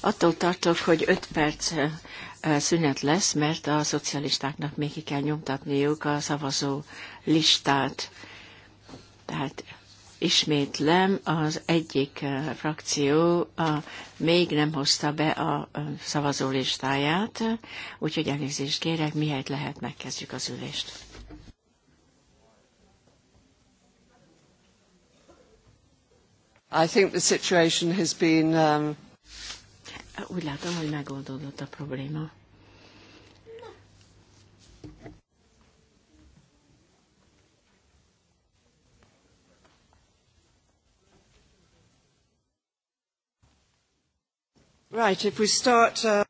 Attól tartok, hogy öt perc uh, szünet lesz, mert a szocialistáknak még ki kell nyomtatniuk a szavazó listát. Tehát ismétlem, az egyik uh, frakció a, még nem hozta be a szavazó listáját, úgyhogy elnézést kérek, mihelyt lehet megkezdjük az ülést. I think the situation has been... Um... Úgy látom, hogy megoldódott a probléma. Right, if we start, uh...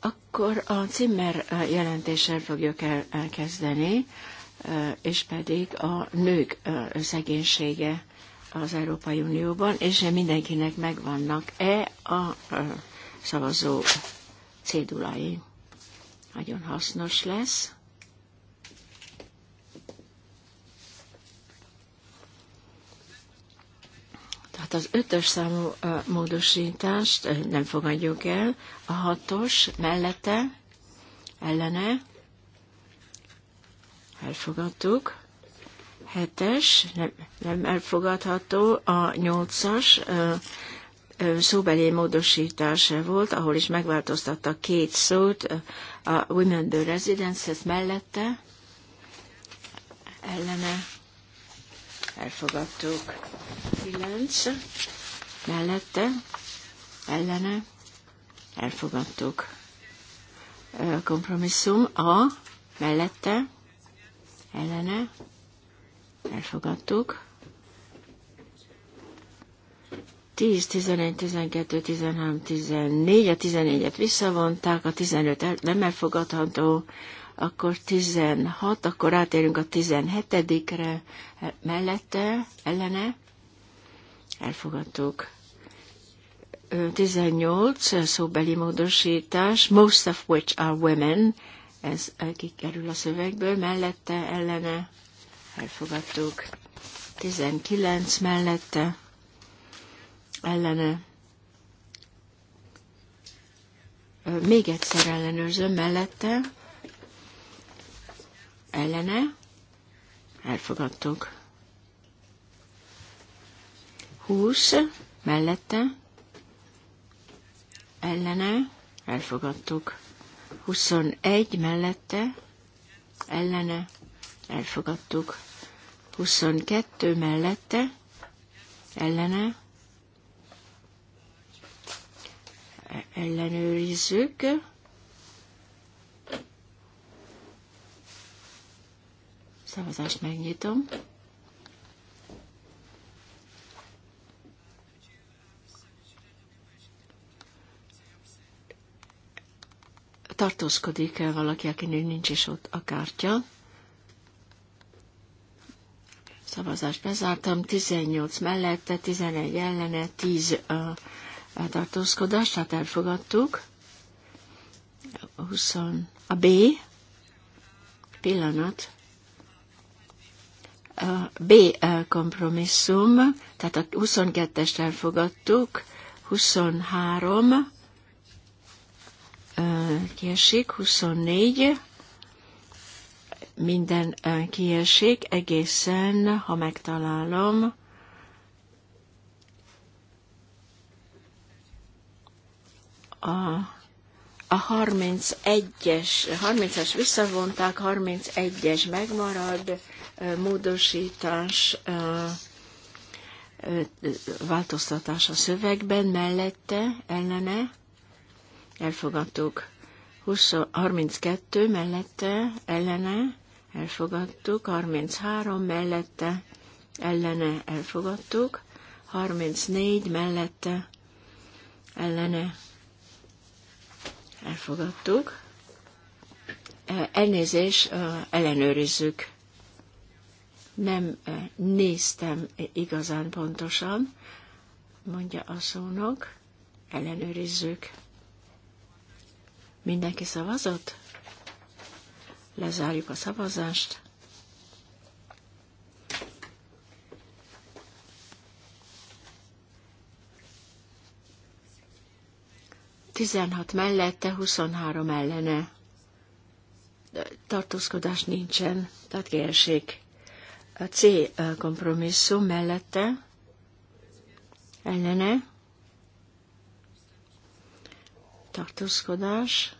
Akkor a Zimmer uh, jelentéssel fogjuk el, elkezdeni, uh, és pedig a nők uh, szegénysége az Európai Unióban, és mindenkinek megvannak-e a szavazó cédulai. Nagyon hasznos lesz. Tehát az ötös számú módosítást nem fogadjuk el, a hatos mellette, ellene, elfogadtuk hetes nem, nem elfogadható, a nyolcas szóbeli módosítása volt, ahol is megváltoztatta két szót, a Women Bill Residence mellette, ellene elfogadtuk. Kilenc mellette, ellene elfogadtuk. Kompromisszum a mellette, ellene Elfogadtuk. 10, 11, 12, 13, 14, a 14-et visszavonták, a 15 nem elfogadható, akkor 16, akkor átérünk a 17-re, eh, mellette, ellene, elfogadtuk. 18, eh, szóbeli módosítás, most of which are women, ez eh, kikerül a szövegből, mellette, ellene, Elfogadtuk. 19 mellette ellene. Még egyszer ellenőrzöm mellette. Ellene. Elfogadtuk. 20 mellette. Ellene. Elfogadtuk. 21 mellette. Ellene elfogadtuk. 22 mellette, ellene, ellenőrizzük. Szavazást megnyitom. Tartózkodik el valaki, akinek nincs is ott a kártya. Szavazást bezártam, 18 mellette, 11 ellene, 10 uh, tartózkodás, tehát elfogadtuk. 20, a B, pillanat, a B kompromisszum, tehát a 22-est elfogadtuk, 23, kiesik, 24, minden kiesik, egészen, ha megtalálom, a, a 31-es, 30-as visszavonták, 31-es megmarad, módosítás, változtatás a szövegben, mellette, ellene, elfogadtuk. 20, 32 mellette, ellene, elfogadtuk, 33 mellette ellene elfogadtuk, 34 mellette ellene elfogadtuk. E, elnézés, ellenőrizzük. Nem néztem igazán pontosan, mondja a szónok. Ellenőrizzük. Mindenki szavazott? Lezárjuk a szavazást. Tizenhat mellette, 23 ellene. Tartózkodás nincsen, tehát kérsék. A C kompromisszum mellette, ellene, tartózkodás,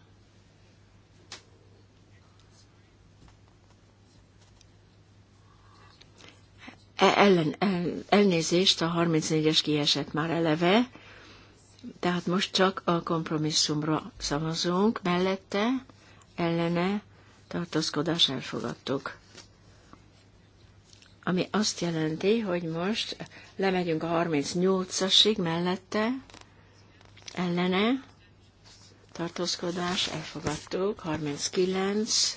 E ellen, e, elnézést, a 34-es kiesett már eleve, tehát most csak a kompromisszumra szavazunk, mellette, ellene, tartózkodás elfogadtuk. Ami azt jelenti, hogy most lemegyünk a 38-asig mellette, ellene, tartózkodás, elfogadtuk, 39,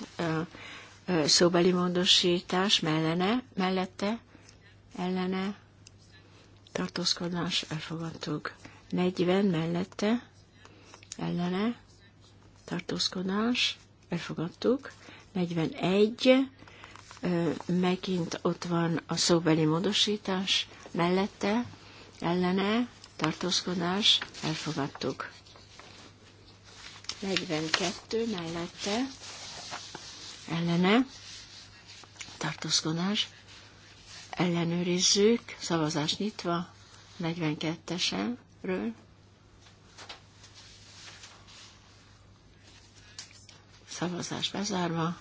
szóbeli módosítás mellene, mellette, ellene tartózkodás elfogadtuk. 40 mellette ellene tartózkodás elfogadtuk. 41 megint ott van a szóbeli módosítás mellette ellene tartózkodás elfogadtuk. 42 mellette ellene tartózkodás ellenőrizzük, szavazás nyitva, 42-esenről. Szavazás bezárva.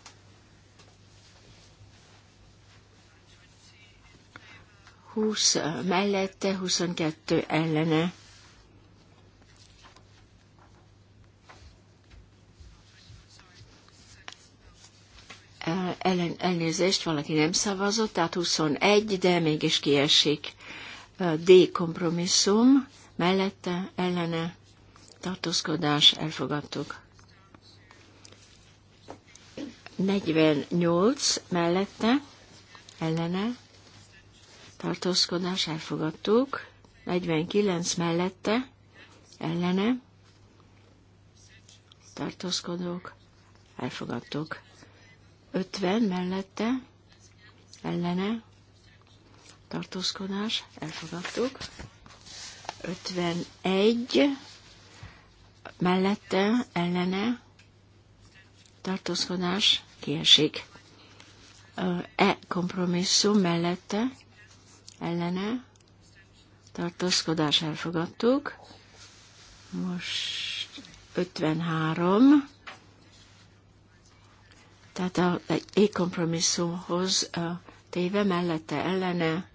Húsz mellette, 22 ellene ellen, elnézést, valaki nem szavazott, tehát 21, de mégis kiesik. D kompromisszum, mellette, ellene, tartózkodás, elfogadtuk. 48 mellette, ellene, tartózkodás, elfogadtuk. 49 mellette, ellene, tartózkodók, elfogadtuk. 50 mellette ellene tartózkodás, elfogadtuk. 51 mellette ellene tartózkodás kiesik. E kompromisszum mellette ellene tartózkodás elfogadtuk. Most 53 tehát a, egy kompromisszumhoz téve mellette ellene,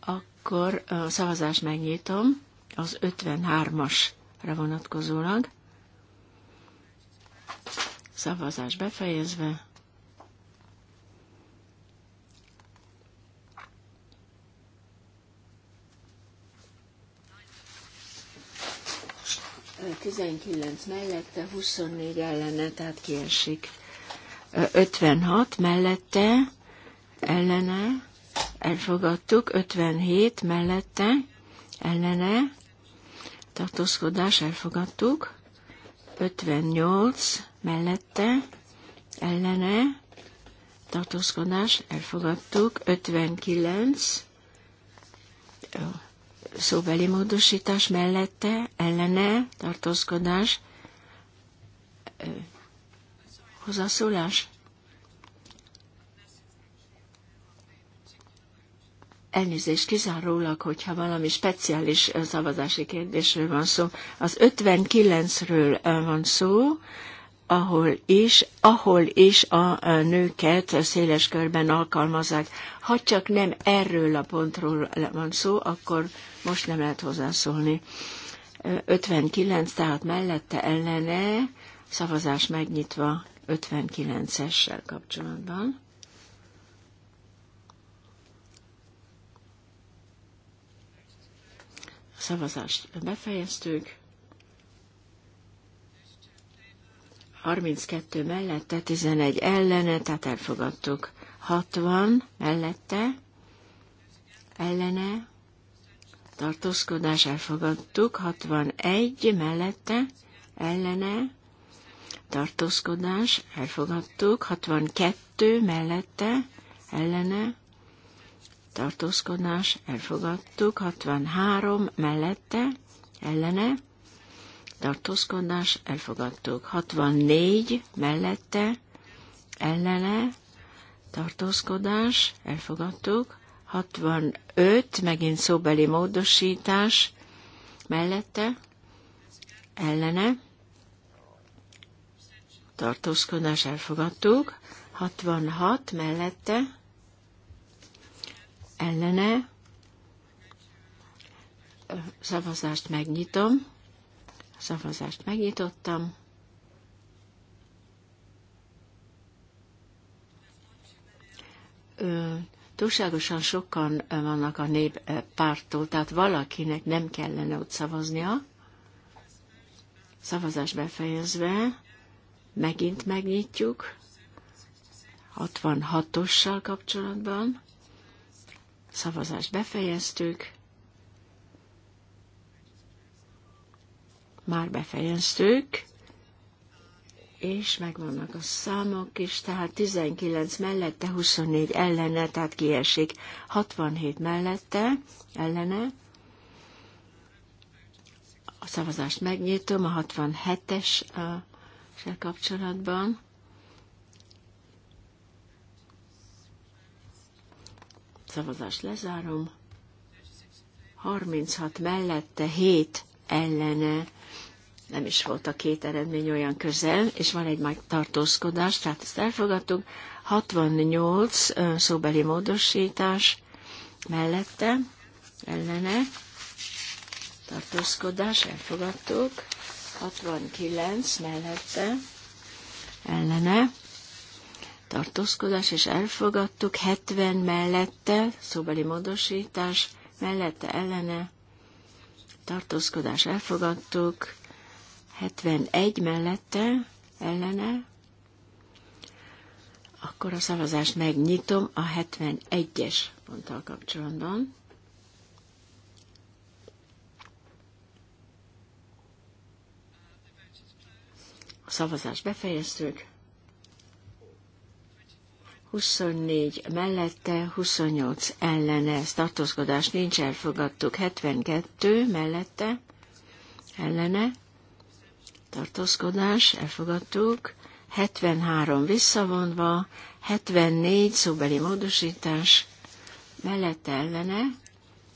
akkor a szavazást megnyitom az 53-asra vonatkozólag. Szavazás befejezve. Tizenkilenc mellette, 24 ellene, tehát kiesik. 56 mellette, ellene, elfogadtuk, 57 mellette, ellene, tartózkodás, elfogadtuk, 58 mellette, ellene, tartózkodás, elfogadtuk, 59 szóbeli módosítás mellette, ellene, tartózkodás, hozzászólás? Elnézést kizárólag, hogyha valami speciális szavazási kérdésről van szó. Az 59-ről van szó, ahol is, ahol is a nőket széles körben alkalmazzák. Ha csak nem erről a pontról van szó, akkor most nem lehet hozzászólni. 59, tehát mellette ellene, szavazás megnyitva, 59-essel kapcsolatban. A szavazást befejeztük. 32 mellette, 11 ellene, tehát elfogadtuk. 60 mellette, ellene, tartózkodás elfogadtuk, 61 mellette, ellene, tartózkodás, elfogadtuk, 62 mellette, ellene, tartózkodás, elfogadtuk, 63 mellette, ellene, tartózkodás, elfogadtuk, 64 mellette, ellene, tartózkodás, elfogadtuk, 65, megint szóbeli módosítás, mellette, ellene, tartózkodás elfogadtuk, 66 mellette, ellene, szavazást megnyitom, szavazást megnyitottam, túlságosan sokan vannak a néppártól, tehát valakinek nem kellene ott szavaznia. Szavazás befejezve, Megint megnyitjuk. 66-ossal kapcsolatban. Szavazást befejeztük. Már befejeztük és megvannak a számok is, tehát 19 mellette, 24 ellene, tehát kiesik 67 mellette, ellene. A szavazást megnyitom, a 67-es a se kapcsolatban. Szavazást lezárom. 36 mellette, 7 ellene. Nem is volt a két eredmény olyan közel, és van egy megtartózkodás, tehát ezt elfogadtuk. 68 szóbeli módosítás mellette, ellene, tartózkodás, elfogadtuk. 69 mellette ellene tartózkodás, és elfogadtuk 70 mellette, szóbeli módosítás, mellette ellene tartózkodás elfogadtuk, 71 mellette ellene, akkor a szavazást megnyitom a 71-es ponttal kapcsolatban. A szavazást befejeztük. 24 mellette, 28 ellene, tartózkodás nincs, elfogadtuk. 72 mellette, ellene, tartózkodás, elfogadtuk. 73 visszavonva, 74 szóbeli módosítás, mellette ellene,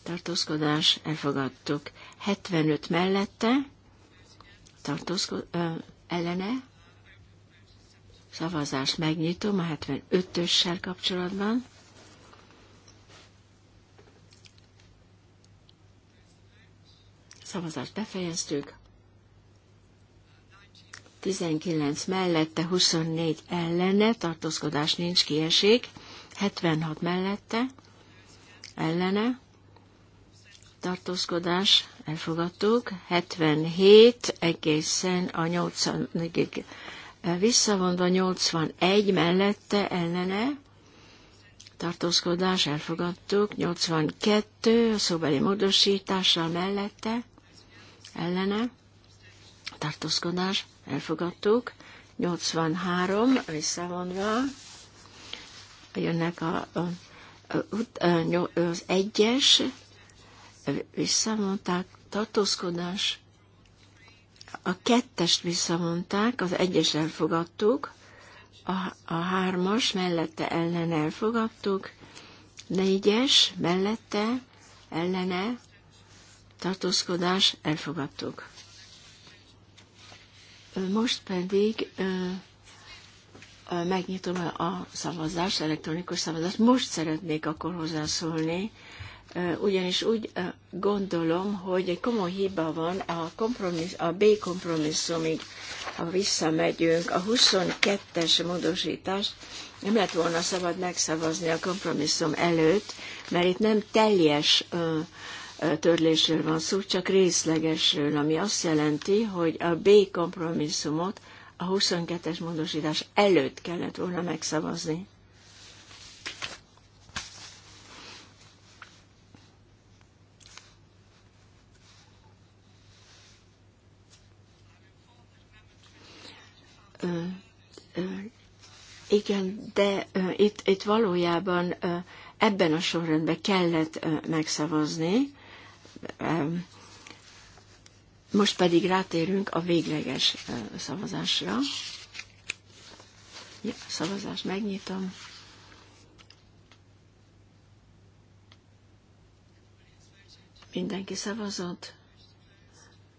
tartózkodás, elfogadtuk. 75 mellette, tartózkodás, ellene szavazást megnyitom a 75-össel kapcsolatban. Szavazást befejeztük. 19 mellette, 24 ellene, tartózkodás nincs kiesik. 76 mellette, ellene, tartózkodás, elfogadtuk, 77 egészen a 80-ig visszavonva 81 mellette ellene, tartózkodás, elfogadtuk, 82 a szóbeli módosítással mellette, ellene, tartózkodás, elfogadtuk, 83 visszavonva, jönnek a, a, a, a, az egyes visszavonták, tartózkodás. A kettest visszavonták, az egyes elfogadtuk, a, a hármas mellette ellen elfogadtuk, négyes mellette ellene tartózkodás elfogadtuk. Most pedig megnyitom a szavazást, elektronikus szavazást. Most szeretnék akkor hozzászólni ugyanis úgy gondolom, hogy egy komoly hiba van a, kompromissz, a B kompromisszumig, ha visszamegyünk, a 22-es módosítást nem lett volna szabad megszavazni a kompromisszum előtt, mert itt nem teljes ö, törlésről van szó, csak részlegesről, ami azt jelenti, hogy a B kompromisszumot a 22-es módosítás előtt kellett volna megszavazni. Igen, de uh, itt, itt valójában uh, ebben a sorrendben kellett uh, megszavazni, um, most pedig rátérünk a végleges uh, szavazásra. Ja, szavazás megnyitom. Mindenki szavazott.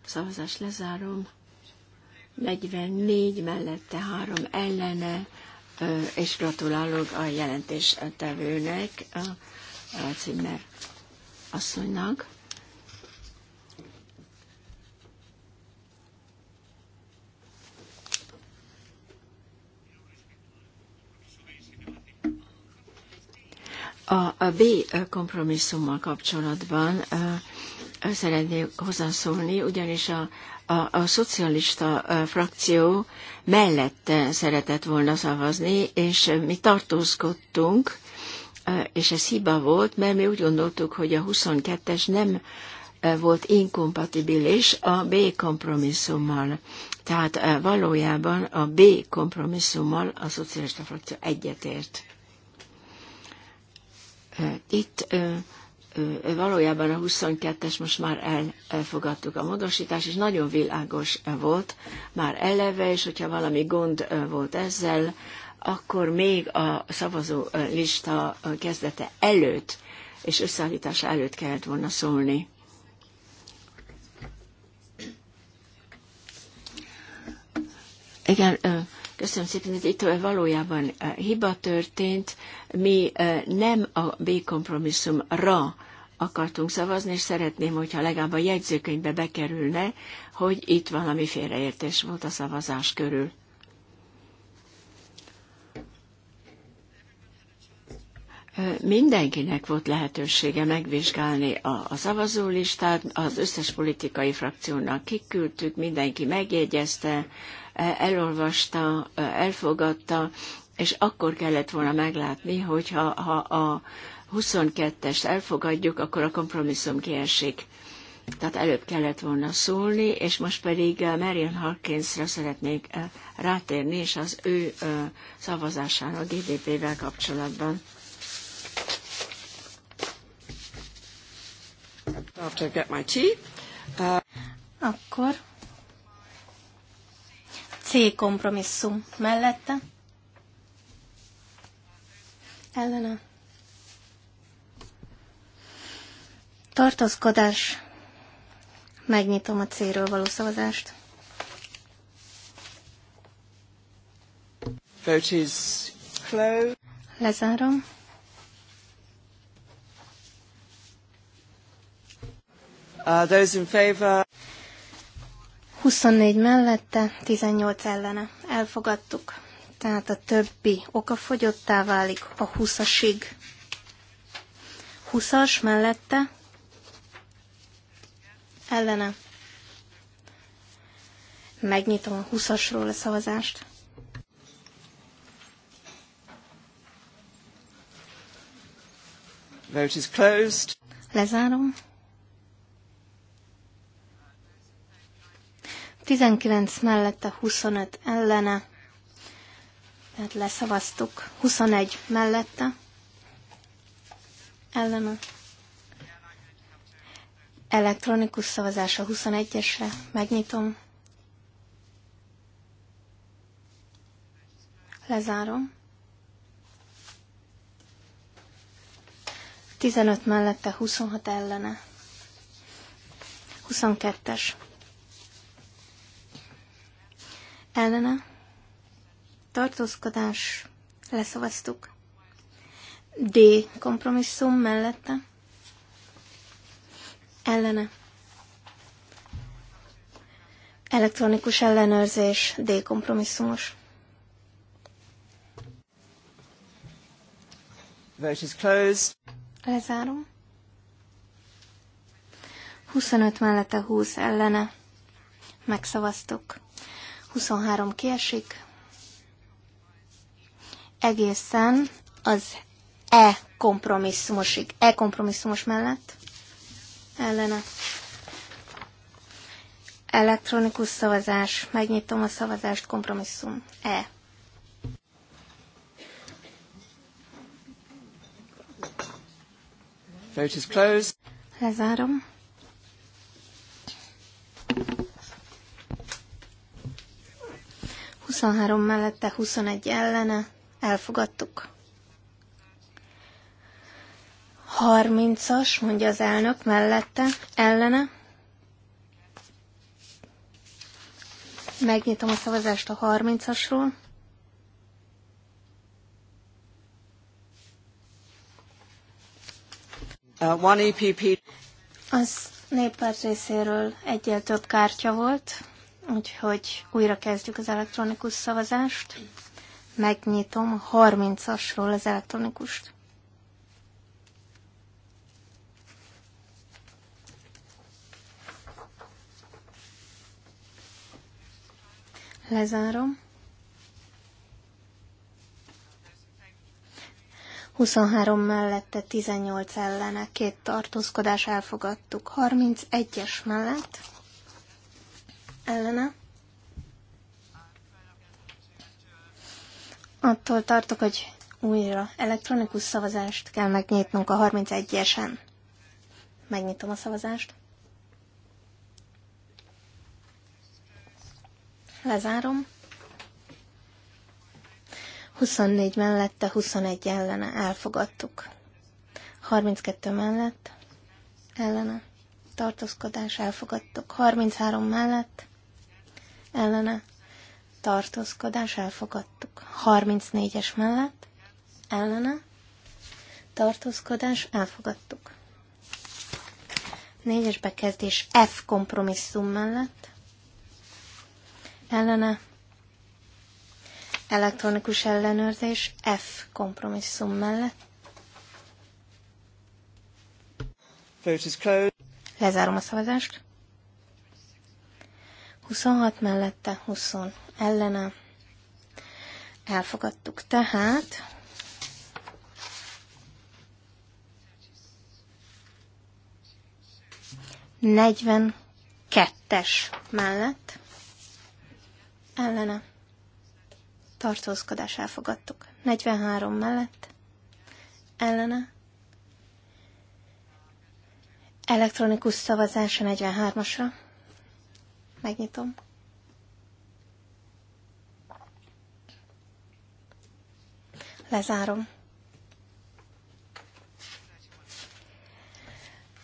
Szavazást lezárom. 44 mellette, 3 ellene és gratulálok a jelentés tevőnek, a, a címer asszonynak. A, a B kompromisszummal kapcsolatban szeretnék hozzászólni, ugyanis a, a, a szocialista frakció mellett szeretett volna szavazni, és mi tartózkodtunk, és ez hiba volt, mert mi úgy gondoltuk, hogy a 22-es nem volt inkompatibilis a B kompromisszummal. Tehát valójában a B kompromisszummal a szocialista frakció egyetért. Itt valójában a 22-es most már elfogadtuk a módosítást, és nagyon világos volt már eleve, és hogyha valami gond volt ezzel, akkor még a szavazó lista kezdete előtt és összeállítása előtt kellett volna szólni. Igen, köszönöm szépen, hogy itt valójában hiba történt. Mi nem a B kompromisszumra akartunk szavazni, és szeretném, hogyha legalább a jegyzőkönyvbe bekerülne, hogy itt valami félreértés volt a szavazás körül. Mindenkinek volt lehetősége megvizsgálni a, a szavazólistát, az összes politikai frakciónak kiküldtük, mindenki megjegyezte, e, elolvasta, e, elfogadta, és akkor kellett volna meglátni, hogy ha, ha a, 22-est elfogadjuk, akkor a kompromisszum kiesik. Tehát előbb kellett volna szólni, és most pedig uh, Marian Harkinsra szeretnék uh, rátérni, és az ő uh, szavazására a GDP-vel kapcsolatban. After get my tea. Akkor C kompromisszum mellette. Ellene Tartózkodás. Megnyitom a célról való szavazást. Vote is closed. Lezárom. Uh, those in favor. 24 mellette, 18 ellene. Elfogadtuk. Tehát a többi fogyottá válik a 20-asig. 20-as mellette, ellene. Megnyitom a 20-asról a szavazást. Vote is closed. Lezárom. 19 mellette, 25 ellene. Tehát leszavaztuk. 21 mellette. Ellene. Elektronikus szavazás a 21-esre. Megnyitom. Lezárom. 15 mellette, 26 ellene. 22-es. Ellene. Tartózkodás. Leszavaztuk. D. Kompromisszum mellette Ellene. Elektronikus ellenőrzés, dékompromisszumos. Vote is closed. Lezárom. 25 mellette 20 ellene. Megszavaztuk. 23 kiesik. Egészen az E kompromisszumosig. E kompromisszumos mellett ellene. Elektronikus szavazás. Megnyitom a szavazást. Kompromisszum. E. Vote is closed. Lezárom. Huszonhárom mellette, 21 ellene. Elfogadtuk. Harmincas, mondja az elnök mellette, ellene. Megnyitom a szavazást a harmincasról. Uh, one EPP. Az néppárt részéről egyel több kártya volt, úgyhogy újra kezdjük az elektronikus szavazást. Megnyitom a 30-asról az elektronikust. Lezárom. 23 mellette, 18 ellene, két tartózkodás elfogadtuk. 31-es mellett, ellene. Attól tartok, hogy újra elektronikus szavazást kell megnyitnunk a 31-esen. Megnyitom a szavazást. Lezárom. 24 mellette, 21 ellene. Elfogadtuk. 32 mellett, ellene. Tartózkodás, elfogadtuk. 33 mellett, ellene. Tartózkodás, elfogadtuk. 34-es mellett, ellene. Tartózkodás, elfogadtuk. 4-es bekezdés F kompromisszum mellett, ellene, elektronikus ellenőrzés F kompromisszum mellett. Vote is closed. Lezárom a szavazást. 26 mellette, 20 ellene. Elfogadtuk tehát. Negyven kettes mellett ellene tartózkodás elfogadtuk. 43 mellett ellene elektronikus szavazás a 43-asra. Megnyitom. Lezárom.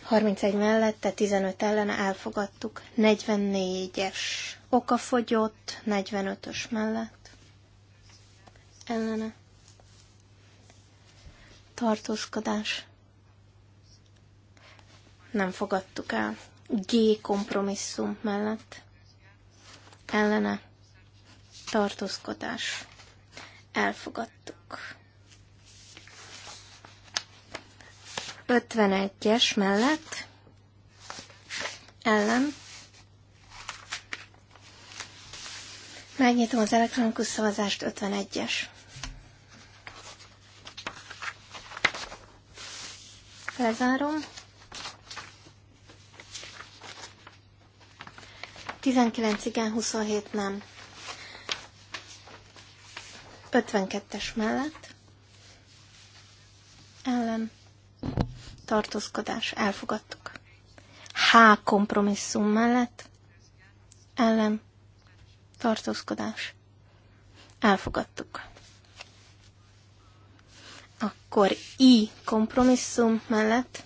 31 mellette, 15 ellene elfogadtuk. 44-es Oka fogyott 45-ös mellett. Ellene. Tartózkodás. Nem fogadtuk el. G kompromisszum mellett. Ellene. Tartózkodás. Elfogadtuk. 51-es mellett ellen Megnyitom az elektronikus szavazást 51-es. Lezárom. 19 igen, 27 nem. 52-es mellett ellen tartózkodás elfogadtuk. H kompromisszum mellett ellen tartózkodás, elfogadtuk. Akkor I kompromisszum mellett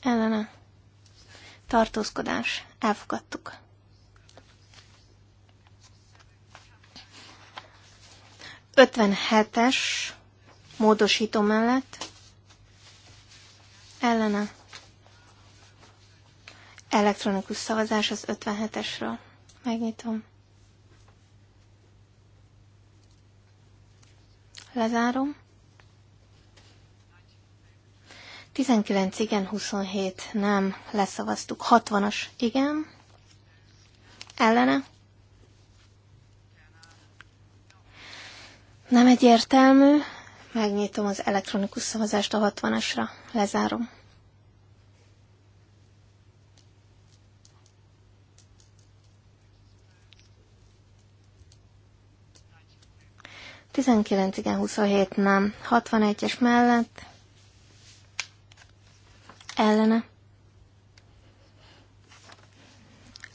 ellene tartózkodás, elfogadtuk. Ötvenhetes módosító mellett ellene elektronikus szavazás az 57-esről. Megnyitom. Lezárom. 19 igen, 27 nem, leszavaztuk. 60-as igen, ellene. Nem egyértelmű. Megnyitom az elektronikus szavazást a 60-asra. Lezárom. 19 igen, 27 nem. 61-es mellett. Ellene.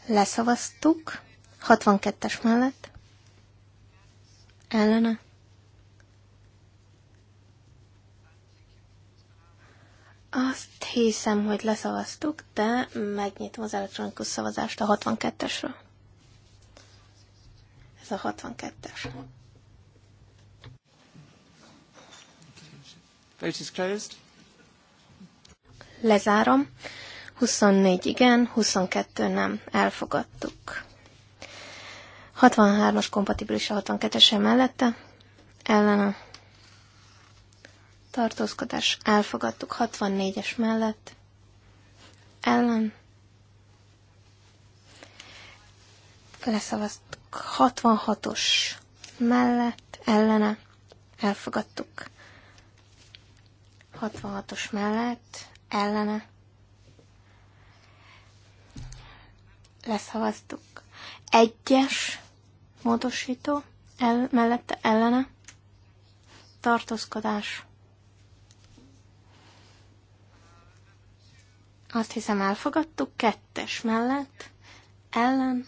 Leszavaztuk. 62-es mellett. Ellene. Azt hiszem, hogy leszavaztuk, de megnyitom az elektronikus szavazást a 62-esről. Ez a 62-es. Vote is closed. Lezárom. 24 igen, 22 nem. Elfogadtuk. 63-as kompatibilis a 62 es mellette. Ellene. Tartózkodás. Elfogadtuk. 64-es mellett. Ellen. Leszavaztuk. 66-os mellett. Ellene. Elfogadtuk. 66-os mellett ellene leszavaztuk. Egyes módosító el, mellette ellene tartózkodás. Azt hiszem elfogadtuk, kettes mellett ellen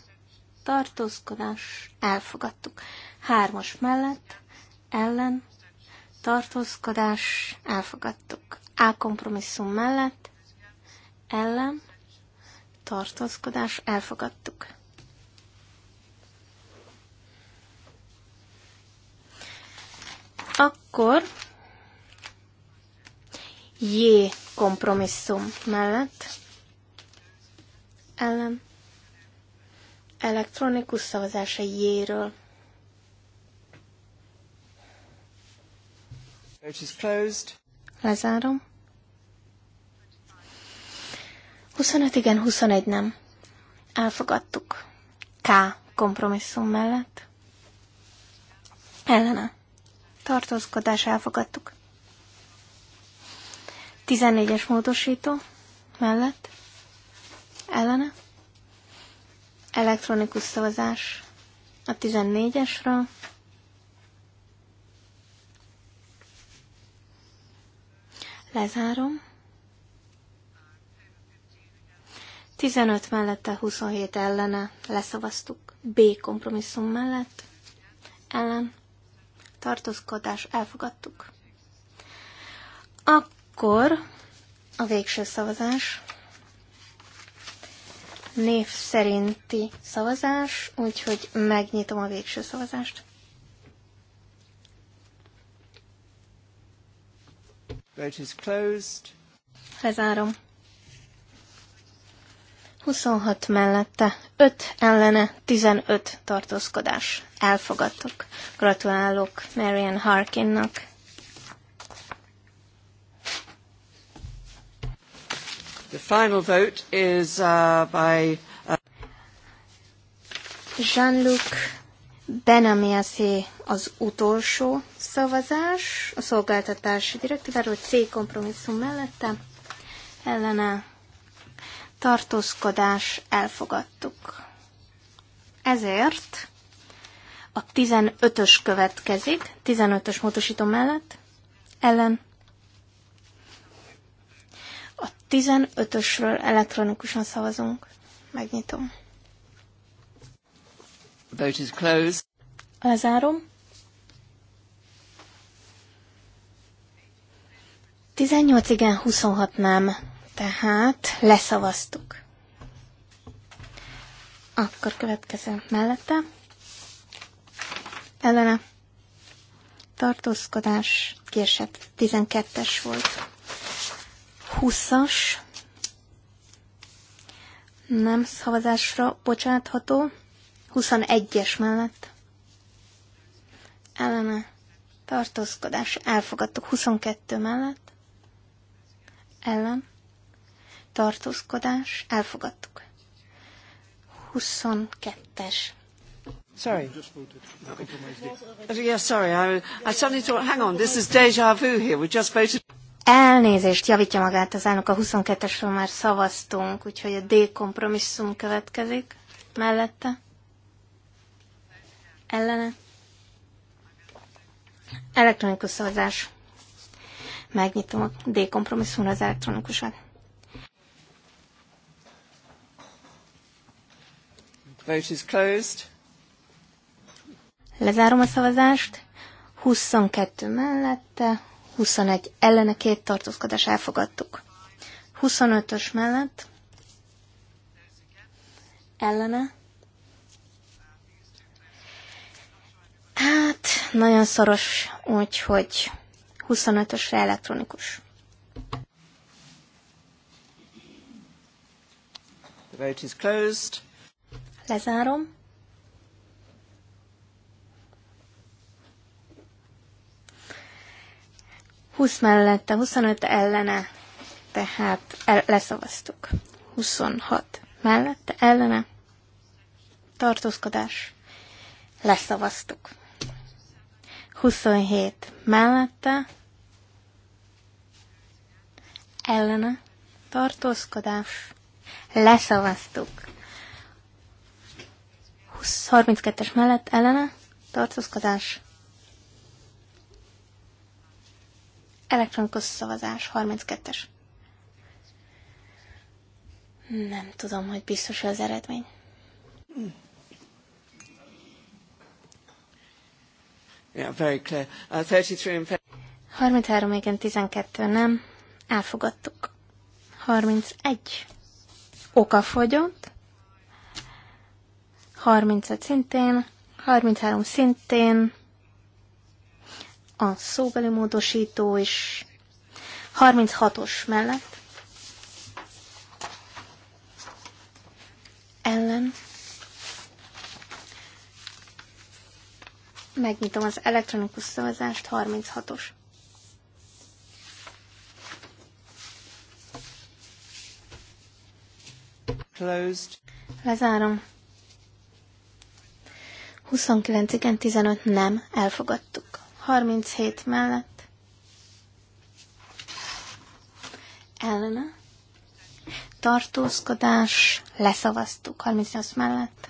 tartózkodás elfogadtuk. Hármas mellett ellen tartózkodás, elfogadtuk. A kompromisszum mellett, ellen, tartózkodás, elfogadtuk. Akkor J kompromisszum mellett, ellen, elektronikus szavazása J-ről. Lezárom. 25 igen, 21 nem. Elfogadtuk. K kompromisszum mellett. Ellene. Tartózkodás elfogadtuk. 14-es módosító mellett. Ellene. Elektronikus szavazás a 14-esről. Lezárom. 15 mellette, 27 ellene leszavaztuk. B kompromisszum mellett. Ellen. Tartózkodás elfogadtuk. Akkor a végső szavazás. Név szerinti szavazás, úgyhogy megnyitom a végső szavazást. Vote is closed. Lezárom. 26 mellette, 5 ellene, 15 tartózkodás. Elfogadtuk. Gratulálok Marian Harkinnak. The final vote is uh, by uh... Jean-Luc Benamiasi az utolsó szavazás a szolgáltatási direktíváról, C kompromisszum mellette, ellene tartózkodás elfogadtuk. Ezért a 15-ös következik, 15-ös módosító mellett, ellen a 15-ösről elektronikusan szavazunk. Megnyitom. The Vote is closed. Lezárom. 18 igen, 26 nem. Tehát leszavaztuk. Akkor következő mellette. Ellene. Tartózkodás. Késett. 12-es volt. 20-as. Nem szavazásra bocsátható. 21-es mellett ellene tartózkodás elfogadtuk 22 mellett ellen tartózkodás elfogadtuk 22-es Sorry. Yeah, sorry. I, I suddenly thought, hang on, this is deja vu here. We just voted. Elnézést, javítja magát az elnök, a 22-esről már szavaztunk, úgyhogy a D kompromisszum következik mellette ellene. Elektronikus szavazás. Megnyitom a D kompromisszumra az elektronikusat. Vote is closed. Lezárom a szavazást. 22 mellette, 21 ellene két tartózkodás elfogadtuk. 25-ös mellett ellene Hát, nagyon szoros, úgyhogy 25-ösre elektronikus. The vote is closed. Lezárom. Húsz mellette, 25 ellene, tehát el, leszavaztuk. 26 mellette, ellene, tartózkodás, leszavaztuk. 27 mellette, ellene, tartózkodás, leszavaztuk. 32-es mellett ellene, tartózkodás, elektronikus szavazás, 32-es. Nem tudom, hogy biztos az eredmény. Mm. Yeah, very clear. Uh, 33 in 33 igen, 12 nem. Elfogadtuk. 31. Oka fogyott. 35 szintén. 33 szintén. A szóbeli módosító is. 36-os mellett. Megnyitom az elektronikus szavazást, 36-os. Closed. Lezárom. 29 igen, 15 nem, elfogadtuk. 37 mellett. Ellene. Tartózkodás, leszavaztuk. 38 mellett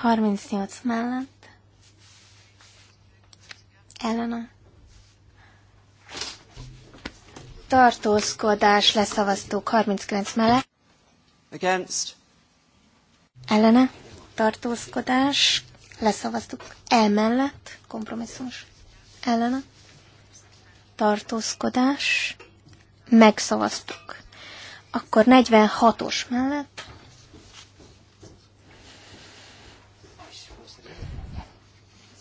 38. Uh, mellett. Ellene. Tartózkodás leszavaztuk 39 mellett. Against. Ellene. Tartózkodás. Leszavaztuk. Elmellett. Kompromisszumos. Ellene. Tartózkodás. Megszavaztuk. Akkor 46-os mellett.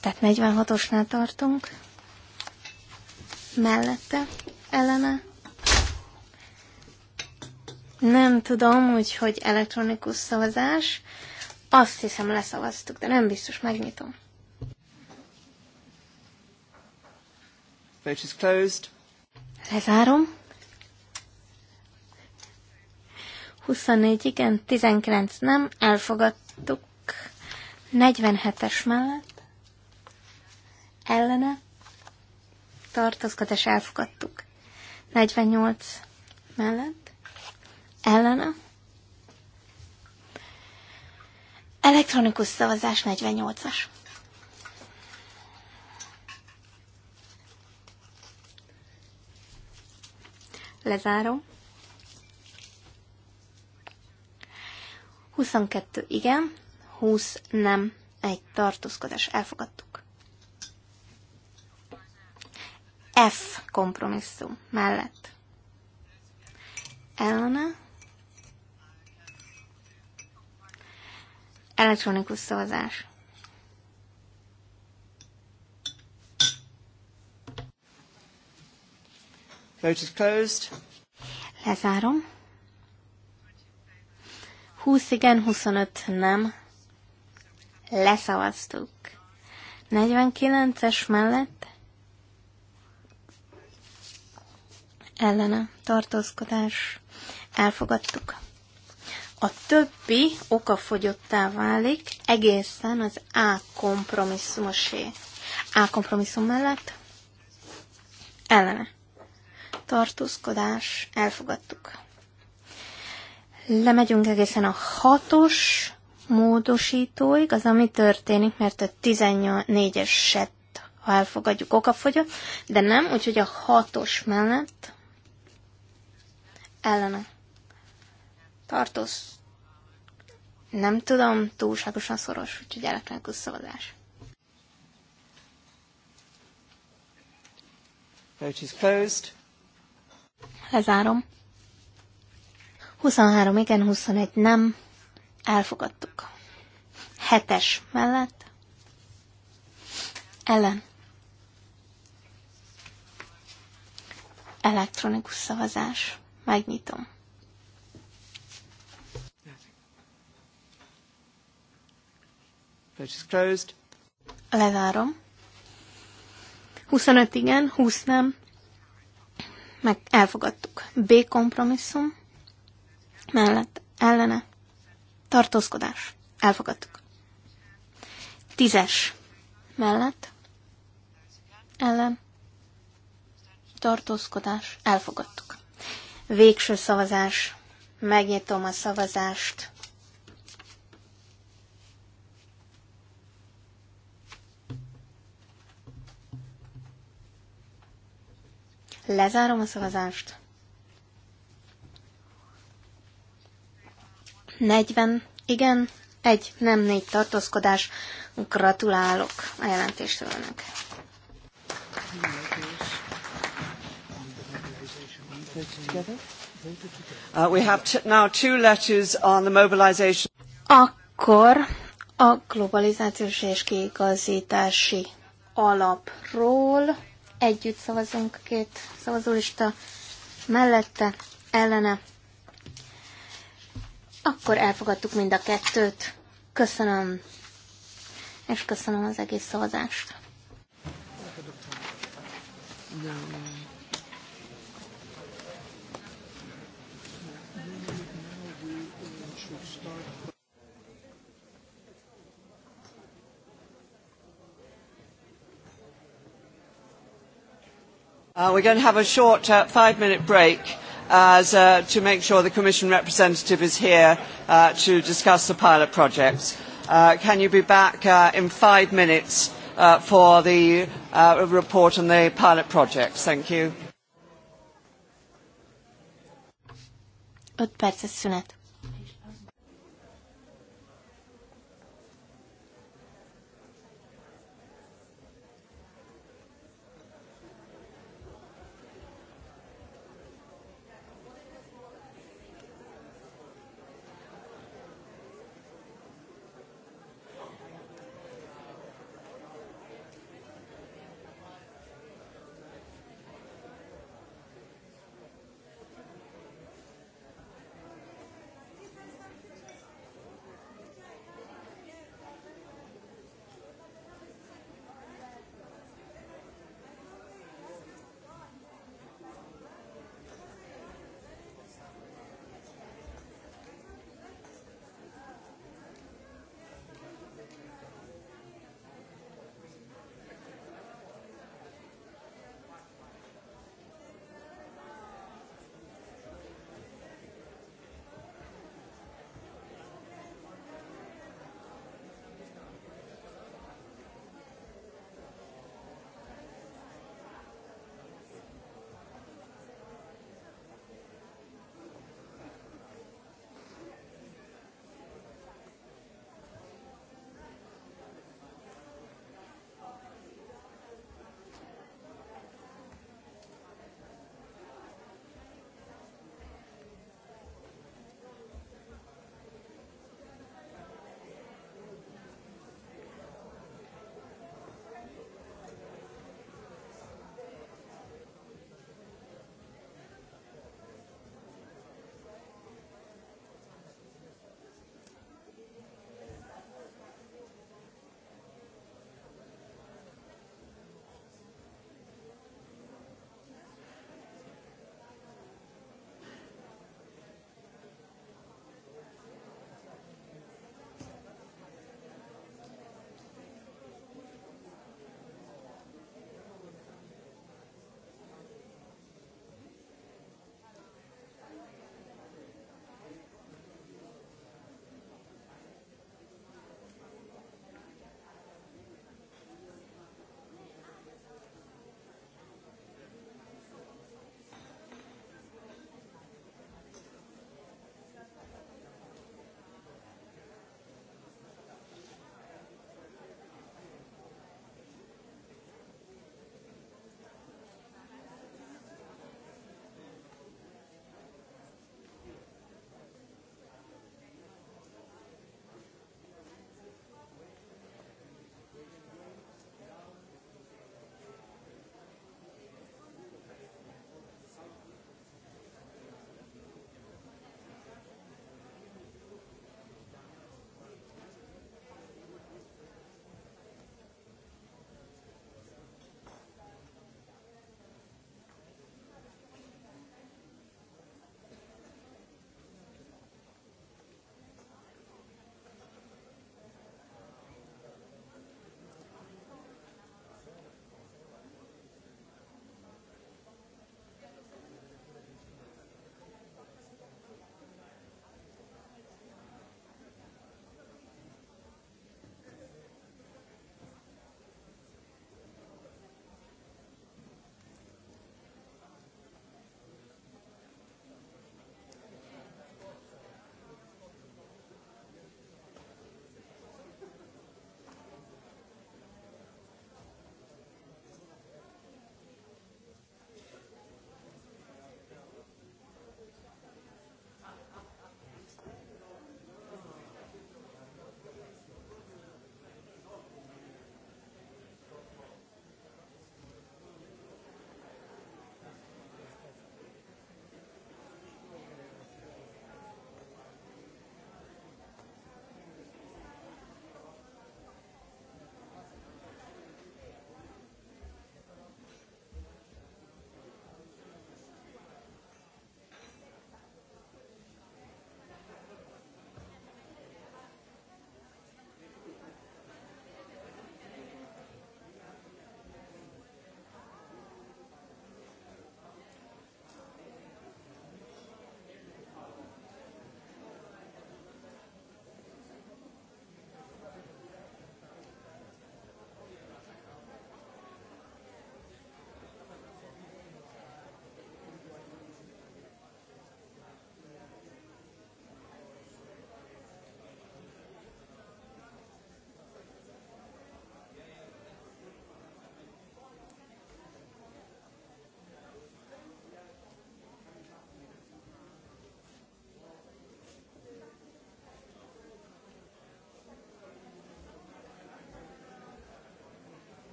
Tehát 46-osnál tartunk. Mellette, ellene. Nem tudom, úgyhogy elektronikus szavazás. Azt hiszem leszavaztuk, de nem biztos, megnyitom. Vote is closed. Lezárom. 24 igen, 19 nem, elfogadtuk. 47-es mellett ellene tartózkodás elfogadtuk. 48 mellett ellene elektronikus szavazás 48-as. Lezárom. 22 igen, 20 nem, egy tartózkodás. Elfogadtuk. F kompromisszum mellett. Elena Elektronikus szavazás. Vote is closed. Lezárom. 20 igen, 25 nem. Leszavaztuk. 49-es mellett ellene tartózkodás elfogadtuk. A többi okafogyottá válik egészen az A kompromisszumosé. A kompromisszum mellett ellene tartózkodás elfogadtuk. Lemegyünk egészen a hatos módosítóig, az ami történik, mert a 14-es set, ha elfogadjuk, okafogyott, de nem, úgyhogy a hatos mellett ellene tartoz. Nem tudom, túlságosan szoros, úgyhogy elektronikus szavazás. Vote is closed. Lezárom. 23 igen, 21 nem. Elfogadtuk. Hetes mellett. Ellen. Elektronikus szavazás. Megnyitom. Vote closed. Lezárom. 25 igen, 20 nem. Meg elfogadtuk. B kompromisszum mellett ellene tartózkodás. Elfogadtuk. Tízes mellett ellen tartózkodás. Elfogadtuk. Végső szavazás. Megnyitom a szavazást. Lezárom a szavazást. 40, igen, egy, nem négy tartózkodás. Gratulálok a jelentéstőlnek. Uh, we have now two letters on the mobilization. Akkor a globalizációs és kiigazítási alapról együtt szavazunk két szavazólista mellette, ellene akkor elfogadtuk mind a kettőt. Köszönöm. És köszönöm az egész szavazást. Uh, we're going to have a short uh, five-minute break as, uh, to make sure the Commission representative is here uh, to discuss the pilot projects. Uh, can you be back uh, in five minutes uh, for the uh, report on the pilot projects? Thank you. 5 perces szünet.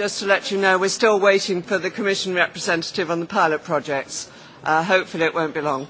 Just to let you know, we're still waiting for the Commission representative on the pilot projects. Uh, hopefully it won't be long.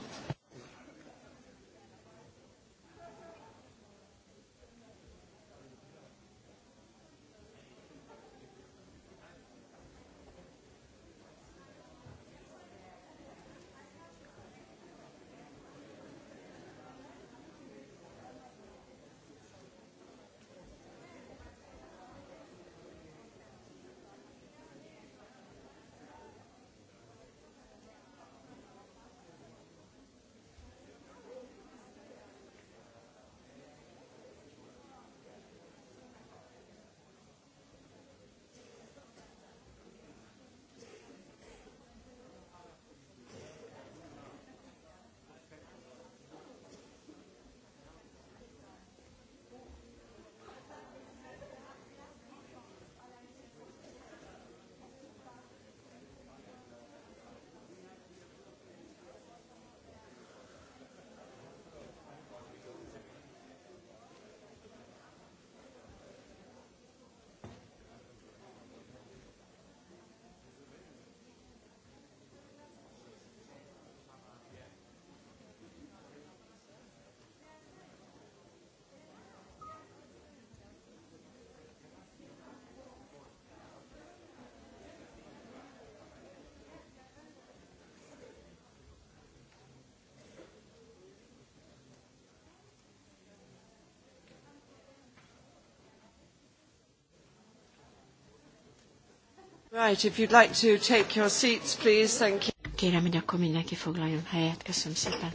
Right, if you'd like to take your seats, please, thank you. Kérem, hogy akkor mindenki foglaljon helyet. Köszönöm szépen.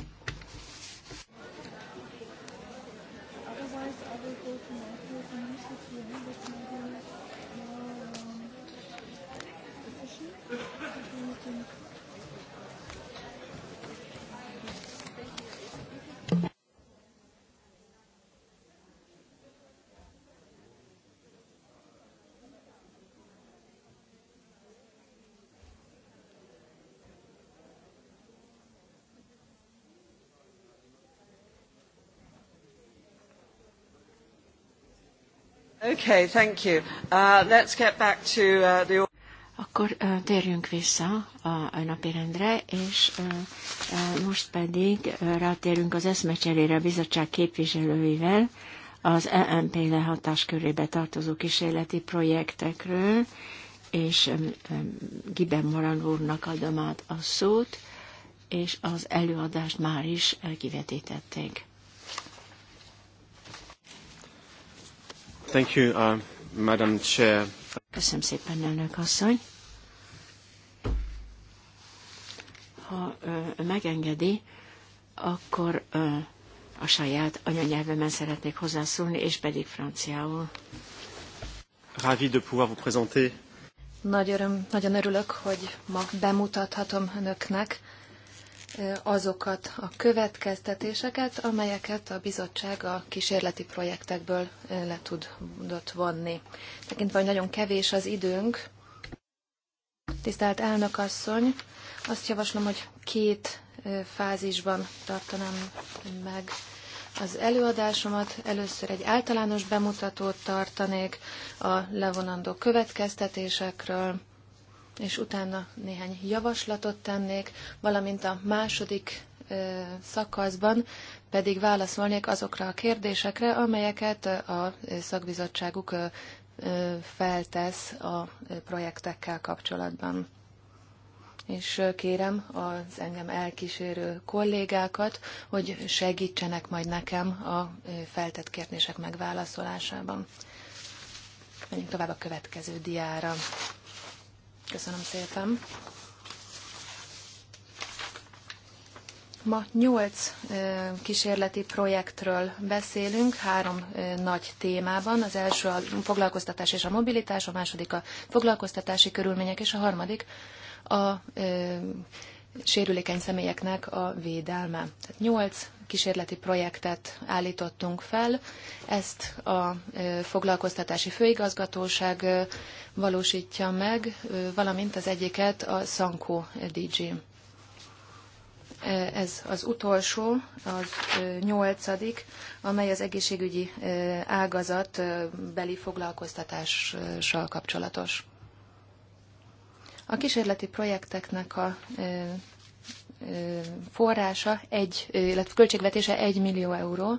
Okay, thank you. Uh, let's get back to uh, the... Akkor uh, térjünk vissza a, a napirendre, és uh, uh, most pedig uh, rátérünk az eszmecserére a bizottság képviselőivel az EMP lehatás körébe tartozó kísérleti projektekről, és um, um, Giben Moran úrnak adom át a szót, és az előadást már is uh, kivetítették. Thank you, uh, Madam Chair. Köszönöm szépen, elnök asszony. Ha megengedi, akkor a saját anyanyelvemen szeretnék hozzászólni, és pedig franciául. Ravi de pouvoir vous présenter. Nagy öröm, nagyon örülök, hogy ma bemutathatom önöknek azokat a következtetéseket, amelyeket a bizottság a kísérleti projektekből le tudott vonni. Tekintve, hogy nagyon kevés az időnk, tisztelt elnökasszony, azt javaslom, hogy két fázisban tartanám meg az előadásomat. Először egy általános bemutatót tartanék a levonandó következtetésekről, és utána néhány javaslatot tennék, valamint a második szakaszban pedig válaszolnék azokra a kérdésekre, amelyeket a szakbizottságuk feltesz a projektekkel kapcsolatban. És kérem az engem elkísérő kollégákat, hogy segítsenek majd nekem a feltett kérdések megválaszolásában. Menjünk tovább a következő diára. Köszönöm szépen. Ma nyolc kísérleti projektről beszélünk, három nagy témában. Az első a foglalkoztatás és a mobilitás, a második a foglalkoztatási körülmények, és a harmadik a sérülékeny személyeknek a védelme. Tehát nyolc kísérleti projektet állítottunk fel. Ezt a foglalkoztatási főigazgatóság valósítja meg, valamint az egyiket a Sankó DG. Ez az utolsó, az nyolcadik, amely az egészségügyi ágazat beli foglalkoztatással kapcsolatos. A kísérleti projekteknek a forrása, egy, illetve költségvetése 1 millió euró,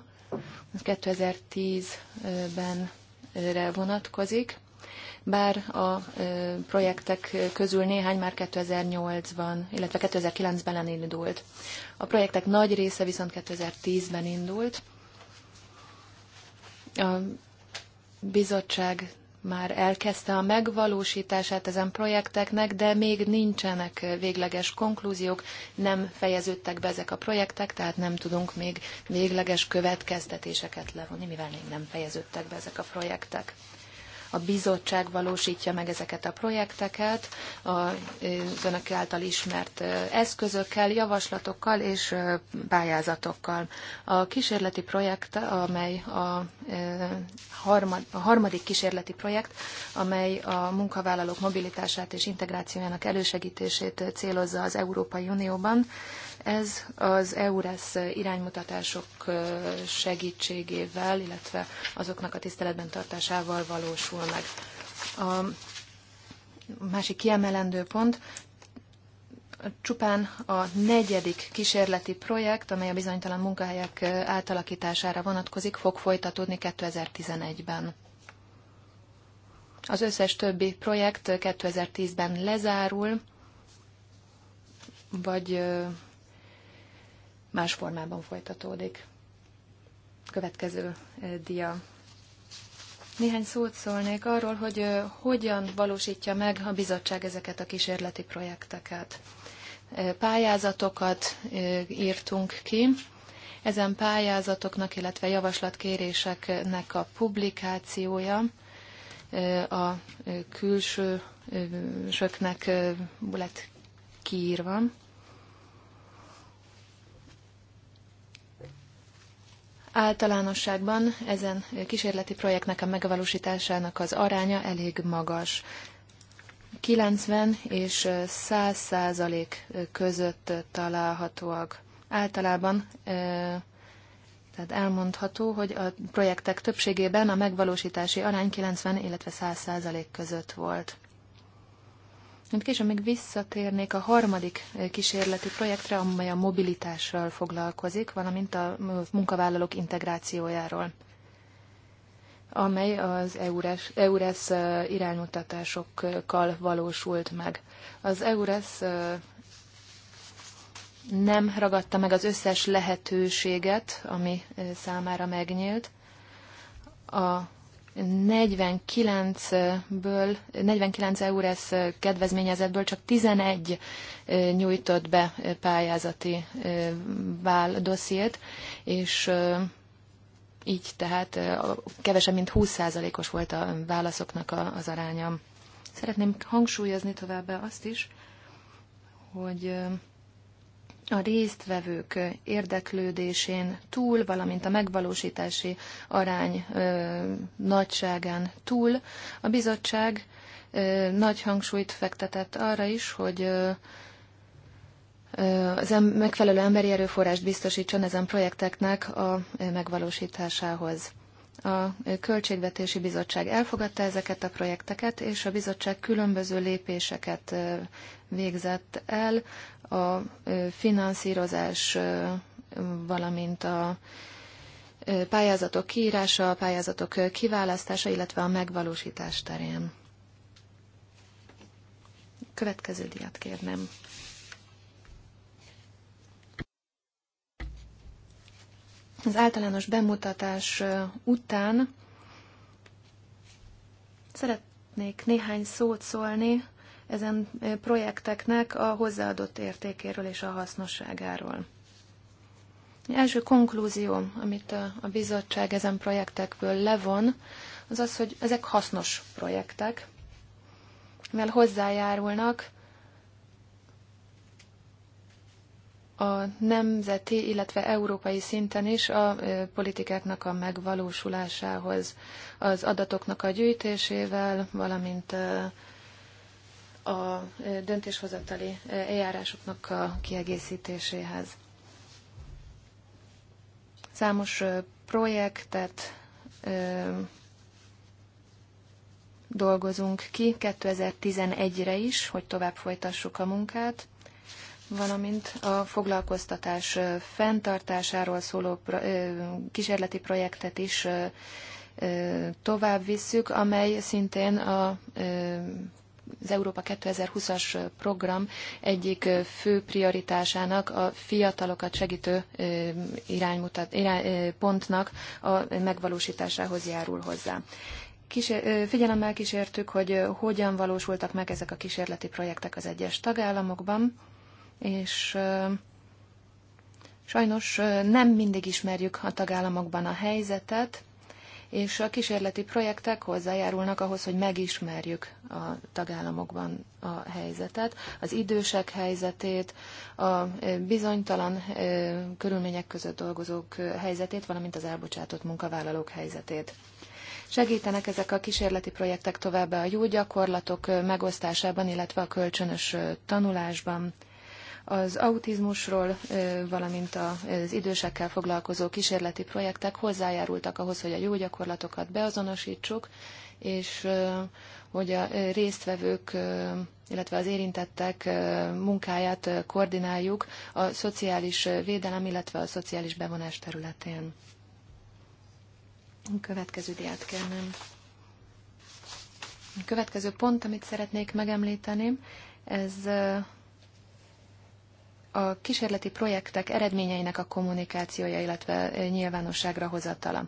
az 2010-ben vonatkozik, bár a projektek közül néhány már 2008-ban, illetve 2009-ben indult. A projektek nagy része viszont 2010-ben indult. A bizottság már elkezdte a megvalósítását ezen projekteknek, de még nincsenek végleges konklúziók, nem fejeződtek be ezek a projektek, tehát nem tudunk még végleges következtetéseket levonni, mivel még nem fejeződtek be ezek a projektek a bizottság valósítja meg ezeket a projekteket az önök által ismert eszközökkel, javaslatokkal és pályázatokkal. A kísérleti projekt, amely a, a harmadik kísérleti projekt, amely a munkavállalók mobilitását és integrációjának elősegítését célozza az Európai Unióban, ez az EURES iránymutatások segítségével, illetve azoknak a tiszteletben tartásával valósul meg. A másik kiemelendő pont csupán a negyedik kísérleti projekt, amely a bizonytalan munkahelyek átalakítására vonatkozik, fog folytatódni 2011-ben. Az összes többi projekt 2010-ben lezárul, vagy más formában folytatódik. Következő dia. Néhány szót szólnék arról, hogy hogyan valósítja meg a bizottság ezeket a kísérleti projekteket. Pályázatokat írtunk ki, ezen pályázatoknak, illetve javaslatkéréseknek a publikációja a külsősöknek lett kiírva. Általánosságban ezen kísérleti projektnek a megvalósításának az aránya elég magas. 90 és 100 százalék között találhatóak. Általában tehát elmondható, hogy a projektek többségében a megvalósítási arány 90, illetve 100 százalék között volt. Mint később még visszatérnék a harmadik eh, kísérleti projektre, amely a mobilitással foglalkozik, valamint a munkavállalók integrációjáról amely az EURES, EURES eh, valósult meg. Az EURES eh, nem ragadta meg az összes lehetőséget, ami számára megnyílt. A 49-ből, 49 EURES kedvezményezetből csak 11 nyújtott be pályázati dossziét, és így tehát kevesebb, mint 20%-os volt a válaszoknak az aránya. Szeretném hangsúlyozni továbbá azt is, hogy a résztvevők érdeklődésén túl, valamint a megvalósítási arány ö, nagyságán túl a bizottság ö, nagy hangsúlyt fektetett arra is, hogy ö, az em- megfelelő emberi erőforrást biztosítson ezen projekteknek a megvalósításához. A Költségvetési Bizottság elfogadta ezeket a projekteket, és a bizottság különböző lépéseket végzett el a finanszírozás, valamint a pályázatok kiírása, a pályázatok kiválasztása, illetve a megvalósítás terén. Következő diát kérnem. Az általános bemutatás után szeretnék néhány szót szólni ezen projekteknek a hozzáadott értékéről és a hasznosságáról. Első konklúzió, amit a, bizottság ezen projektekből levon, az az, hogy ezek hasznos projektek, mivel hozzájárulnak a nemzeti, illetve európai szinten is a politikáknak a megvalósulásához, az adatoknak a gyűjtésével, valamint a döntéshozatali eljárásoknak a kiegészítéséhez. Számos projektet dolgozunk ki 2011-re is, hogy tovább folytassuk a munkát valamint a foglalkoztatás fenntartásáról szóló kísérleti projektet is tovább visszük, amely szintén a az Európa 2020-as program egyik fő prioritásának, a fiatalokat segítő iránymutat, irány, pontnak a megvalósításához járul hozzá. Kísér, figyelemmel kísértük, hogy hogyan valósultak meg ezek a kísérleti projektek az egyes tagállamokban, és sajnos nem mindig ismerjük a tagállamokban a helyzetet, és a kísérleti projektek hozzájárulnak ahhoz, hogy megismerjük a tagállamokban a helyzetet, az idősek helyzetét, a bizonytalan körülmények között dolgozók helyzetét, valamint az elbocsátott munkavállalók helyzetét. Segítenek ezek a kísérleti projektek továbbá a jó gyakorlatok megosztásában, illetve a kölcsönös tanulásban. Az autizmusról, valamint az idősekkel foglalkozó kísérleti projektek hozzájárultak ahhoz, hogy a jó gyakorlatokat beazonosítsuk, és hogy a résztvevők, illetve az érintettek munkáját koordináljuk a szociális védelem, illetve a szociális bevonás területén. Következő diát kérnem. A következő pont, amit szeretnék megemlíteni, ez a kísérleti projektek eredményeinek a kommunikációja, illetve e, nyilvánosságra hozatala.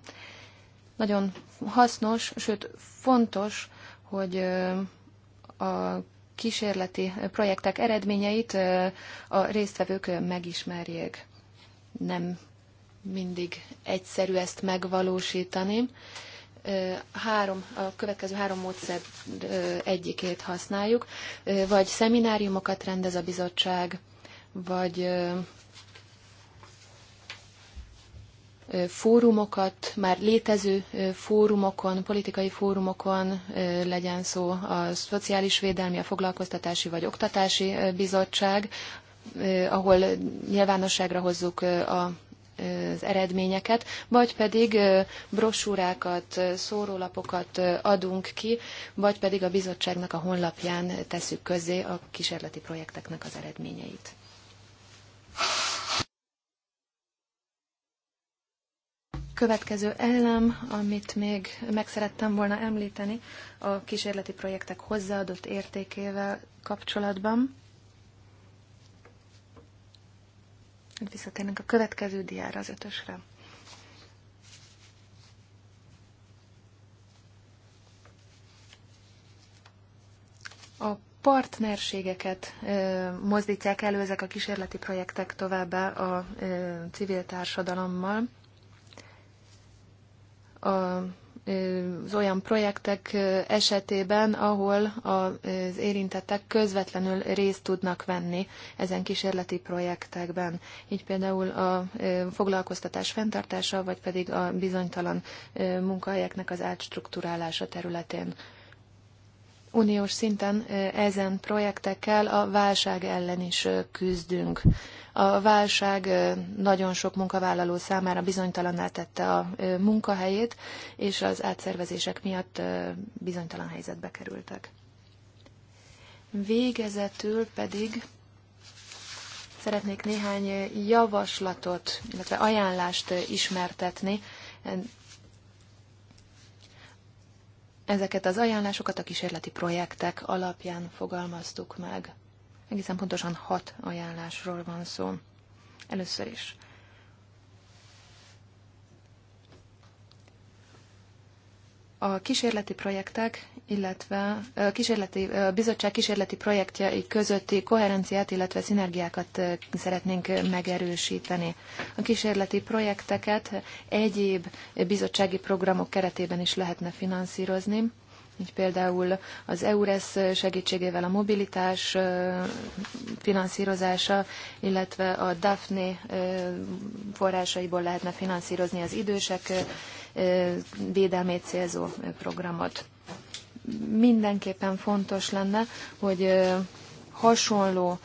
Nagyon hasznos, sőt fontos, hogy e, a kísérleti projektek eredményeit e, a résztvevők megismerjék. Nem mindig egyszerű ezt megvalósítani. Három, a következő három módszer egyikét használjuk, vagy szemináriumokat rendez a bizottság, vagy fórumokat, már létező fórumokon, politikai fórumokon legyen szó a Szociális Védelmi, a Foglalkoztatási vagy Oktatási Bizottság, ahol nyilvánosságra hozzuk a az eredményeket, vagy pedig brosúrákat, szórólapokat adunk ki, vagy pedig a bizottságnak a honlapján tesszük közzé a kísérleti projekteknek az eredményeit. Következő elem, amit még meg szerettem volna említeni a kísérleti projektek hozzáadott értékével kapcsolatban. Visszatérnek a következő diára, az ötösre. A partnerségeket mozdítják elő ezek a kísérleti projektek továbbá a civil társadalommal. A, az olyan projektek esetében, ahol az érintettek közvetlenül részt tudnak venni ezen kísérleti projektekben. Így például a foglalkoztatás fenntartása, vagy pedig a bizonytalan munkahelyeknek az átstruktúrálása területén uniós szinten ezen projektekkel a válság ellen is küzdünk. A válság nagyon sok munkavállaló számára bizonytalanná tette a munkahelyét, és az átszervezések miatt bizonytalan helyzetbe kerültek. Végezetül pedig szeretnék néhány javaslatot, illetve ajánlást ismertetni Ezeket az ajánlásokat a kísérleti projektek alapján fogalmaztuk meg. Egészen pontosan hat ajánlásról van szó. Először is a kísérleti projektek, illetve a kísérleti, a bizottság kísérleti projektjei közötti koherenciát, illetve szinergiákat szeretnénk megerősíteni. A kísérleti projekteket egyéb bizottsági programok keretében is lehetne finanszírozni, így például az EURES segítségével a mobilitás finanszírozása, illetve a DAFNE forrásaiból lehetne finanszírozni az idősek védelmét célzó programot. Mindenképpen fontos lenne, hogy hasonló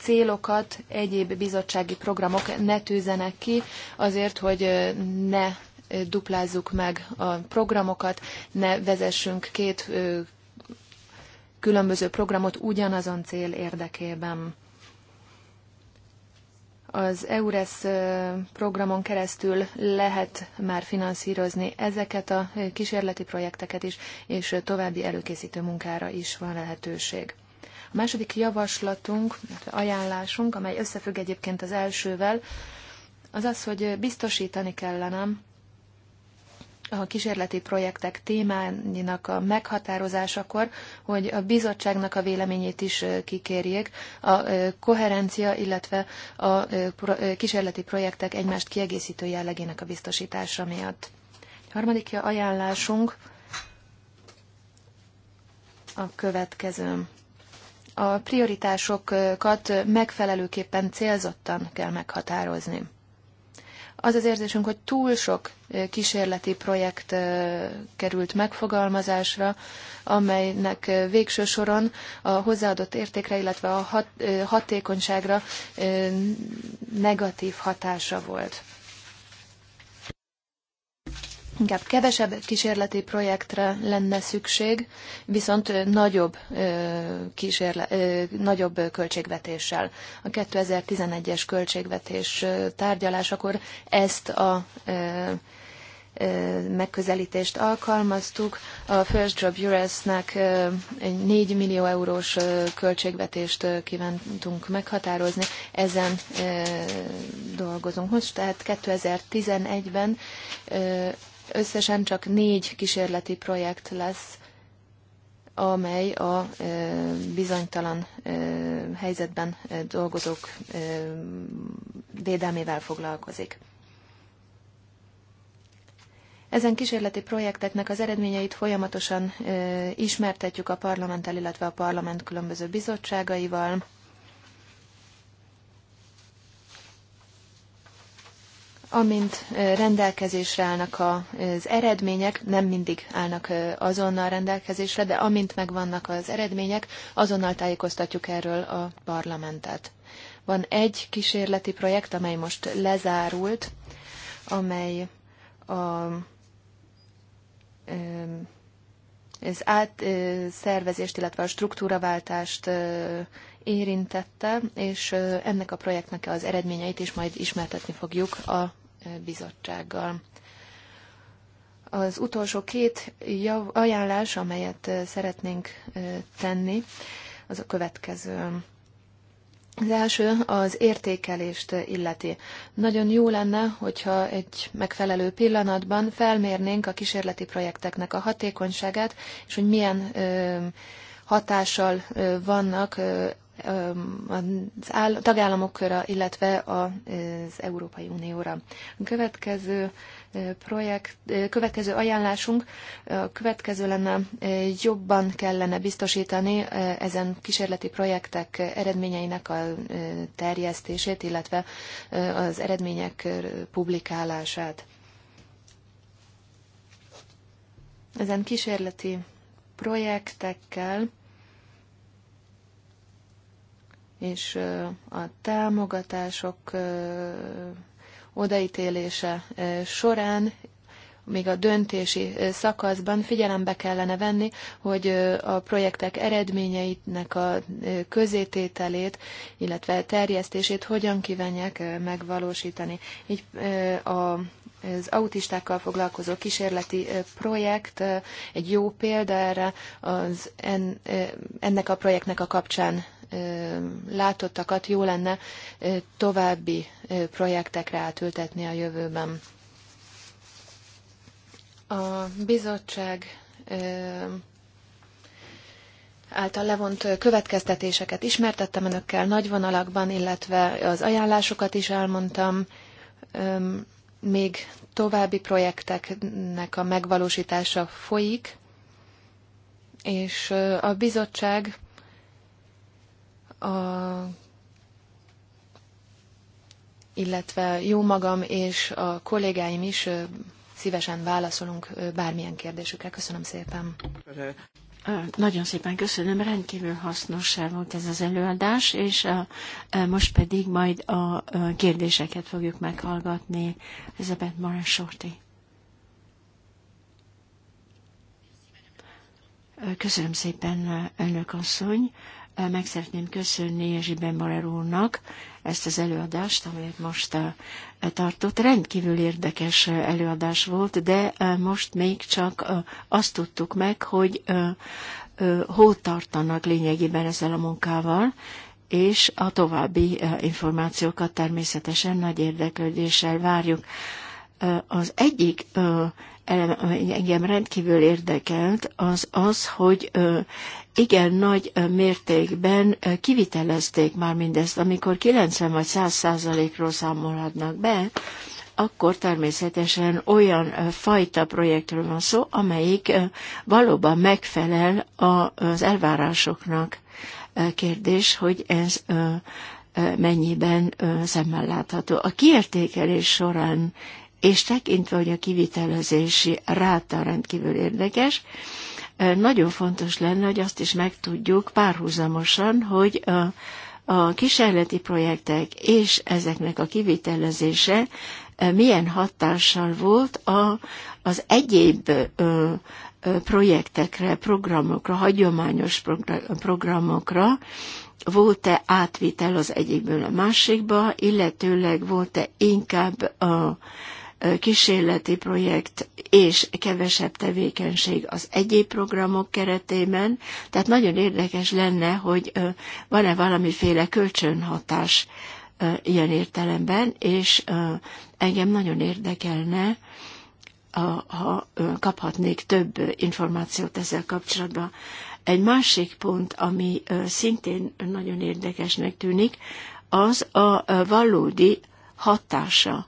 célokat egyéb bizottsági programok ne tűzenek ki, azért, hogy ne duplázzuk meg a programokat, ne vezessünk két különböző programot ugyanazon cél érdekében. Az EURES programon keresztül lehet már finanszírozni ezeket a kísérleti projekteket is, és további előkészítő munkára is van lehetőség. A második javaslatunk, ajánlásunk, amely összefügg egyébként az elsővel, az az, hogy biztosítani kellene, a kísérleti projektek témáinak a meghatározásakor, hogy a bizottságnak a véleményét is kikérjék, a koherencia, illetve a kísérleti projektek egymást kiegészítő jellegének a biztosítása miatt. Harmadik ajánlásunk a következő. A prioritásokat megfelelőképpen célzottan kell meghatározni. Az az érzésünk, hogy túl sok kísérleti projekt került megfogalmazásra, amelynek végső soron a hozzáadott értékre, illetve a hatékonyságra negatív hatása volt. Inkább kevesebb kísérleti projektre lenne szükség, viszont nagyobb, kísérle, nagyobb költségvetéssel. A 2011-es költségvetés tárgyalásakor ezt a megközelítést alkalmaztuk. A First Job US-nek 4 millió eurós költségvetést kívántunk meghatározni, ezen dolgozunk most, tehát 2011-ben Összesen csak négy kísérleti projekt lesz, amely a bizonytalan helyzetben dolgozók védelmével foglalkozik. Ezen kísérleti projekteknek az eredményeit folyamatosan ismertetjük a parlamenttel, illetve a parlament különböző bizottságaival, amint rendelkezésre állnak az eredmények, nem mindig állnak azonnal rendelkezésre, de amint megvannak az eredmények, azonnal tájékoztatjuk erről a parlamentet. Van egy kísérleti projekt, amely most lezárult, amely a, az átszervezést, illetve a struktúraváltást érintette, és ennek a projektnek az eredményeit is majd ismertetni fogjuk a bizottsággal. Az utolsó két jav, ajánlás, amelyet szeretnénk tenni, az a következő. Az első az értékelést illeti. Nagyon jó lenne, hogyha egy megfelelő pillanatban felmérnénk a kísérleti projekteknek a hatékonyságát, és hogy milyen ö, hatással vannak a tagállamokra, illetve az Európai Unióra. A következő projekt, következő ajánlásunk következő lenne, jobban kellene biztosítani ezen kísérleti projektek eredményeinek a terjesztését, illetve az eredmények publikálását. Ezen kísérleti projektekkel és a támogatások odaítélése során még a döntési szakaszban figyelembe kellene venni, hogy a projektek eredményeinek a közétételét, illetve terjesztését hogyan kívánják megvalósítani. Így a az autistákkal foglalkozó kísérleti projekt egy jó példa erre, az en, ennek a projektnek a kapcsán látottakat jó lenne további projektekre átültetni a jövőben. A bizottság által levont következtetéseket ismertettem önökkel nagy vonalakban, illetve az ajánlásokat is elmondtam. Még további projekteknek a megvalósítása folyik, és a bizottság a, illetve jó magam és a kollégáim is szívesen válaszolunk bármilyen kérdésükre. Köszönöm szépen. Nagyon szépen köszönöm, rendkívül hasznos volt ez az előadás, és most pedig majd a kérdéseket fogjuk meghallgatni. Elizabeth Morris Sorti. Köszönöm szépen, elnök asszony. Eh, meg szeretném köszönni Zsiben Bemarer úrnak ezt az előadást, amelyet most eh, eh, tartott. Rendkívül érdekes előadás volt, de most még csak azt tudtuk meg, hogy hol tartanak lényegében ezzel a munkával, és a további információkat természetesen nagy érdeklődéssel várjuk. Az egyik elem, ami engem rendkívül érdekelt, az az, hogy igen nagy mértékben kivitelezték már mindezt. Amikor 90 vagy 100 százalékról számolhatnak be, akkor természetesen olyan fajta projektről van szó, amelyik valóban megfelel az elvárásoknak. Kérdés, hogy ez mennyiben szemmel látható. A kiértékelés során és tekintve, hogy a kivitelezési ráta rendkívül érdekes, nagyon fontos lenne, hogy azt is megtudjuk párhuzamosan, hogy a, a kísérleti projektek és ezeknek a kivitelezése milyen hatással volt a, az egyéb ö, projektekre, programokra, hagyományos programokra, volt-e átvitel az egyikből a másikba, illetőleg volt-e inkább a, kísérleti projekt és kevesebb tevékenység az egyéb programok keretében, tehát nagyon érdekes lenne, hogy van-e valamiféle kölcsönhatás ilyen értelemben, és engem nagyon érdekelne, ha kaphatnék több információt ezzel kapcsolatban. Egy másik pont, ami szintén nagyon érdekesnek tűnik, az a valódi hatása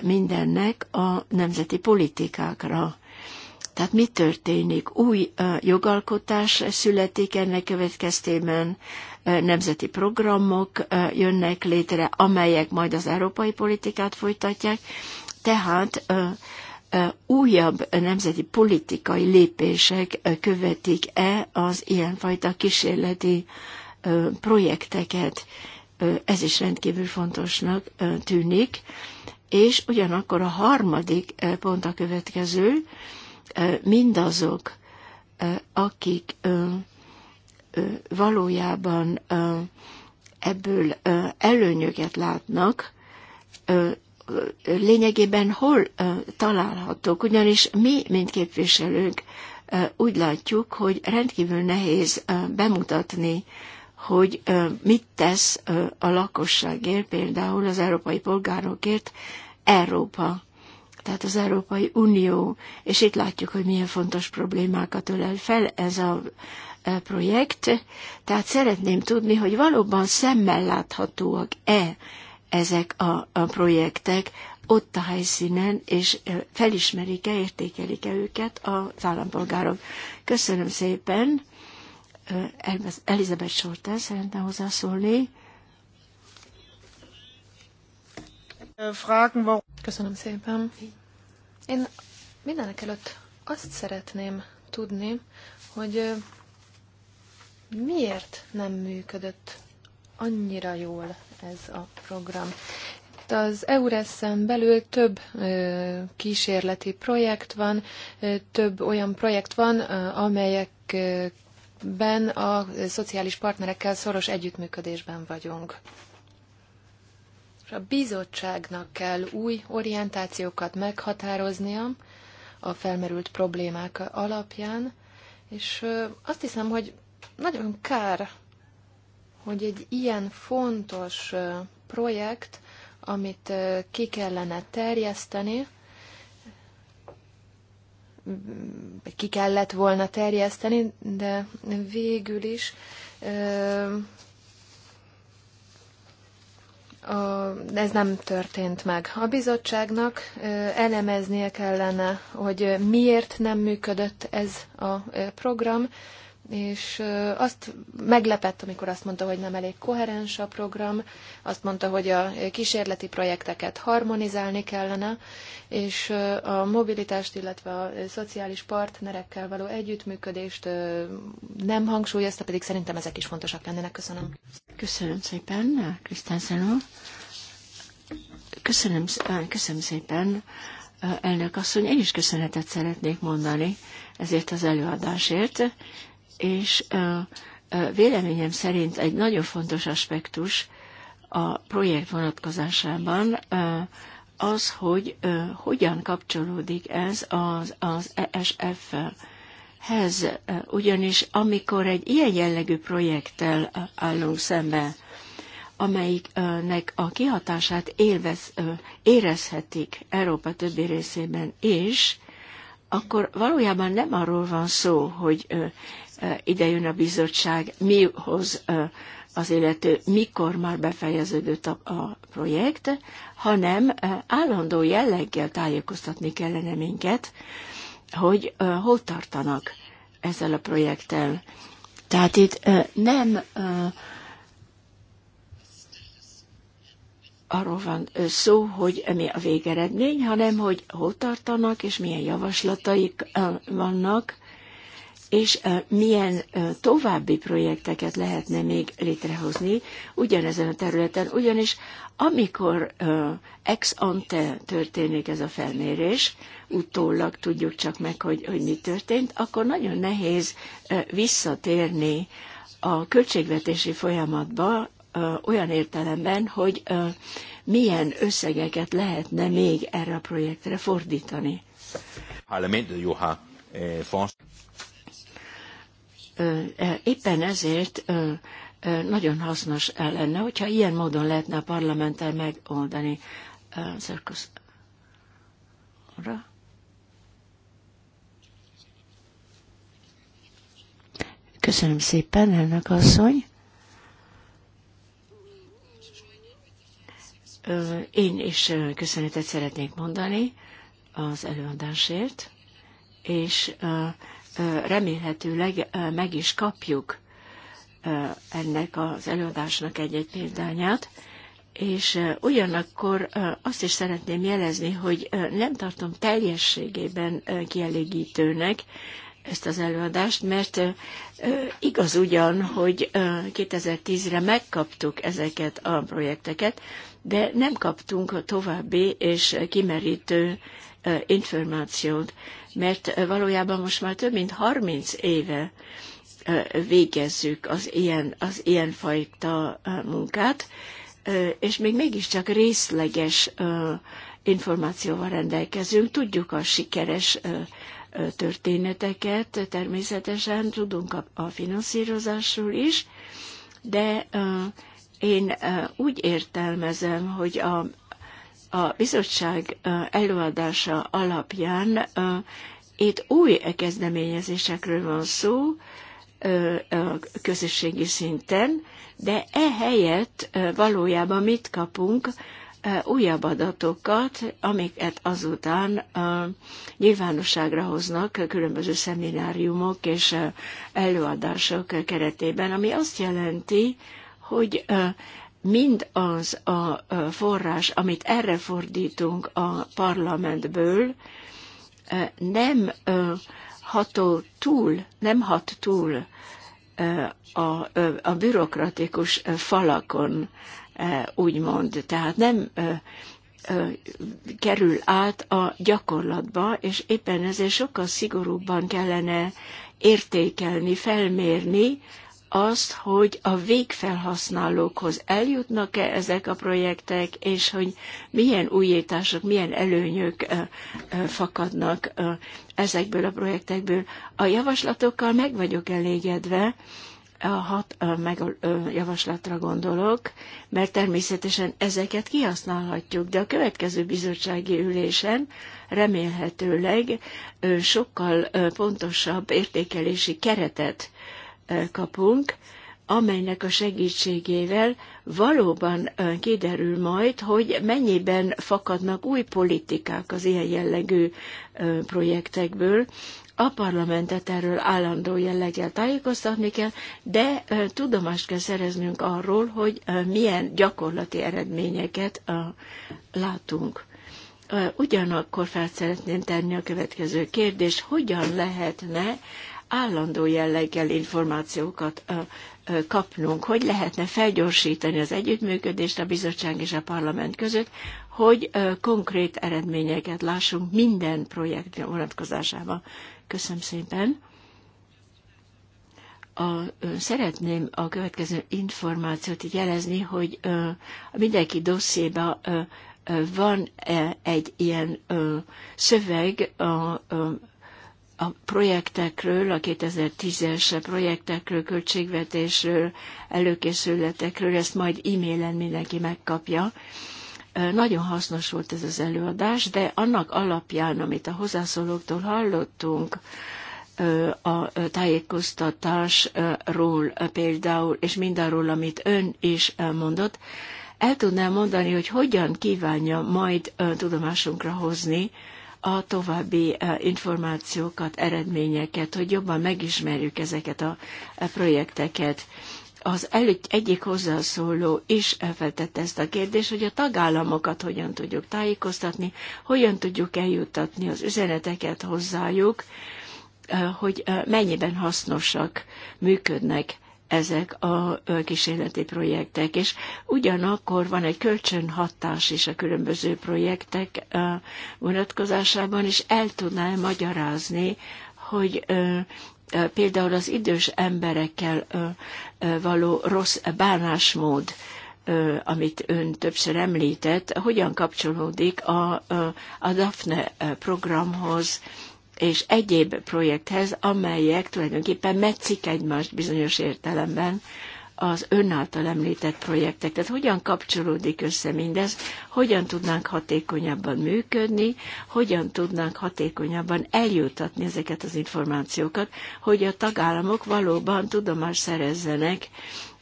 mindennek a nemzeti politikákra. Tehát mi történik? Új jogalkotás születik ennek következtében, nemzeti programok jönnek létre, amelyek majd az európai politikát folytatják, tehát újabb nemzeti politikai lépések követik-e az ilyenfajta kísérleti projekteket. Ez is rendkívül fontosnak tűnik és ugyanakkor a harmadik eh, pont a következő, eh, mindazok, eh, akik valójában ebből előnyöket látnak, lényegében hol találhatók, ugyanis mi, mint képviselők, úgy látjuk, hogy rendkívül nehéz bemutatni hogy mit tesz a lakosságért, például az európai polgárokért Európa, tehát az Európai Unió, és itt látjuk, hogy milyen fontos problémákat ölel fel ez a projekt, tehát szeretném tudni, hogy valóban szemmel láthatóak-e ezek a, a projektek ott a helyszínen, és felismerik-e, értékelik-e őket az állampolgárok. Köszönöm szépen! Elizabeth Sorter szeretne hozzászólni. Köszönöm szépen. Én mindenek előtt azt szeretném tudni, hogy miért nem működött annyira jól ez a program. Itt az EURES-en belül több ö, kísérleti projekt van, ö, több olyan projekt van, ö, amelyek ben a szociális partnerekkel szoros együttműködésben vagyunk. És a bizottságnak kell új orientációkat meghatároznia a felmerült problémák alapján, és azt hiszem, hogy nagyon kár, hogy egy ilyen fontos projekt, amit ki kellene terjeszteni, ki kellett volna terjeszteni, de végül is ez nem történt meg. A bizottságnak elemeznie kellene, hogy miért nem működött ez a program, és azt meglepett, amikor azt mondta, hogy nem elég koherens a program, azt mondta, hogy a kísérleti projekteket harmonizálni kellene, és a mobilitást, illetve a szociális partnerekkel való együttműködést nem hangsúlyozta, pedig szerintem ezek is fontosak lennének. Köszönöm. Köszönöm szépen, Krisztán Szenó. Köszönöm, köszönöm szépen, elnök asszony. Én is köszönetet szeretnék mondani ezért az előadásért és véleményem szerint egy nagyon fontos aspektus a projekt vonatkozásában az, hogy hogyan kapcsolódik ez az, az ESF-hez, ugyanis amikor egy ilyen jellegű projekttel állunk szembe, amelyiknek a kihatását élvez, érezhetik Európa többi részében is, akkor valójában nem arról van szó, hogy Eh, idejön a bizottság, mi hoz eh, az illető, mikor már befejeződött a, a projekt, hanem eh, állandó jelleggel tájékoztatni kellene minket, hogy hol tartanak ezzel a projekttel. Tehát itt nem arról van szó, hogy mi a végeredmény, hanem hogy hol tartanak, és milyen javaslataik vannak, és milyen további projekteket lehetne még létrehozni ugyanezen a területen, ugyanis amikor ex ante történik ez a felmérés, utólag tudjuk csak meg, hogy, hogy mi történt, akkor nagyon nehéz visszatérni a költségvetési folyamatba olyan értelemben, hogy milyen összegeket lehetne még erre a projektre fordítani. Parlamentet Éppen ezért nagyon hasznos lenne, hogyha ilyen módon lehetne a parlamenttel megoldani. Szerkusz. Köszönöm szépen, elnök asszony. Én is köszönetet szeretnék mondani az előadásért, és remélhetőleg meg is kapjuk ennek az előadásnak egy-egy példányát, és ugyanakkor azt is szeretném jelezni, hogy nem tartom teljességében kielégítőnek ezt az előadást, mert igaz ugyan, hogy 2010-re megkaptuk ezeket a projekteket, de nem kaptunk további és kimerítő információt, mert valójában most már több mint 30 éve végezzük az, ilyen, az ilyen fajta munkát, és még mégiscsak részleges információval rendelkezünk, tudjuk a sikeres történeteket, természetesen tudunk a finanszírozásról is, de én úgy értelmezem, hogy a, a bizottság előadása alapján itt új kezdeményezésekről van szó a közösségi szinten, de e helyett valójában mit kapunk? Újabb adatokat, amiket azután nyilvánosságra hoznak különböző szemináriumok és előadások keretében, ami azt jelenti, hogy mind az a forrás, amit erre fordítunk a parlamentből, nem ható túl, nem hat túl a, a bürokratikus falakon, úgymond. Tehát nem kerül át a gyakorlatba, és éppen ezért sokkal szigorúbban kellene értékelni, felmérni azt, hogy a végfelhasználókhoz eljutnak-e ezek a projektek, és hogy milyen újítások, milyen előnyök fakadnak ezekből a projektekből. A javaslatokkal meg vagyok elégedve, a hat meg a javaslatra gondolok, mert természetesen ezeket kihasználhatjuk, de a következő bizottsági ülésen remélhetőleg sokkal pontosabb értékelési keretet kapunk, amelynek a segítségével valóban kiderül majd, hogy mennyiben fakadnak új politikák az ilyen jellegű projektekből. A parlamentet erről állandó jelleggel tájékoztatni kell, de tudomást kell szereznünk arról, hogy milyen gyakorlati eredményeket látunk. Ugyanakkor fel szeretném tenni a következő kérdést, hogyan lehetne állandó jelleggel információkat kapnunk, hogy lehetne felgyorsítani az együttműködést a bizottság és a parlament között, hogy konkrét eredményeket lássunk minden projekt vonatkozásában. Köszönöm szépen! a, szeretném a következő információt jelezni, hogy a mindenki dosszéba van -e egy ilyen szöveg a, a a projektekről, a 2010-es projektekről, költségvetésről, előkészületekről, ezt majd e-mailen mindenki megkapja. Nagyon hasznos volt ez az előadás, de annak alapján, amit a hozzászólóktól hallottunk, a tájékoztatásról például, és mindarról, amit ön is mondott, el tudnám mondani, hogy hogyan kívánja majd tudomásunkra hozni, a további e, információkat, eredményeket, hogy jobban megismerjük ezeket a e, projekteket. Az előtt egyik hozzászóló is feltette ezt a kérdést, hogy a tagállamokat hogyan tudjuk tájékoztatni, hogyan tudjuk eljuttatni az üzeneteket hozzájuk, e, hogy mennyiben hasznosak működnek ezek a kísérleti projektek, és ugyanakkor van egy kölcsönhatás is a különböző projektek vonatkozásában, és el tudná magyarázni, hogy például az idős emberekkel való rossz bánásmód, amit ön többször említett, hogyan kapcsolódik a, a DAFNE programhoz, és egyéb projekthez, amelyek tulajdonképpen meccik egymást bizonyos értelemben az ön által említett projektek. Tehát hogyan kapcsolódik össze mindez, hogyan tudnánk hatékonyabban működni, hogyan tudnánk hatékonyabban eljutatni ezeket az információkat, hogy a tagállamok valóban tudomást szerezzenek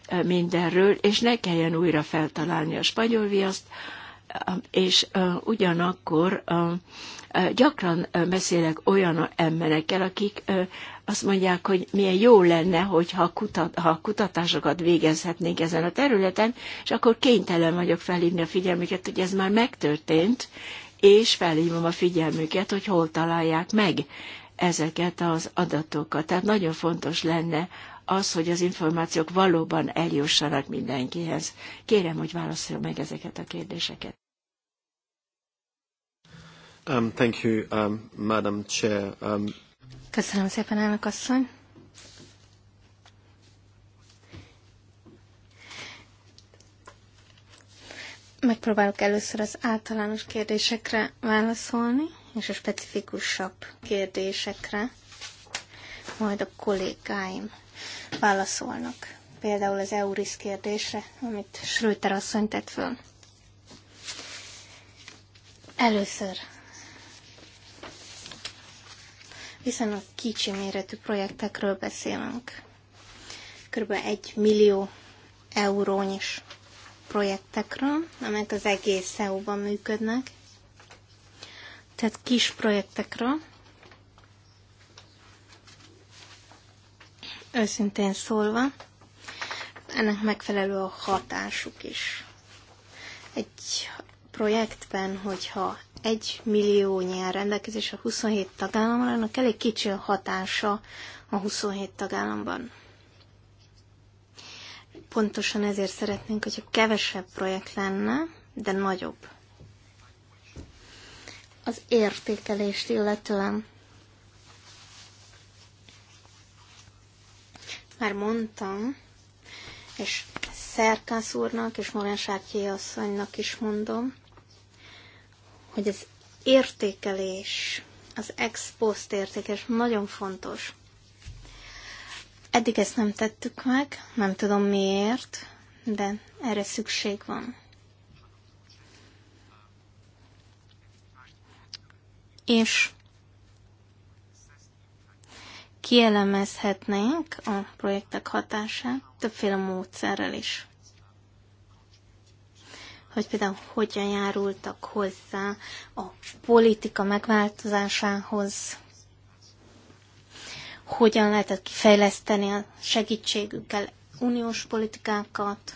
eh, mindenről, és ne kelljen újra feltalálni a spanyol viaszt, eh, és eh, ugyanakkor Gyakran beszélek olyan emberekkel, akik azt mondják, hogy milyen jó lenne, hogyha kutat, ha kutatásokat végezhetnénk ezen a területen, és akkor kénytelen vagyok felhívni a figyelmüket, hogy ez már megtörtént, és felhívom a figyelmüket, hogy hol találják meg ezeket az adatokat. Tehát nagyon fontos lenne az, hogy az információk valóban eljussanak mindenkihez. Kérem, hogy válaszolja meg ezeket a kérdéseket. Um, thank you, um, Madam Chair. Um... Köszönöm szépen, elnök asszony. Megpróbálok először az általános kérdésekre válaszolni, és a specifikusabb kérdésekre majd a kollégáim válaszolnak. Például az EURIS kérdésre, amit Schröter asszony tett föl. Először hiszen a kicsi méretű projektekről beszélünk. Körülbelül egy millió eurónyis projektekről, amelyek az egész EU-ban működnek. Tehát kis projektekről. Őszintén szólva, ennek megfelelő a hatásuk is. Egy projektben, hogyha egy millió nyelv rendelkezés a 27 tagállamra, annak elég kicsi a hatása a 27 tagállamban. Pontosan ezért szeretnénk, hogyha kevesebb projekt lenne, de nagyobb. Az értékelést illetően. Már mondtam, és Szerkász úrnak és Morán Sártyé asszonynak is mondom, hogy az értékelés, az ex post értékelés nagyon fontos. Eddig ezt nem tettük meg, nem tudom miért, de erre szükség van. És kielemezhetnénk a projektek hatását többféle módszerrel is hogy például hogyan járultak hozzá a politika megváltozásához, hogyan lehetett kifejleszteni a segítségükkel uniós politikákat,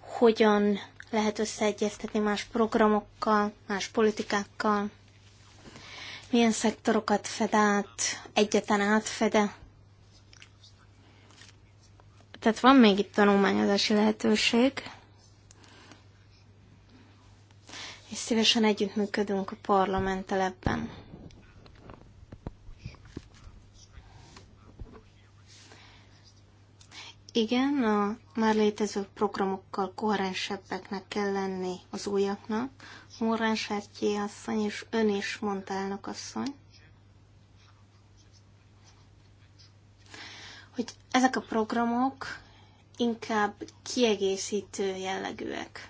hogyan lehet összeegyeztetni más programokkal, más politikákkal, milyen szektorokat fed át, egyetlen átfede. Tehát van még itt tanulmányozási lehetőség. és szívesen együttműködünk a parlamenttel ebben. Igen, a már létező programokkal koherensebbeknek kell lenni az újaknak. Morán Sertjé asszony és ön is mondta elnök asszony, hogy ezek a programok inkább kiegészítő jellegűek.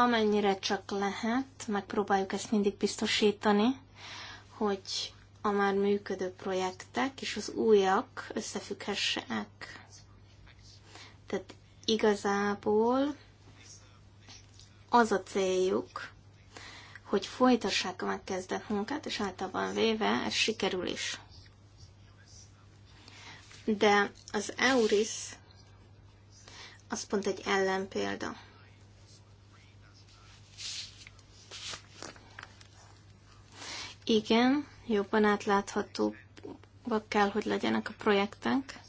amennyire csak lehet, megpróbáljuk ezt mindig biztosítani, hogy a már működő projektek és az újak összefügghessenek. Tehát igazából az a céljuk, hogy folytassák a megkezdett munkát, és általában véve ez sikerül is. De az EURIS az pont egy ellenpélda. Igen, jobban átláthatóbbak kell, hogy legyenek a projektek.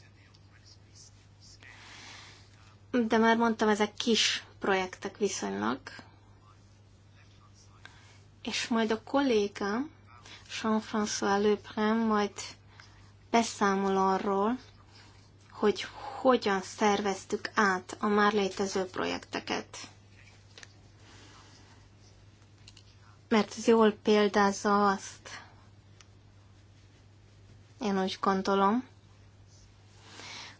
De már mondtam, ezek kis projektek viszonylag. És majd a kolléga, Jean-François Lebrun majd beszámol arról, hogy hogyan szerveztük át a már létező projekteket. mert ez jól példázza azt, én úgy gondolom,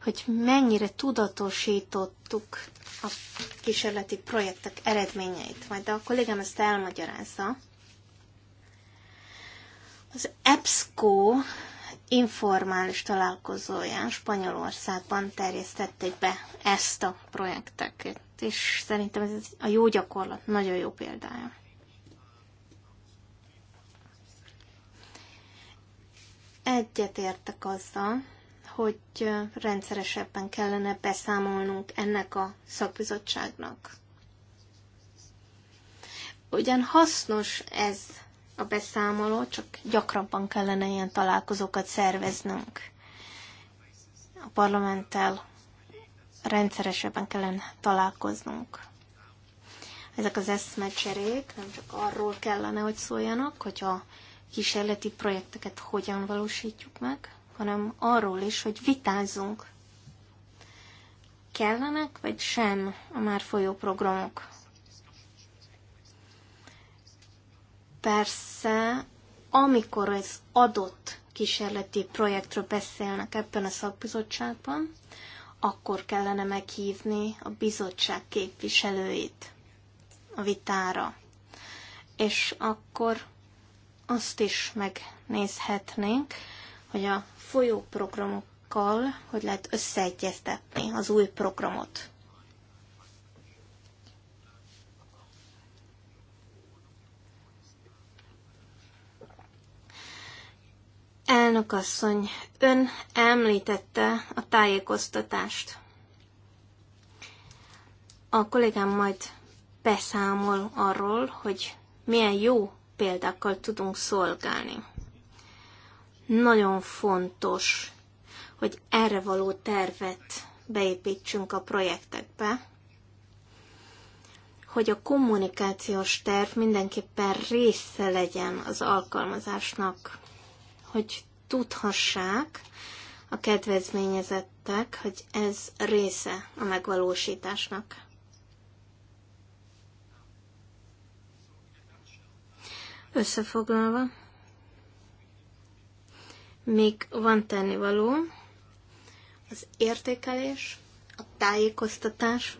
hogy mennyire tudatosítottuk a kísérleti projektek eredményeit. Majd a kollégám ezt elmagyarázza. Az EBSCO informális találkozóján Spanyolországban terjesztették be ezt a projekteket, és szerintem ez a jó gyakorlat nagyon jó példája. Egyetértek azzal, hogy rendszeresebben kellene beszámolnunk ennek a szakbizottságnak. Ugyan hasznos ez a beszámoló, csak gyakrabban kellene ilyen találkozókat szerveznünk. A parlamenttel rendszeresebben kellene találkoznunk. Ezek az eszmecserék nem csak arról kellene, hogy szóljanak, hogy a kísérleti projekteket hogyan valósítjuk meg, hanem arról is, hogy vitázzunk. Kellenek, vagy sem a már folyó programok? Persze, amikor az adott kísérleti projektről beszélnek ebben a szakbizottságban, akkor kellene meghívni a bizottság képviselőit a vitára. És akkor azt is megnézhetnénk, hogy a folyóprogramokkal hogy lehet összeegyeztetni az új programot. Elnökasszony, ön említette a tájékoztatást. A kollégám majd beszámol arról, hogy milyen jó példákkal tudunk szolgálni. Nagyon fontos, hogy erre való tervet beépítsünk a projektekbe, hogy a kommunikációs terv mindenképpen része legyen az alkalmazásnak, hogy tudhassák a kedvezményezettek, hogy ez része a megvalósításnak. Összefoglalva, még van tennivaló, az értékelés, a tájékoztatás,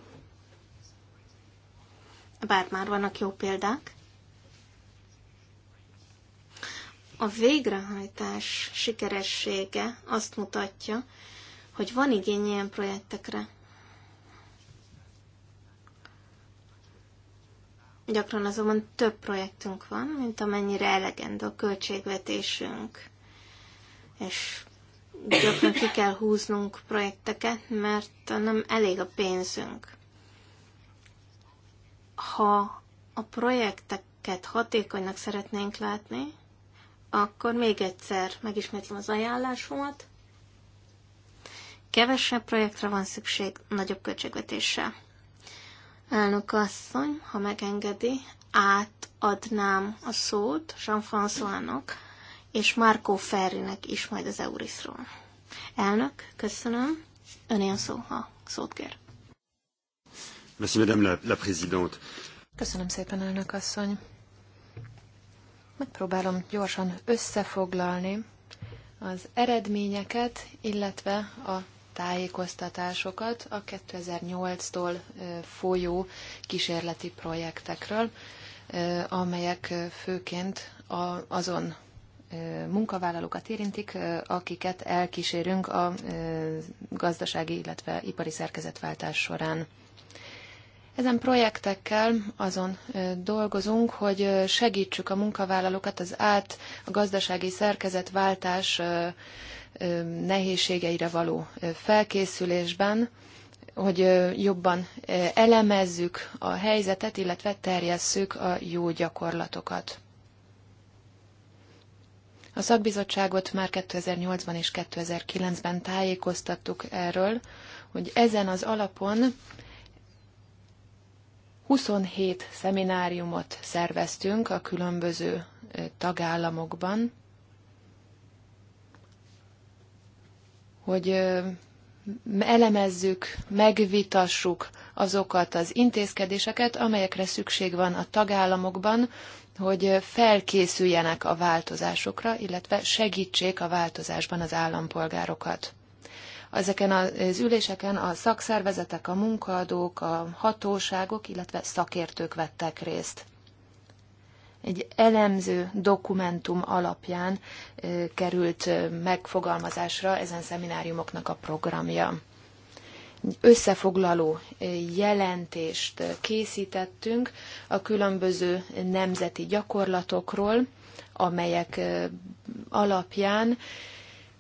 bár már vannak jó példák, a végrehajtás sikeressége azt mutatja, hogy van igény ilyen projektekre. Gyakran azonban több projektünk van, mint amennyire elegendő a költségvetésünk. És gyakran ki kell húznunk projekteket, mert nem elég a pénzünk. Ha a projekteket hatékonynak szeretnénk látni, akkor még egyszer megismétlem az ajánlásomat. Kevesebb projektre van szükség nagyobb költségvetéssel. Elnök asszony, ha megengedi, átadnám a szót Jean-François-nak és Marco Ferrinek is majd az Eurisról. Elnök, köszönöm. a szó, ha szót kér. Merci, madame la, la présidente. Köszönöm szépen, elnök asszony. Megpróbálom gyorsan összefoglalni az eredményeket, illetve a tájékoztatásokat a 2008-tól folyó kísérleti projektekről, amelyek főként azon munkavállalókat érintik, akiket elkísérünk a gazdasági, illetve ipari szerkezetváltás során. Ezen projektekkel azon dolgozunk, hogy segítsük a munkavállalókat az át a gazdasági szerkezetváltás nehézségeire való felkészülésben, hogy jobban elemezzük a helyzetet, illetve terjesszük a jó gyakorlatokat. A szakbizottságot már 2008-ban és 2009-ben tájékoztattuk erről, hogy ezen az alapon 27 szemináriumot szerveztünk a különböző tagállamokban, hogy elemezzük, megvitassuk azokat az intézkedéseket, amelyekre szükség van a tagállamokban, hogy felkészüljenek a változásokra, illetve segítsék a változásban az állampolgárokat. Ezeken az üléseken a szakszervezetek, a munkaadók, a hatóságok, illetve szakértők vettek részt elemző dokumentum alapján került megfogalmazásra ezen szemináriumoknak a programja. Összefoglaló jelentést készítettünk a különböző nemzeti gyakorlatokról, amelyek alapján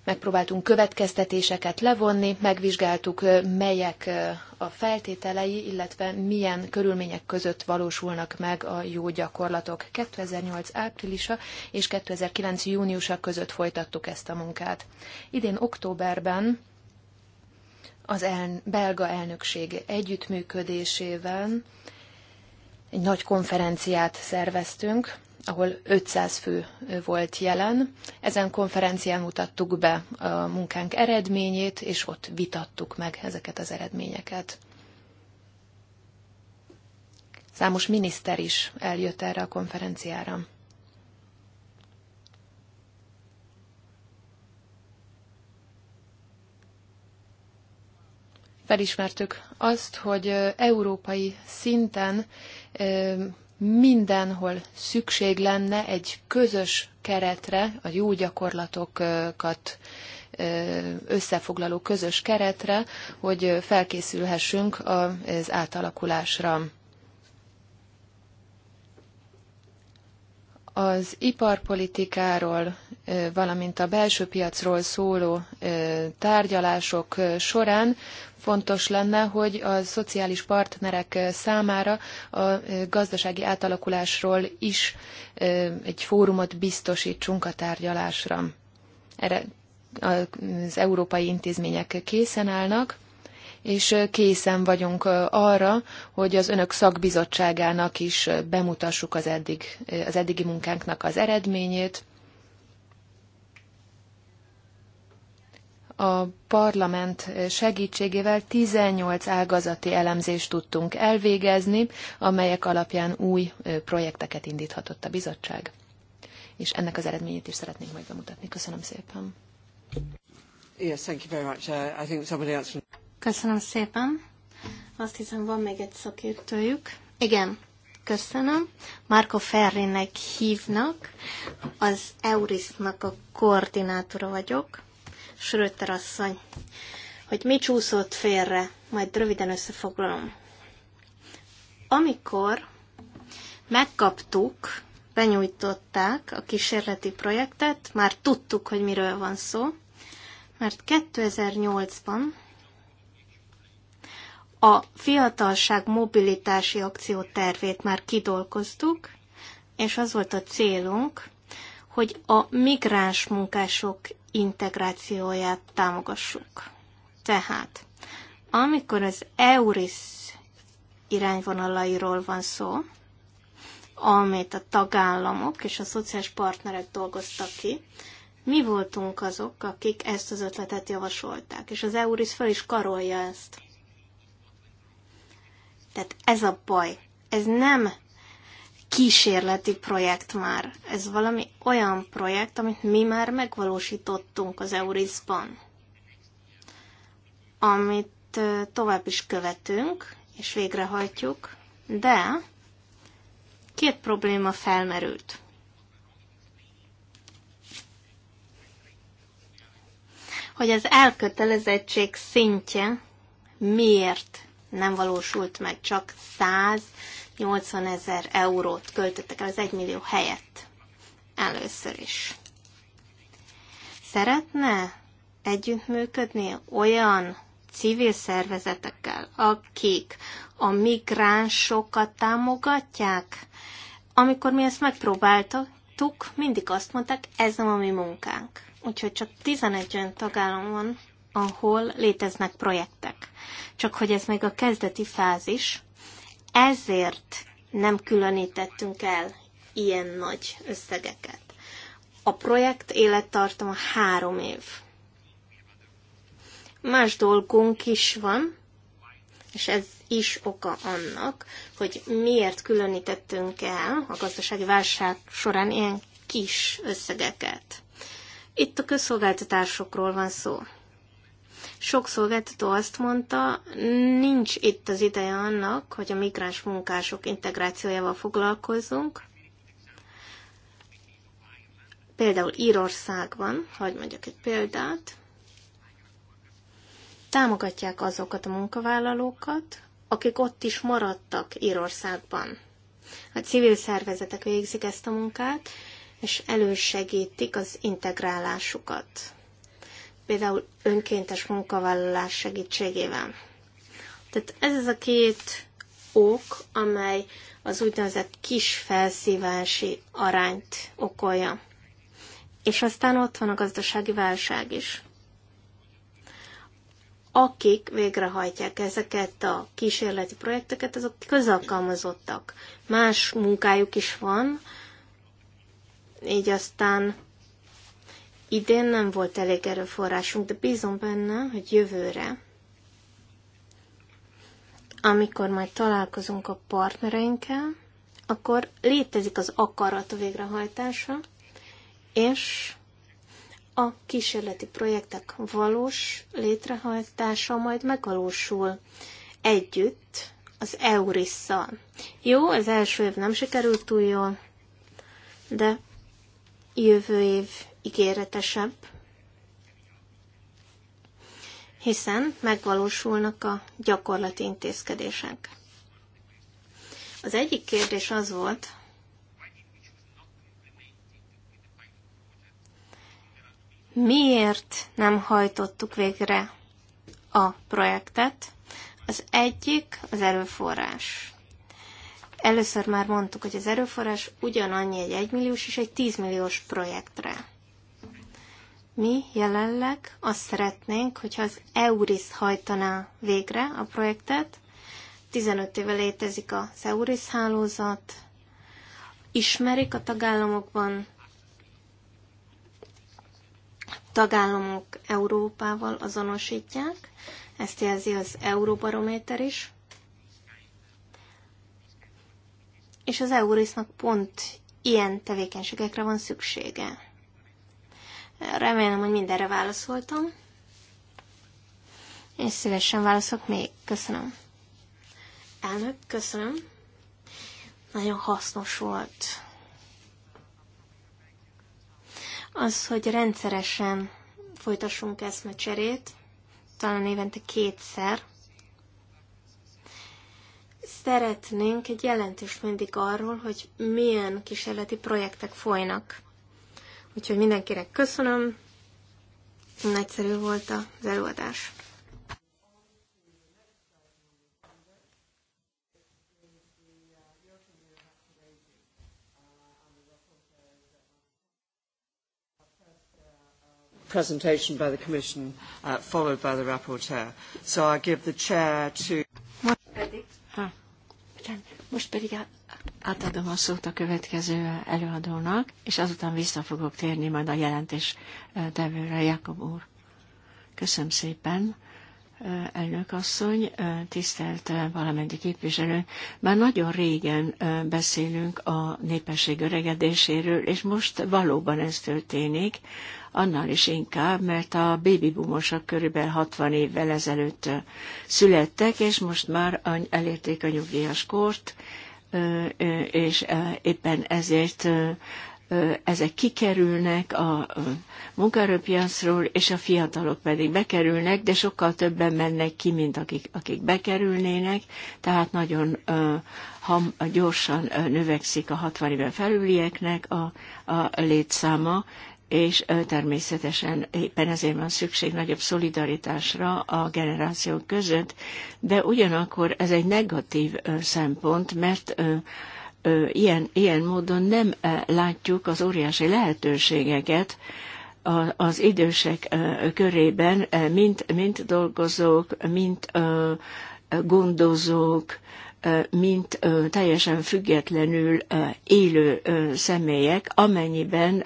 megpróbáltunk következtetéseket levonni, megvizsgáltuk, melyek a feltételei, illetve milyen körülmények között valósulnak meg a jó gyakorlatok. 2008 áprilisa és 2009 júniusa között folytattuk ezt a munkát. Idén októberben az el, belga elnökség együttműködésével egy nagy konferenciát szerveztünk, ahol 500 fő volt jelen. Ezen konferencián mutattuk be a munkánk eredményét, és ott vitattuk meg ezeket az eredményeket. Számos miniszter is eljött erre a konferenciára. felismertük azt, hogy európai szinten mindenhol szükség lenne egy közös keretre, a jó gyakorlatokat összefoglaló közös keretre, hogy felkészülhessünk az átalakulásra. Az iparpolitikáról, valamint a belső piacról szóló tárgyalások során fontos lenne, hogy a szociális partnerek számára a gazdasági átalakulásról is egy fórumot biztosítsunk a tárgyalásra. Erre az európai intézmények készen állnak, és készen vagyunk arra, hogy az önök szakbizottságának is bemutassuk az, eddig, az eddigi munkánknak az eredményét. A parlament segítségével 18 ágazati elemzést tudtunk elvégezni, amelyek alapján új projekteket indíthatott a bizottság. És ennek az eredményét is szeretnénk majd bemutatni. Köszönöm szépen. Yes, thank you very much. Uh, I think somebody else... Köszönöm szépen. Azt hiszem, van még egy szakértőjük. Igen, köszönöm. Marco Ferrinek hívnak, az Eurisnak a koordinátora vagyok. Schröter asszony, hogy mi csúszott félre, majd röviden összefoglalom. Amikor megkaptuk, benyújtották a kísérleti projektet, már tudtuk, hogy miről van szó, mert 2008-ban a fiatalság mobilitási akciótervét már kidolgoztuk, és az volt a célunk, hogy a migráns munkások integrációját támogassuk. Tehát, amikor az EURIS irányvonalairól van szó, amit a tagállamok és a szociális partnerek dolgoztak ki, mi voltunk azok, akik ezt az ötletet javasolták, és az EURIS fel is karolja ezt. Tehát ez a baj. Ez nem kísérleti projekt már. Ez valami olyan projekt, amit mi már megvalósítottunk az Eurizban, amit tovább is követünk, és végrehajtjuk, de két probléma felmerült. Hogy az elkötelezettség szintje miért nem valósult meg, csak 180 ezer eurót költöttek el az 1 millió helyett először is. Szeretne együttműködni olyan civil szervezetekkel, akik a migránsokat támogatják? Amikor mi ezt megpróbáltuk, mindig azt mondták, ez nem a mi munkánk. Úgyhogy csak 11 olyan tagállam van, ahol léteznek projektek csak hogy ez még a kezdeti fázis, ezért nem különítettünk el ilyen nagy összegeket. A projekt élettartama három év. Más dolgunk is van, és ez is oka annak, hogy miért különítettünk el a gazdasági válság során ilyen kis összegeket. Itt a közszolgáltatásokról van szó. Sok szolgáltató azt mondta, nincs itt az ideje annak, hogy a migráns munkások integrációjával foglalkozzunk. Például Írországban, hagyd mondjak egy példát, támogatják azokat a munkavállalókat, akik ott is maradtak Írországban. A civil szervezetek végzik ezt a munkát, és elősegítik az integrálásukat például önkéntes munkavállalás segítségével. Tehát ez az a két ok, amely az úgynevezett kis felszívási arányt okolja. És aztán ott van a gazdasági válság is. Akik végrehajtják ezeket a kísérleti projekteket, azok közalkalmazottak. Más munkájuk is van, így aztán Idén nem volt elég erőforrásunk, de bízom benne, hogy jövőre, amikor majd találkozunk a partnereinkkel, akkor létezik az akarat a végrehajtása, és a kísérleti projektek valós létrehajtása majd megvalósul együtt az Eurisszal. Jó, az első év nem sikerült túl jól, de jövő év ígéretesebb, hiszen megvalósulnak a gyakorlati intézkedések. Az egyik kérdés az volt, miért nem hajtottuk végre a projektet. Az egyik az erőforrás. Először már mondtuk, hogy az erőforrás ugyanannyi egy 1 milliós és egy 10 milliós projektre. Mi jelenleg azt szeretnénk, hogyha az EURIS hajtaná végre a projektet. 15 éve létezik az EURIS hálózat, ismerik a tagállamokban, tagállamok Európával azonosítják, ezt jelzi az Euróbarométer is, és az Eurisnak pont ilyen tevékenységekre van szüksége. Remélem, hogy mindenre válaszoltam. És szívesen válaszok még. Köszönöm. Elnök, köszönöm. Nagyon hasznos volt. Az, hogy rendszeresen folytassunk ezt a cserét, talán évente kétszer, szeretnénk egy jelentést mindig arról, hogy milyen kísérleti projektek folynak. Úgyhogy mindenkinek köszönöm. Nagyszerű volt az előadás. presentation by the Commission, uh, followed by the rapporteur. So I give the chair to. Most pedig, most pedig a Átadom a szót a következő előadónak, és azután vissza fogok térni majd a jelentés tevőre, Jakob úr. Köszönöm szépen, elnök asszony, tisztelt valamennyi képviselő. Már nagyon régen beszélünk a népesség öregedéséről, és most valóban ez történik, annál is inkább, mert a boomosok körülbelül 60 évvel ezelőtt születtek, és most már elérték a nyugdíjas kort, és éppen ezért ezek kikerülnek a munkaerőpiacról, és a fiatalok pedig bekerülnek, de sokkal többen mennek ki, mint akik, akik bekerülnének, tehát nagyon ham, gyorsan növekszik a 60 éven felülieknek a, a létszáma, és természetesen éppen ezért van szükség nagyobb szolidaritásra a generációk között, de ugyanakkor ez egy negatív szempont, mert ilyen, ilyen módon nem látjuk az óriási lehetőségeket, az idősek körében, mint, mint dolgozók, mint gondozók, mint teljesen függetlenül élő személyek, amennyiben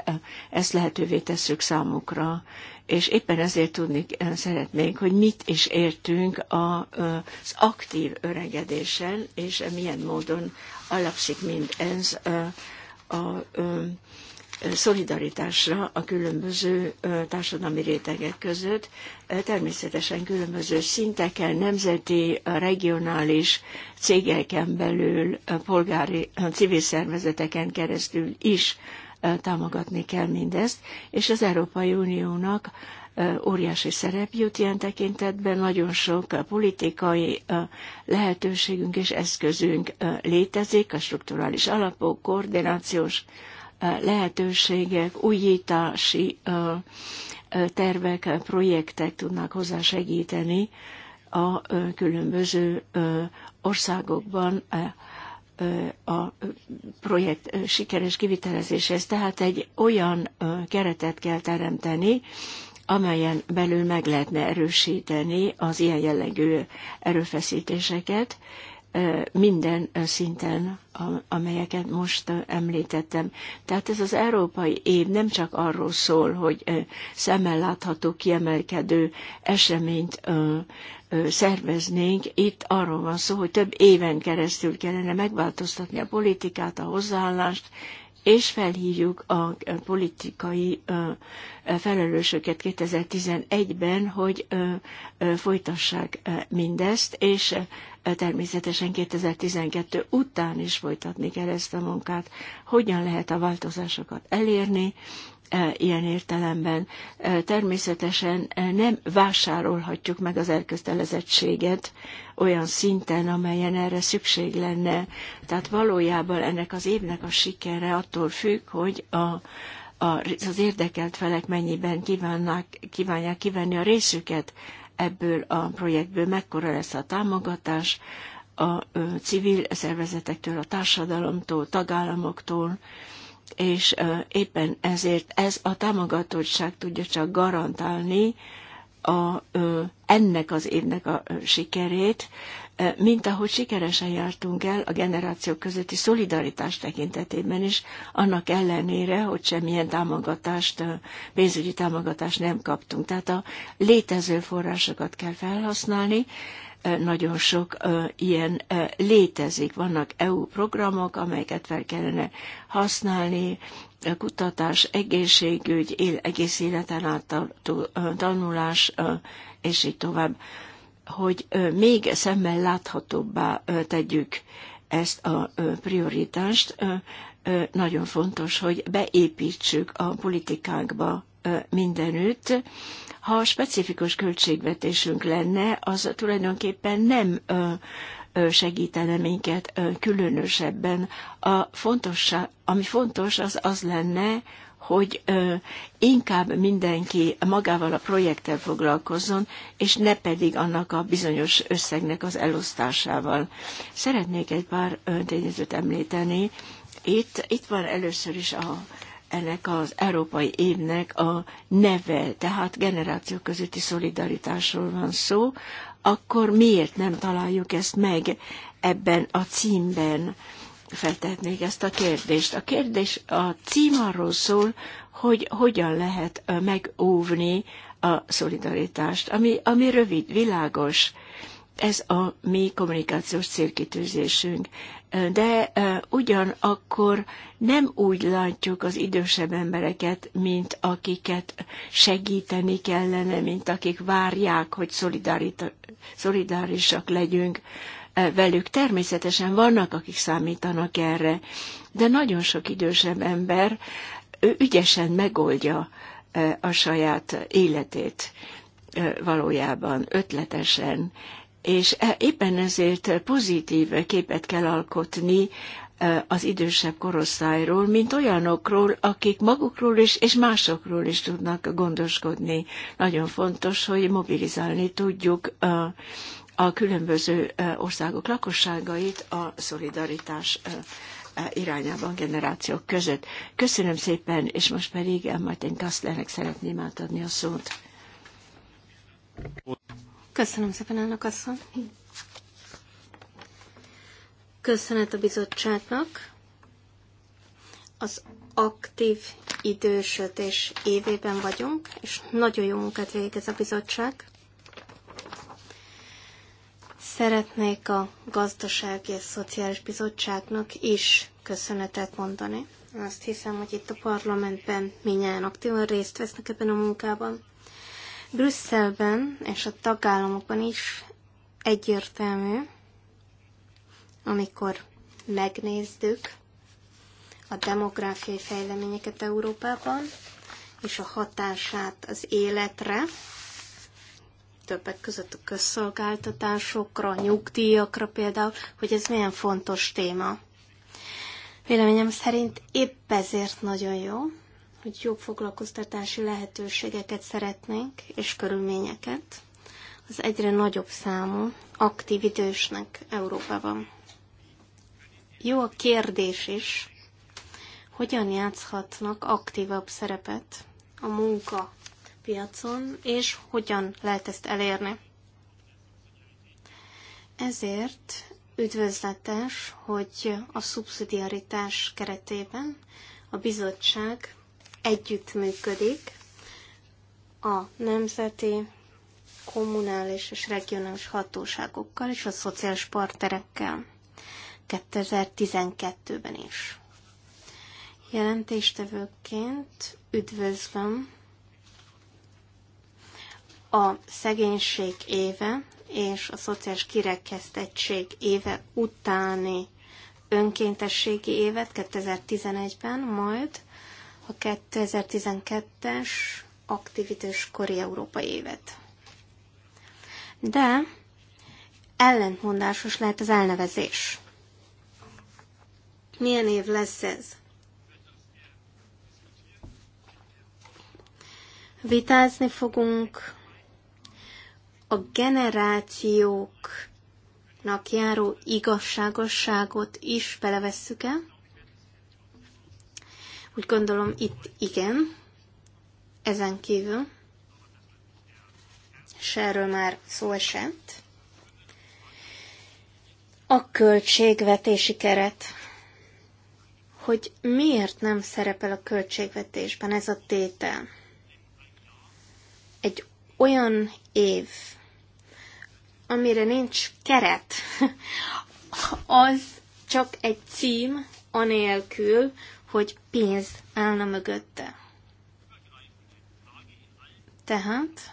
ezt lehetővé tesszük számukra. És éppen ezért tudni szeretnénk, hogy mit is értünk az aktív öregedésen, és milyen módon alapszik mind ez a, a, a szolidaritásra a különböző társadalmi rétegek között, természetesen különböző szinteken, nemzeti, regionális cégeken belül, polgári, civil szervezeteken keresztül is támogatni kell mindezt, és az Európai Uniónak óriási szerep jut ilyen tekintetben, nagyon sok politikai lehetőségünk és eszközünk létezik, a strukturális alapok, koordinációs lehetőségek, újítási tervek, projektek tudnak hozzásegíteni a különböző országokban a projekt sikeres kivitelezéshez. Tehát egy olyan keretet kell teremteni, amelyen belül meg lehetne erősíteni az ilyen jellegű erőfeszítéseket, minden szinten, amelyeket most említettem. Tehát ez az európai év nem csak arról szól, hogy szemmel látható, kiemelkedő eseményt szerveznénk, itt arról van szó, hogy több éven keresztül kellene megváltoztatni a politikát, a hozzáállást, és felhívjuk a politikai felelősöket 2011-ben, hogy folytassák mindezt, és természetesen 2012 után is folytatni kell ezt a munkát, hogyan lehet a változásokat elérni, E, ilyen értelemben. E, természetesen e, nem vásárolhatjuk meg az elkötelezettséget olyan szinten, amelyen erre szükség lenne. Tehát valójában ennek az évnek a sikere attól függ, hogy a, a, az érdekelt felek mennyiben kívánnak, kívánják kivenni a részüket ebből a projektből, mekkora lesz a támogatás a civil szervezetektől, a társadalomtól, tagállamoktól, és éppen ezért ez a támogatottság tudja csak garantálni a, ennek az évnek a sikerét, mint ahogy sikeresen jártunk el a generációk közötti szolidaritás tekintetében is, annak ellenére, hogy semmilyen támogatást, pénzügyi támogatást nem kaptunk. Tehát a létező forrásokat kell felhasználni, nagyon sok ilyen létezik. Vannak EU programok, amelyeket fel kellene használni, kutatás, egészségügy, egész életen át tanulás, és így tovább, hogy még szemmel láthatóbbá tegyük ezt a prioritást, nagyon fontos, hogy beépítsük a politikánkba mindenütt, ha specifikus költségvetésünk lenne, az tulajdonképpen nem segítene minket különösebben. A fontos, ami fontos, az az lenne, hogy inkább mindenki magával a projekttel foglalkozzon, és ne pedig annak a bizonyos összegnek az elosztásával. Szeretnék egy pár tényezőt említeni. Itt, itt van először is a ennek az európai évnek a neve, tehát generáció közötti szolidaritásról van szó, akkor miért nem találjuk ezt meg ebben a címben? Feltehetnék ezt a kérdést. A kérdés, a cím arról szól, hogy hogyan lehet megóvni a szolidaritást, ami, ami rövid, világos ez a mi kommunikációs célkitűzésünk. De ugyanakkor nem úgy látjuk az idősebb embereket, mint akiket segíteni kellene, mint akik várják, hogy szolidárisak legyünk velük. Természetesen vannak, akik számítanak erre, de nagyon sok idősebb ember ő ügyesen megoldja a saját életét valójában, ötletesen, és e- éppen ezért pozitív képet kell alkotni e, az idősebb korosztályról, mint olyanokról, akik magukról is és másokról is tudnak gondoskodni. Nagyon fontos, hogy mobilizálni tudjuk a, e, a különböző országok lakosságait a szolidaritás irányában generációk között. Köszönöm szépen, és most pedig Martin Kastlernek szeretném átadni a szót. Köszönöm szépen, elnök asszony. Köszönet a bizottságnak. Az aktív idősödés évében vagyunk, és nagyon jó munkát végez a bizottság. Szeretnék a Gazdasági és Szociális Bizottságnak is köszönetet mondani. Azt hiszem, hogy itt a parlamentben minnyáján aktívan részt vesznek ebben a munkában. Brüsszelben és a tagállamokban is egyértelmű, amikor megnézzük a demográfiai fejleményeket Európában, és a hatását az életre, többek között a közszolgáltatásokra, a nyugdíjakra például, hogy ez milyen fontos téma. Véleményem szerint épp ezért nagyon jó, hogy jobb foglalkoztatási lehetőségeket szeretnénk, és körülményeket az egyre nagyobb számú aktív idősnek Európában. Jó a kérdés is, hogyan játszhatnak aktívabb szerepet a munka piacon és hogyan lehet ezt elérni. Ezért üdvözletes, hogy a szubszidiaritás keretében a bizottság együttműködik a nemzeti, kommunális és regionális hatóságokkal és a szociális partnerekkel 2012-ben is. Jelentéstevőként üdvözlöm a szegénység éve és a szociális kirekesztettség éve utáni önkéntességi évet 2011-ben, majd a 2012-es kori európai évet. De ellentmondásos lehet az elnevezés. Milyen év lesz ez? Vitázni fogunk a generációknak járó igazságosságot is belevesszük el, úgy gondolom itt igen, ezen kívül, és erről már szó esett, a költségvetési keret, hogy miért nem szerepel a költségvetésben ez a tétel. Egy olyan év, amire nincs keret, az csak egy cím, anélkül, hogy pénz állna mögötte. Tehát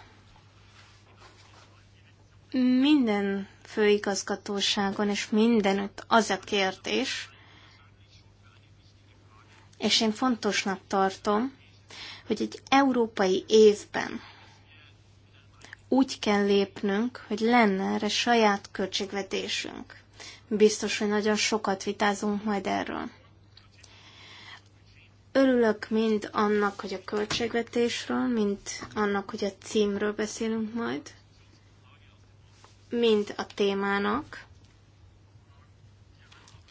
minden főigazgatóságon és mindenütt az a kérdés, és én fontosnak tartom, hogy egy európai évben úgy kell lépnünk, hogy lenne erre saját költségvetésünk. Biztos, hogy nagyon sokat vitázunk majd erről. Örülök mind annak, hogy a költségvetésről, mint annak, hogy a címről beszélünk majd, mind a témának.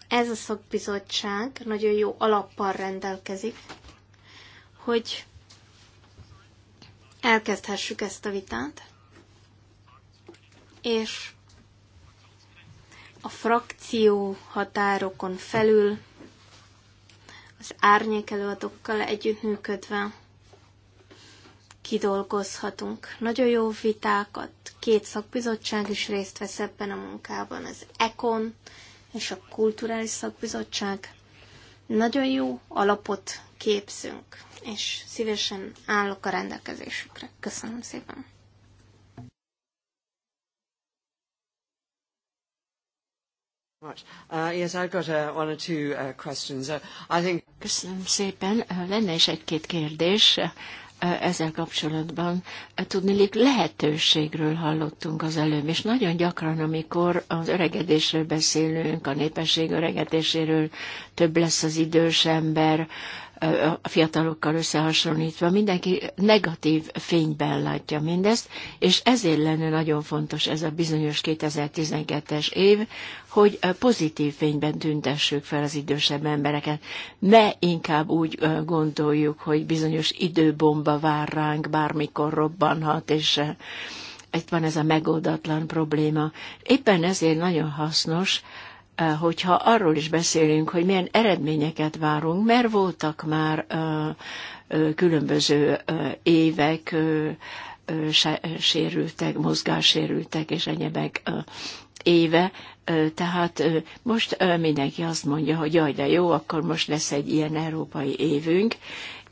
Ez a szakbizottság nagyon jó alappal rendelkezik, hogy elkezdhessük ezt a vitát, és a frakció határokon felül az árnyék előadókkal együttműködve kidolgozhatunk. Nagyon jó vitákat, két szakbizottság is részt vesz ebben a munkában, az ECON és a Kulturális Szakbizottság. Nagyon jó alapot képzünk, és szívesen állok a rendelkezésükre. Köszönöm szépen! Köszönöm szépen. Uh, lenne is egy-két kérdés uh, uh, ezzel kapcsolatban. Tudnilik lehetőségről hallottunk az előbb, és nagyon gyakran, amikor az öregedésről beszélünk, a népesség öregedéséről, több lesz az idős ember, a fiatalokkal összehasonlítva, mindenki negatív fényben látja mindezt, és ezért lenne nagyon fontos ez a bizonyos 2012-es év, hogy pozitív fényben tüntessük fel az idősebb embereket. Ne inkább úgy gondoljuk, hogy bizonyos időbomba vár ránk, bármikor robbanhat, és itt van ez a megoldatlan probléma. Éppen ezért nagyon hasznos, Eh, hogyha arról is beszélünk, hogy milyen eredményeket várunk, mert voltak már eh, eh, különböző évek sérültek, mozgássérültek és egyebek éve, tehát most mindenki azt mondja, hogy jaj, de jó, akkor most lesz egy ilyen európai évünk,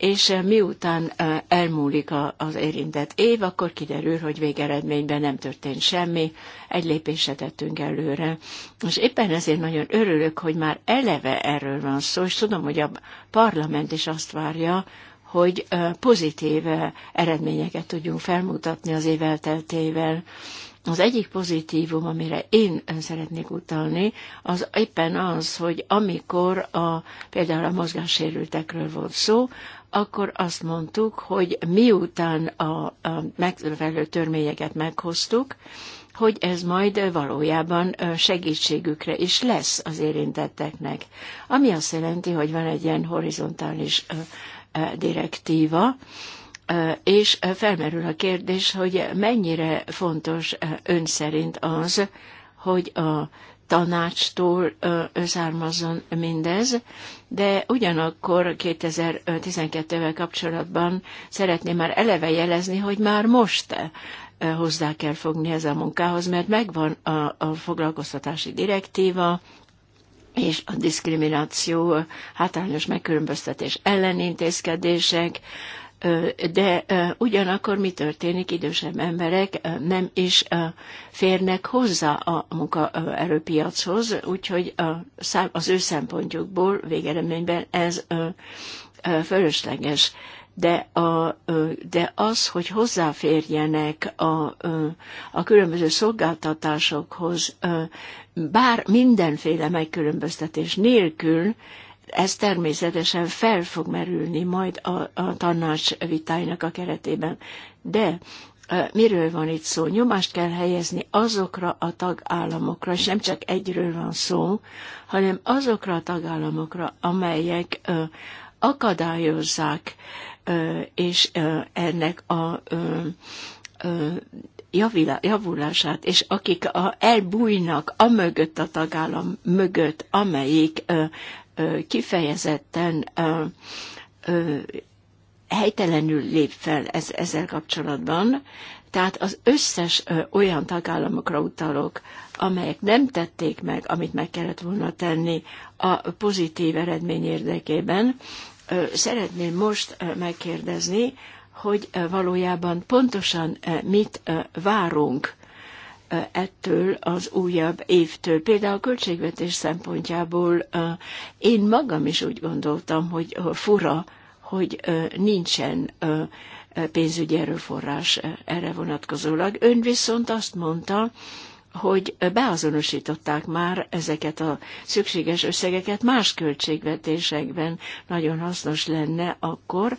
és eh, miután eh, elmúlik az érintett év, akkor kiderül, hogy végeredményben nem történt semmi, egy lépésre tettünk előre. És éppen ezért nagyon örülök, hogy már eleve erről van szó, és tudom, hogy a parlament is azt várja, hogy eh, pozitív eredményeket tudjunk felmutatni az év elteltével. Az egyik pozitívum, amire én szeretnék utalni, az éppen az, hogy amikor a, például a mozgássérültekről volt szó, akkor azt mondtuk, hogy miután a, a megfelelő törvényeket meghoztuk, hogy ez majd valójában segítségükre is lesz az érintetteknek. Ami azt jelenti, hogy van egy ilyen horizontális direktíva, és felmerül a kérdés, hogy mennyire fontos ön szerint az, hogy a tanácstól származzon mindez, de ugyanakkor 2012-vel kapcsolatban szeretném már eleve jelezni, hogy már most hozzá kell fogni ez a munkához, mert megvan a, a foglalkoztatási direktíva, és a diszkrimináció, hátrányos megkülönböztetés ellenintézkedések, intézkedések, de ugyanakkor mi történik, idősebb emberek nem is férnek hozzá a munkaerőpiachoz, úgyhogy az ő szempontjukból végeleményben ez fölösleges de, a, de az, hogy hozzáférjenek a, a különböző szolgáltatásokhoz, bár mindenféle megkülönböztetés nélkül, ez természetesen fel fog merülni majd a, a tanács vitáinak a keretében. De miről van itt szó? Nyomást kell helyezni azokra a tagállamokra, és nem csak egyről van szó, hanem azokra a tagállamokra, amelyek akadályozzák és ennek a javulását, és akik elbújnak a mögött a tagállam mögött, amelyik kifejezetten helytelenül lép fel ez, ezzel kapcsolatban, tehát az összes ö, olyan tagállamokra utalok, amelyek nem tették meg, amit meg kellett volna tenni a pozitív eredmény érdekében, ö, szeretném most ö, megkérdezni, hogy ö, valójában pontosan ö, mit ö, várunk ettől az újabb évtől. Például a költségvetés szempontjából én magam is úgy gondoltam, hogy fura, hogy nincsen pénzügyi erőforrás erre vonatkozólag. Ön viszont azt mondta, hogy beazonosították már ezeket a szükséges összegeket más költségvetésekben. Nagyon hasznos lenne akkor,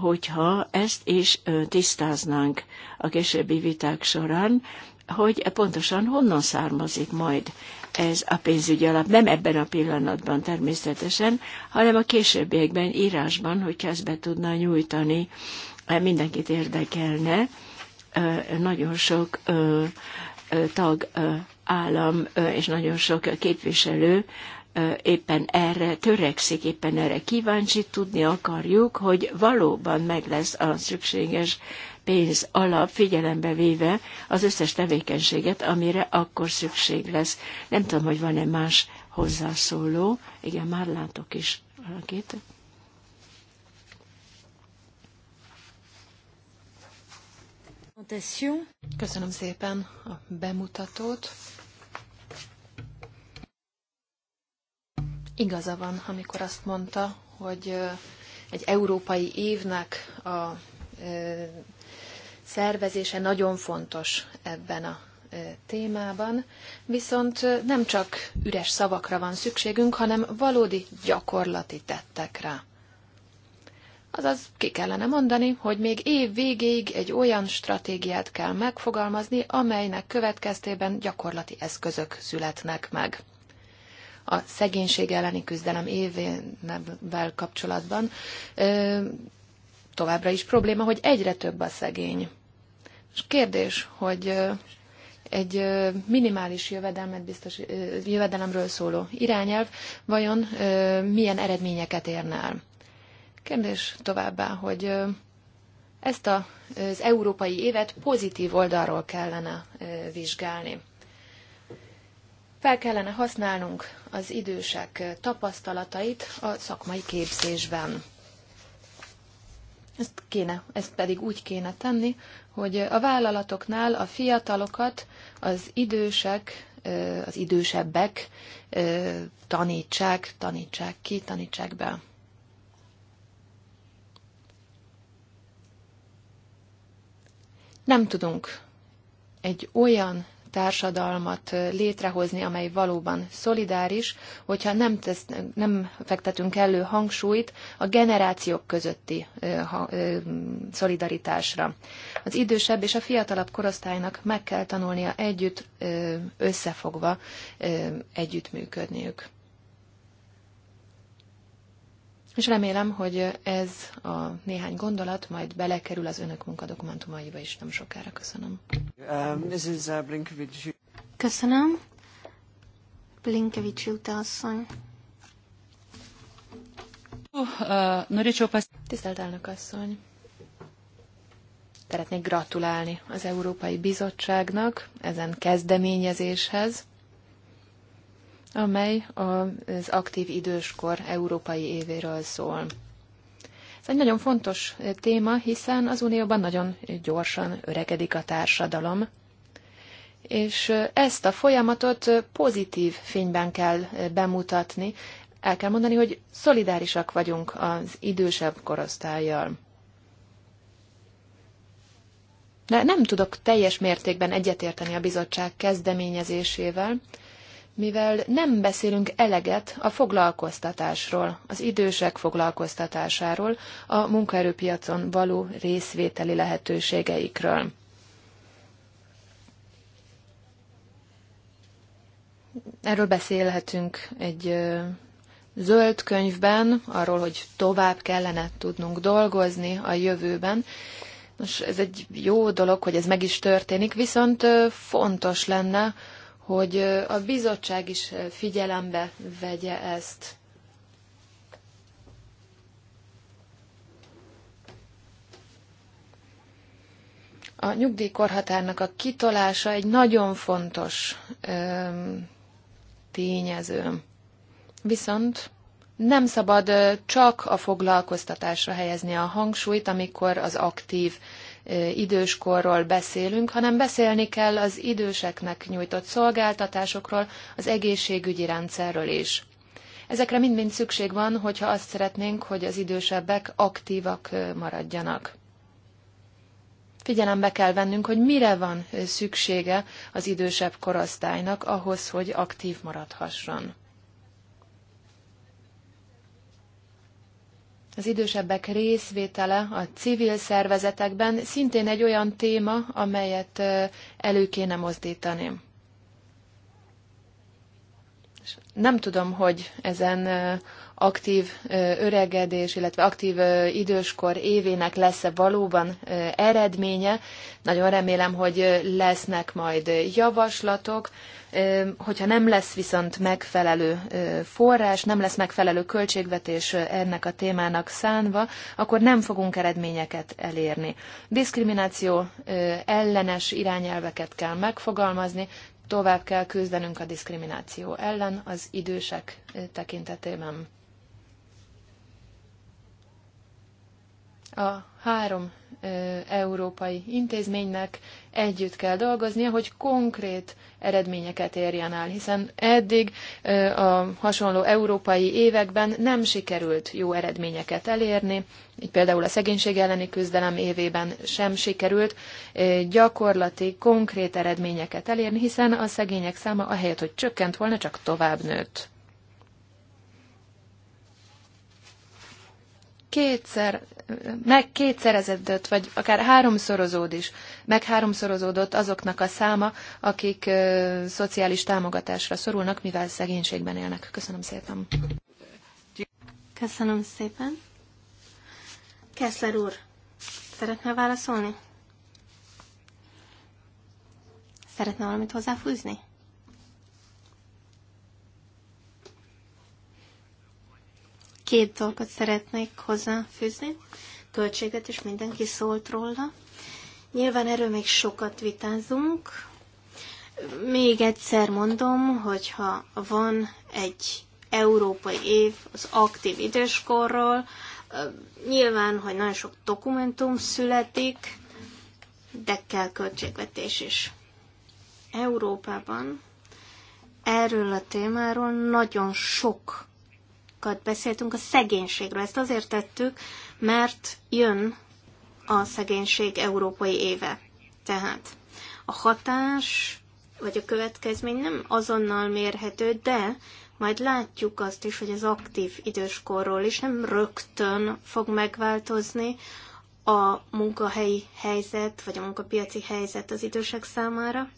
hogyha ezt is tisztáznánk a későbbi viták során, hogy pontosan honnan származik majd ez a pénzügyi alap. Nem ebben a pillanatban természetesen, hanem a későbbiekben, írásban, hogyha ezt be tudna nyújtani, e, mindenkit érdekelne. E, nagyon sok tag állam és nagyon sok képviselő éppen erre törekszik, éppen erre kíváncsi, tudni akarjuk, hogy valóban meg lesz a szükséges pénz alap figyelembe véve az összes tevékenységet, amire akkor szükség lesz. Nem tudom, hogy van-e más hozzászóló. Igen, már látok is valakit. Köszönöm szépen a bemutatót. Igaza van, amikor azt mondta, hogy egy európai évnek a szervezése nagyon fontos ebben a témában, viszont nem csak üres szavakra van szükségünk, hanem valódi gyakorlati tettekre. Azaz ki kellene mondani, hogy még év végéig egy olyan stratégiát kell megfogalmazni, amelynek következtében gyakorlati eszközök születnek meg. A szegénység elleni küzdelem évvel kapcsolatban ö, továbbra is probléma, hogy egyre több a szegény. És kérdés, hogy egy minimális jövedelmet biztos, jövedelemről szóló irányelv vajon milyen eredményeket érne el. Kérdés továbbá, hogy ezt a, az európai évet pozitív oldalról kellene vizsgálni. Fel kellene használnunk az idősek tapasztalatait a szakmai képzésben. Ezt kéne, ezt pedig úgy kéne tenni, hogy a vállalatoknál a fiatalokat, az idősek, az idősebbek tanítsák, tanítsák ki, tanítsák be. Nem tudunk egy olyan társadalmat létrehozni, amely valóban szolidáris, hogyha nem, tesz, nem fektetünk elő hangsúlyt a generációk közötti szolidaritásra. Az idősebb és a fiatalabb korosztálynak meg kell tanulnia együtt, összefogva együttműködniük és remélem, hogy ez a néhány gondolat majd belekerül az önök munkadokumentumaiba is nem sokára. Köszönöm. Uh, uh, Köszönöm. Blinkevics Júta asszony. Uh, Tisztelt elnök asszony! Szeretnék gratulálni az Európai Bizottságnak ezen kezdeményezéshez amely az aktív időskor európai évéről szól. Ez egy nagyon fontos téma, hiszen az Unióban nagyon gyorsan öregedik a társadalom, és ezt a folyamatot pozitív fényben kell bemutatni. El kell mondani, hogy szolidárisak vagyunk az idősebb korosztályjal. De nem tudok teljes mértékben egyetérteni a bizottság kezdeményezésével, mivel nem beszélünk eleget a foglalkoztatásról, az idősek foglalkoztatásáról, a munkaerőpiacon való részvételi lehetőségeikről. Erről beszélhetünk egy zöld könyvben, arról, hogy tovább kellene tudnunk dolgozni a jövőben. Nos, ez egy jó dolog, hogy ez meg is történik, viszont fontos lenne, hogy a bizottság is figyelembe vegye ezt. A nyugdíjkorhatárnak a kitolása egy nagyon fontos öm, tényező. Viszont nem szabad csak a foglalkoztatásra helyezni a hangsúlyt, amikor az aktív időskorról beszélünk, hanem beszélni kell az időseknek nyújtott szolgáltatásokról, az egészségügyi rendszerről is. Ezekre mind-mind szükség van, hogyha azt szeretnénk, hogy az idősebbek aktívak maradjanak. Figyelembe kell vennünk, hogy mire van szüksége az idősebb korosztálynak ahhoz, hogy aktív maradhasson. az idősebbek részvétele a civil szervezetekben szintén egy olyan téma, amelyet elő kéne mozdítani. Nem tudom, hogy ezen aktív öregedés, illetve aktív időskor évének lesz-e valóban eredménye. Nagyon remélem, hogy lesznek majd javaslatok. Hogyha nem lesz viszont megfelelő forrás, nem lesz megfelelő költségvetés ennek a témának szánva, akkor nem fogunk eredményeket elérni. Diszkrimináció ellenes irányelveket kell megfogalmazni, tovább kell küzdenünk a diszkrimináció ellen az idősek tekintetében. A három európai intézménynek együtt kell dolgoznia, hogy konkrét eredményeket érjen el, hiszen eddig a hasonló európai években nem sikerült jó eredményeket elérni, így például a szegénység elleni küzdelem évében sem sikerült gyakorlati, konkrét eredményeket elérni, hiszen a szegények száma ahelyett, hogy csökkent volna, csak tovább nőtt. kétszer, meg kétszereződött, vagy akár háromszorozód is, meg háromszorozódott azoknak a száma, akik ö, szociális támogatásra szorulnak, mivel szegénységben élnek. Köszönöm szépen. Köszönöm szépen. Keszler úr, szeretne válaszolni? Szeretne valamit hozzáfűzni? Két dolgot szeretnék hozzáfűzni. Költséget is mindenki szólt róla. Nyilván erről még sokat vitázunk. Még egyszer mondom, hogyha van egy európai év az aktív időskorról, nyilván, hogy nagyon sok dokumentum születik, de kell költségvetés is. Európában erről a témáról nagyon sok sokat beszéltünk a szegénységről. Ezt azért tettük, mert jön a szegénység európai éve. Tehát a hatás vagy a következmény nem azonnal mérhető, de majd látjuk azt is, hogy az aktív időskorról is nem rögtön fog megváltozni a munkahelyi helyzet, vagy a munkapiaci helyzet az idősek számára,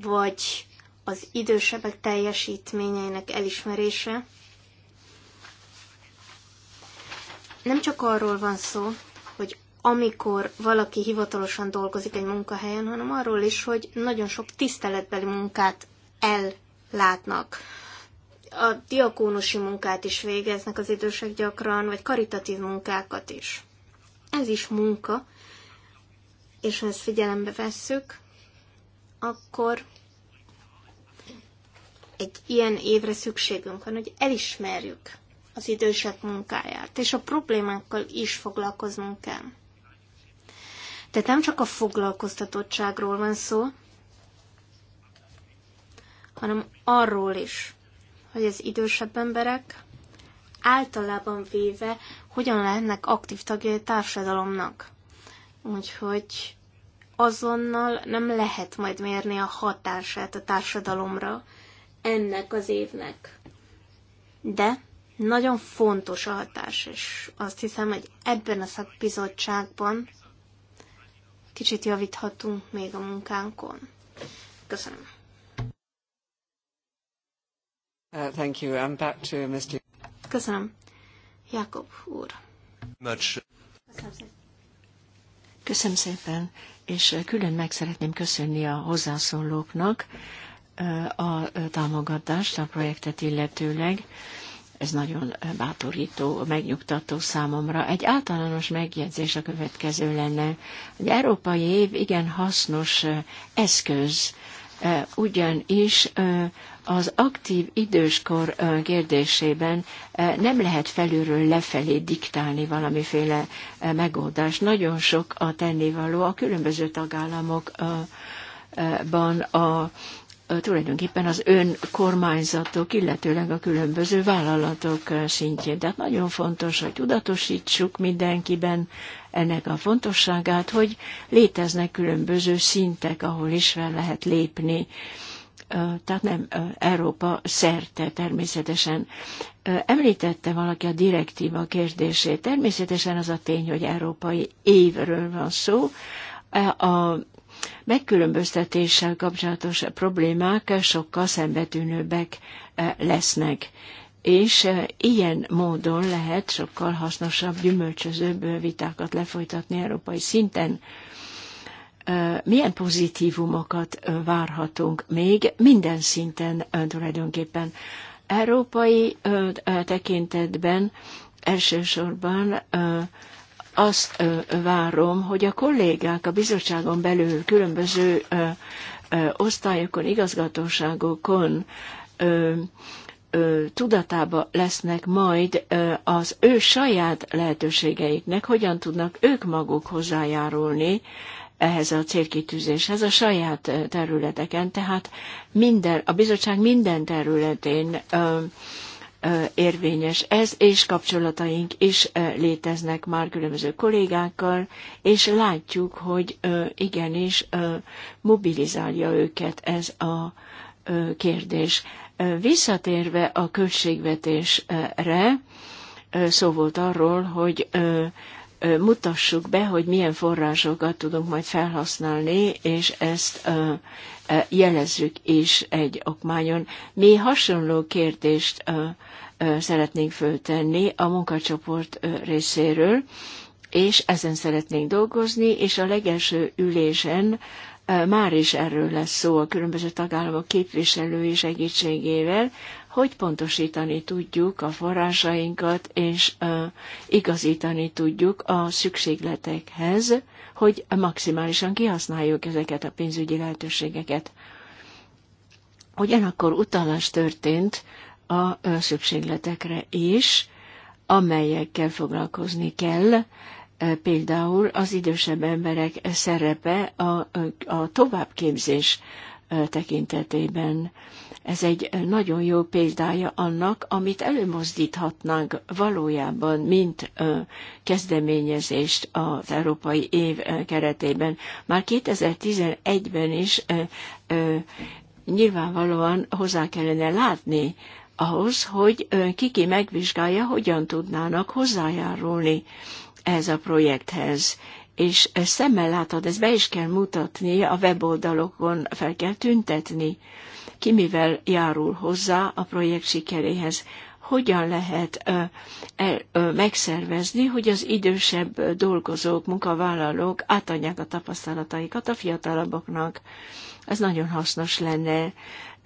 vagy az idősebbek teljesítményeinek elismerése, nem csak arról van szó, hogy amikor valaki hivatalosan dolgozik egy munkahelyen, hanem arról is, hogy nagyon sok tiszteletbeli munkát ellátnak. A diakónusi munkát is végeznek az idősek gyakran, vagy karitatív munkákat is. Ez is munka, és ha ezt figyelembe vesszük, akkor egy ilyen évre szükségünk van, hogy elismerjük az idősek munkáját, és a problémákkal is foglalkoznunk kell. Tehát nem csak a foglalkoztatottságról van szó, hanem arról is, hogy az idősebb emberek általában véve hogyan lehetnek aktív tagjai a társadalomnak. Úgyhogy azonnal nem lehet majd mérni a hatását a társadalomra ennek az évnek. De nagyon fontos altás, hatás, és azt hiszem, hogy ebben a szakbizottságban kicsit javíthatunk még a munkánkon. Köszönöm. Uh, thank you. I'm back to Mr. Köszönöm. Jakob úr. Much. Köszönöm szépen. Köszönöm szépen, és külön meg szeretném köszönni a hozzászólóknak uh, a támogatást, a projektet illetőleg. Ez nagyon bátorító, megnyugtató számomra. Egy általános megjegyzés a következő lenne. Egy európai év igen hasznos eszköz, ugyanis az aktív időskor kérdésében nem lehet felülről lefelé diktálni valamiféle megoldást. Nagyon sok a tennivaló a különböző tagállamokban a tulajdonképpen az önkormányzatok, illetőleg a különböző vállalatok szintjén. Tehát nagyon fontos, hogy tudatosítsuk mindenkiben ennek a fontosságát, hogy léteznek különböző szintek, ahol is fel lehet lépni. Tehát nem Európa szerte természetesen. Említette valaki a direktíva kérdését. Természetesen az a tény, hogy európai évről van szó, e, a megkülönböztetéssel kapcsolatos problémák sokkal szembetűnőbbek eh, lesznek és eh, ilyen módon lehet sokkal hasznosabb, gyümölcsözőbb vitákat lefolytatni európai szinten. Eh, milyen pozitívumokat várhatunk még minden szinten tulajdonképpen? Európai tekintetben elsősorban azt várom, hogy a kollégák a bizottságon belül különböző osztályokon, igazgatóságokon tudatába lesznek majd az ő saját lehetőségeiknek, hogyan tudnak ők maguk hozzájárulni ehhez a célkitűzéshez a saját területeken. Tehát minden, a bizottság minden területén érvényes ez, és kapcsolataink is léteznek már különböző kollégákkal, és látjuk, hogy igenis mobilizálja őket ez a kérdés. Visszatérve a költségvetésre, szó volt arról, hogy mutassuk be, hogy milyen forrásokat tudunk majd felhasználni, és ezt jelezzük is egy okmányon. Mi hasonló kérdést szeretnénk föltenni a munkacsoport részéről, és ezen szeretnénk dolgozni, és a legelső ülésen már is erről lesz szó a különböző tagállamok képviselői segítségével, hogy pontosítani tudjuk a forrásainkat, és igazítani tudjuk a szükségletekhez, hogy maximálisan kihasználjuk ezeket a pénzügyi lehetőségeket. Ugyanakkor utalás történt a szükségletekre is, amelyekkel foglalkozni kell, például az idősebb emberek szerepe a, a továbbképzés tekintetében ez egy nagyon jó példája annak, amit előmozdíthatnánk valójában, mint kezdeményezést az Európai Év keretében. Már 2011-ben is nyilvánvalóan hozzá kellene látni ahhoz, hogy kiki megvizsgálja, hogyan tudnának hozzájárulni ez a projekthez. És szemmel látod, ezt be is kell mutatni, a weboldalokon fel kell tüntetni ki mivel járul hozzá a projekt sikeréhez. Hogyan lehet ö, el, ö, megszervezni, hogy az idősebb dolgozók, munkavállalók átadják a tapasztalataikat a fiatalabbaknak. Ez nagyon hasznos lenne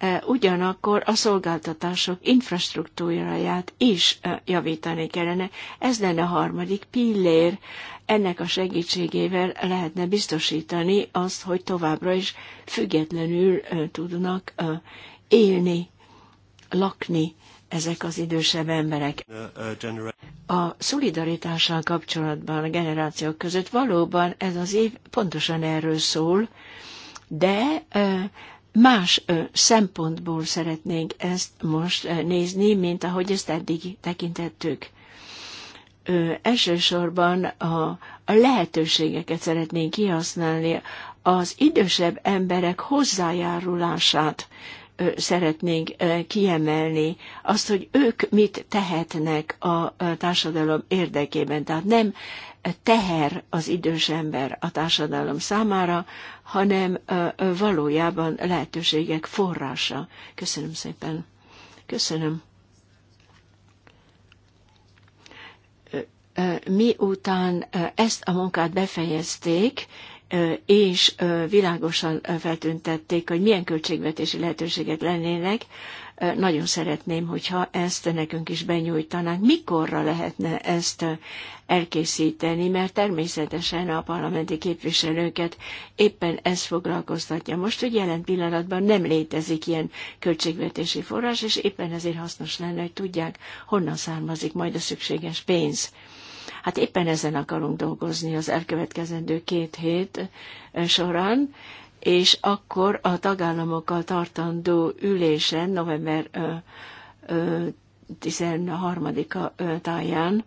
E, ugyanakkor a szolgáltatások infrastruktúráját is e, javítani kellene. Ez lenne a harmadik pillér. Ennek a segítségével lehetne biztosítani azt, hogy továbbra is függetlenül e, tudnak élni, lakni ezek az idősebb emberek. Uh, a szolidaritással kapcsolatban a generációk között valóban ez az év pontosan erről szól, de más szempontból szeretnénk ezt most nézni, mint ahogy ezt eddig tekintettük. Elsősorban a, a lehetőségeket szeretnénk kihasználni, az idősebb emberek hozzájárulását szeretnénk kiemelni, azt, hogy ők mit tehetnek a társadalom érdekében. Tehát nem teher az idős ember a társadalom számára, hanem valójában lehetőségek forrása. Köszönöm szépen. Köszönöm. Miután ezt a munkát befejezték, és világosan feltüntették, hogy milyen költségvetési lehetőségek lennének, nagyon szeretném, hogyha ezt nekünk is benyújtanánk. Mikorra lehetne ezt elkészíteni, mert természetesen a parlamenti képviselőket éppen ez foglalkoztatja. Most, hogy jelen pillanatban nem létezik ilyen költségvetési forrás, és éppen ezért hasznos lenne, hogy tudják, honnan származik majd a szükséges pénz. Hát éppen ezen akarunk dolgozni az elkövetkezendő két hét során, és akkor a tagállamokkal tartandó ülésen, november 13-a táján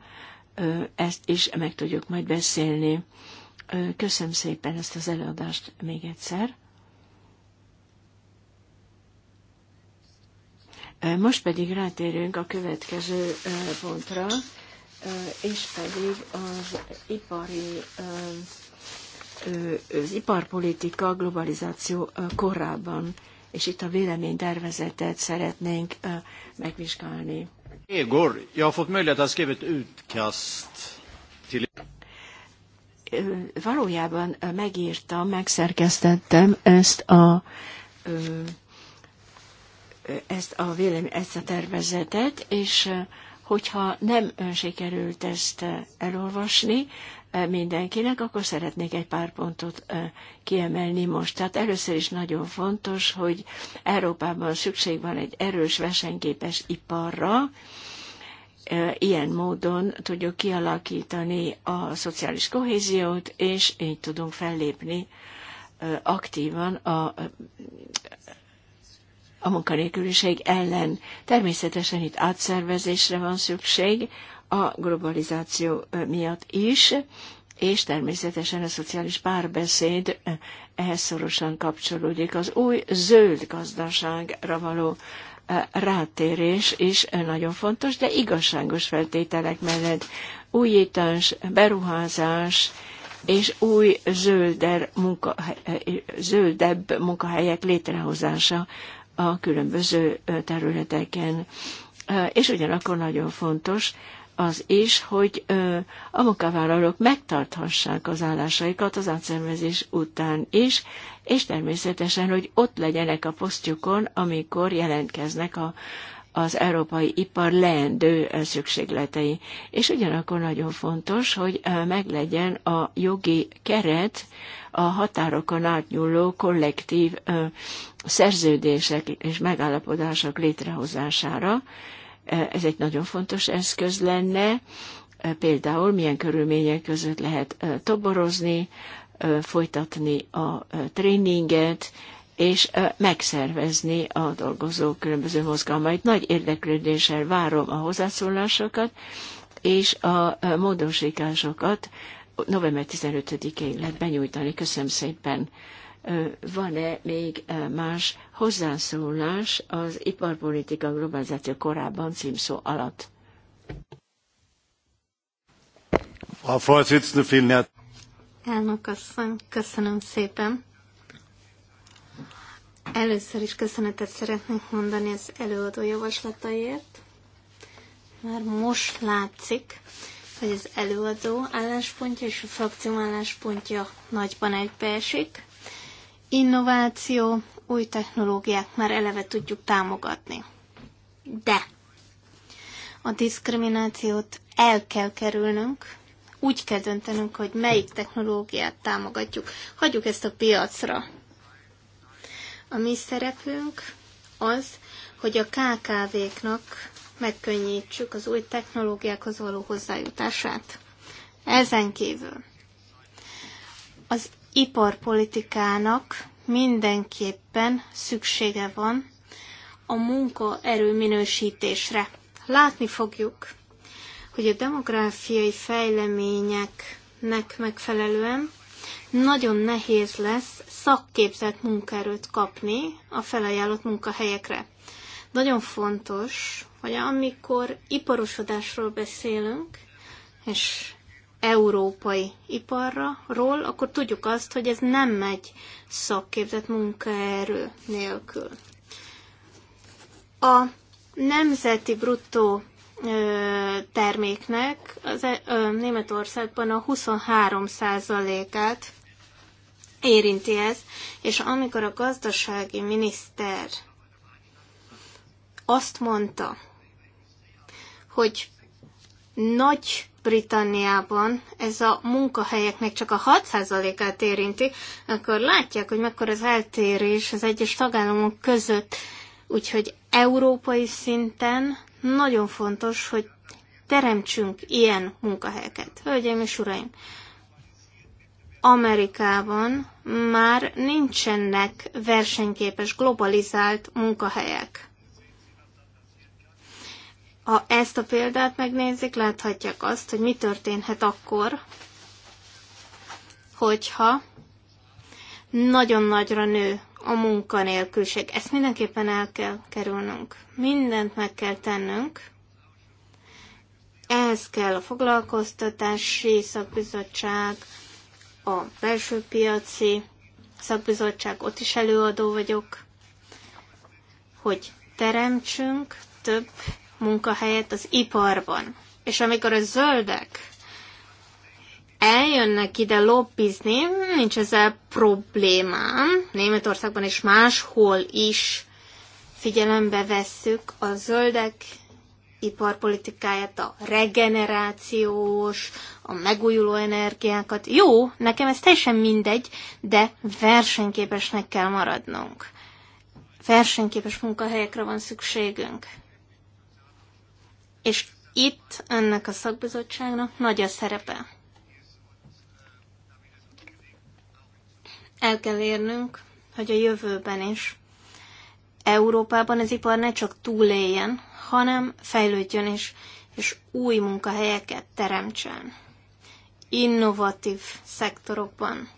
ezt is meg tudjuk majd beszélni. Köszönöm szépen ezt az előadást még egyszer. Most pedig rátérünk a következő pontra, és pedig az ipari az iparpolitika globalizáció korában, és itt a véleménytervezetet szeretnénk megvizsgálni. Egor, jag har fått möjlighet att skriva ett utkast till... Valójában megírtam, megszerkesztettem ezt a ezt a, vélem, ezt a tervezetet, és hogyha nem sikerült ezt elolvasni, mindenkinek, akkor szeretnék egy pár pontot kiemelni most. Tehát először is nagyon fontos, hogy Európában szükség van egy erős versenyképes iparra, ilyen módon tudjuk kialakítani a szociális kohéziót, és így tudunk fellépni aktívan a, a munkanélküliség ellen. Természetesen itt átszervezésre van szükség, a globalizáció miatt is, és természetesen a szociális párbeszéd ehhez szorosan kapcsolódik. Az új zöld gazdaságra való rátérés is nagyon fontos, de igazságos feltételek mellett újítás, beruházás és új zölder munka, zöldebb munkahelyek létrehozása a különböző területeken. És ugyanakkor nagyon fontos az is, hogy a munkavállalók megtarthassák az állásaikat az átszervezés után is, és természetesen, hogy ott legyenek a posztjukon, amikor jelentkeznek a, az európai ipar leendő szükségletei. És ugyanakkor nagyon fontos, hogy meglegyen a jogi keret a határokon átnyúló kollektív szerződések és megállapodások létrehozására, ez egy nagyon fontos eszköz lenne, például milyen körülmények között lehet toborozni, folytatni a tréninget, és megszervezni a dolgozók különböző mozgalmait. Nagy érdeklődéssel várom a hozzászólásokat és a módosításokat november 15-ig lehet benyújtani. Köszönöm szépen! van-e még más hozzászólás az iparpolitika globalizáció korában címszó alatt? A Vorsitzende, filmet. Elnök asszony, köszönöm szépen. Először is köszönetet szeretnék mondani az előadó javaslataiért. Már most látszik, hogy az előadó álláspontja és a frakció álláspontja nagyban egybeesik innováció, új technológiák már eleve tudjuk támogatni. De a diszkriminációt el kell kerülnünk, úgy kell döntenünk, hogy melyik technológiát támogatjuk. Hagyjuk ezt a piacra. A mi szerepünk az, hogy a KKV-knak megkönnyítsük az új technológiákhoz való hozzájutását. Ezen kívül az iparpolitikának mindenképpen szüksége van a munkaerő minősítésre. Látni fogjuk, hogy a demográfiai fejleményeknek megfelelően nagyon nehéz lesz szakképzett munkaerőt kapni a felajánlott munkahelyekre. Nagyon fontos, hogy amikor iparosodásról beszélünk, és európai iparra, ról, akkor tudjuk azt, hogy ez nem megy szakképzett munkaerő nélkül. A nemzeti bruttó terméknek az e, Németországban a 23%-át érinti ez, és amikor a gazdasági miniszter azt mondta, hogy nagy-Britanniában ez a munkahelyeknek csak a 6%-át érinti, akkor látják, hogy mekkora az eltérés az egyes tagállamok között. Úgyhogy európai szinten nagyon fontos, hogy teremtsünk ilyen munkahelyeket. Hölgyeim és uraim, Amerikában már nincsenek versenyképes globalizált munkahelyek. Ha ezt a példát megnézik, láthatják azt, hogy mi történhet akkor, hogyha nagyon nagyra nő a munkanélküliség. Ezt mindenképpen el kell kerülnünk. Mindent meg kell tennünk. Ehhez kell a foglalkoztatási szakbizottság, a belső piaci szakbizottság, ott is előadó vagyok, hogy teremtsünk több munkahelyet az iparban. És amikor a zöldek eljönnek ide lobbizni, nincs ezzel problémám. Németországban és máshol is figyelembe vesszük a zöldek iparpolitikáját, a regenerációs, a megújuló energiákat. Jó, nekem ez teljesen mindegy, de versenyképesnek kell maradnunk. Versenyképes munkahelyekre van szükségünk. És itt ennek a szakbizottságnak nagy a szerepe. El kell érnünk, hogy a jövőben is Európában az ipar ne csak túléljen, hanem fejlődjön is, és új munkahelyeket teremtsen. Innovatív szektorokban.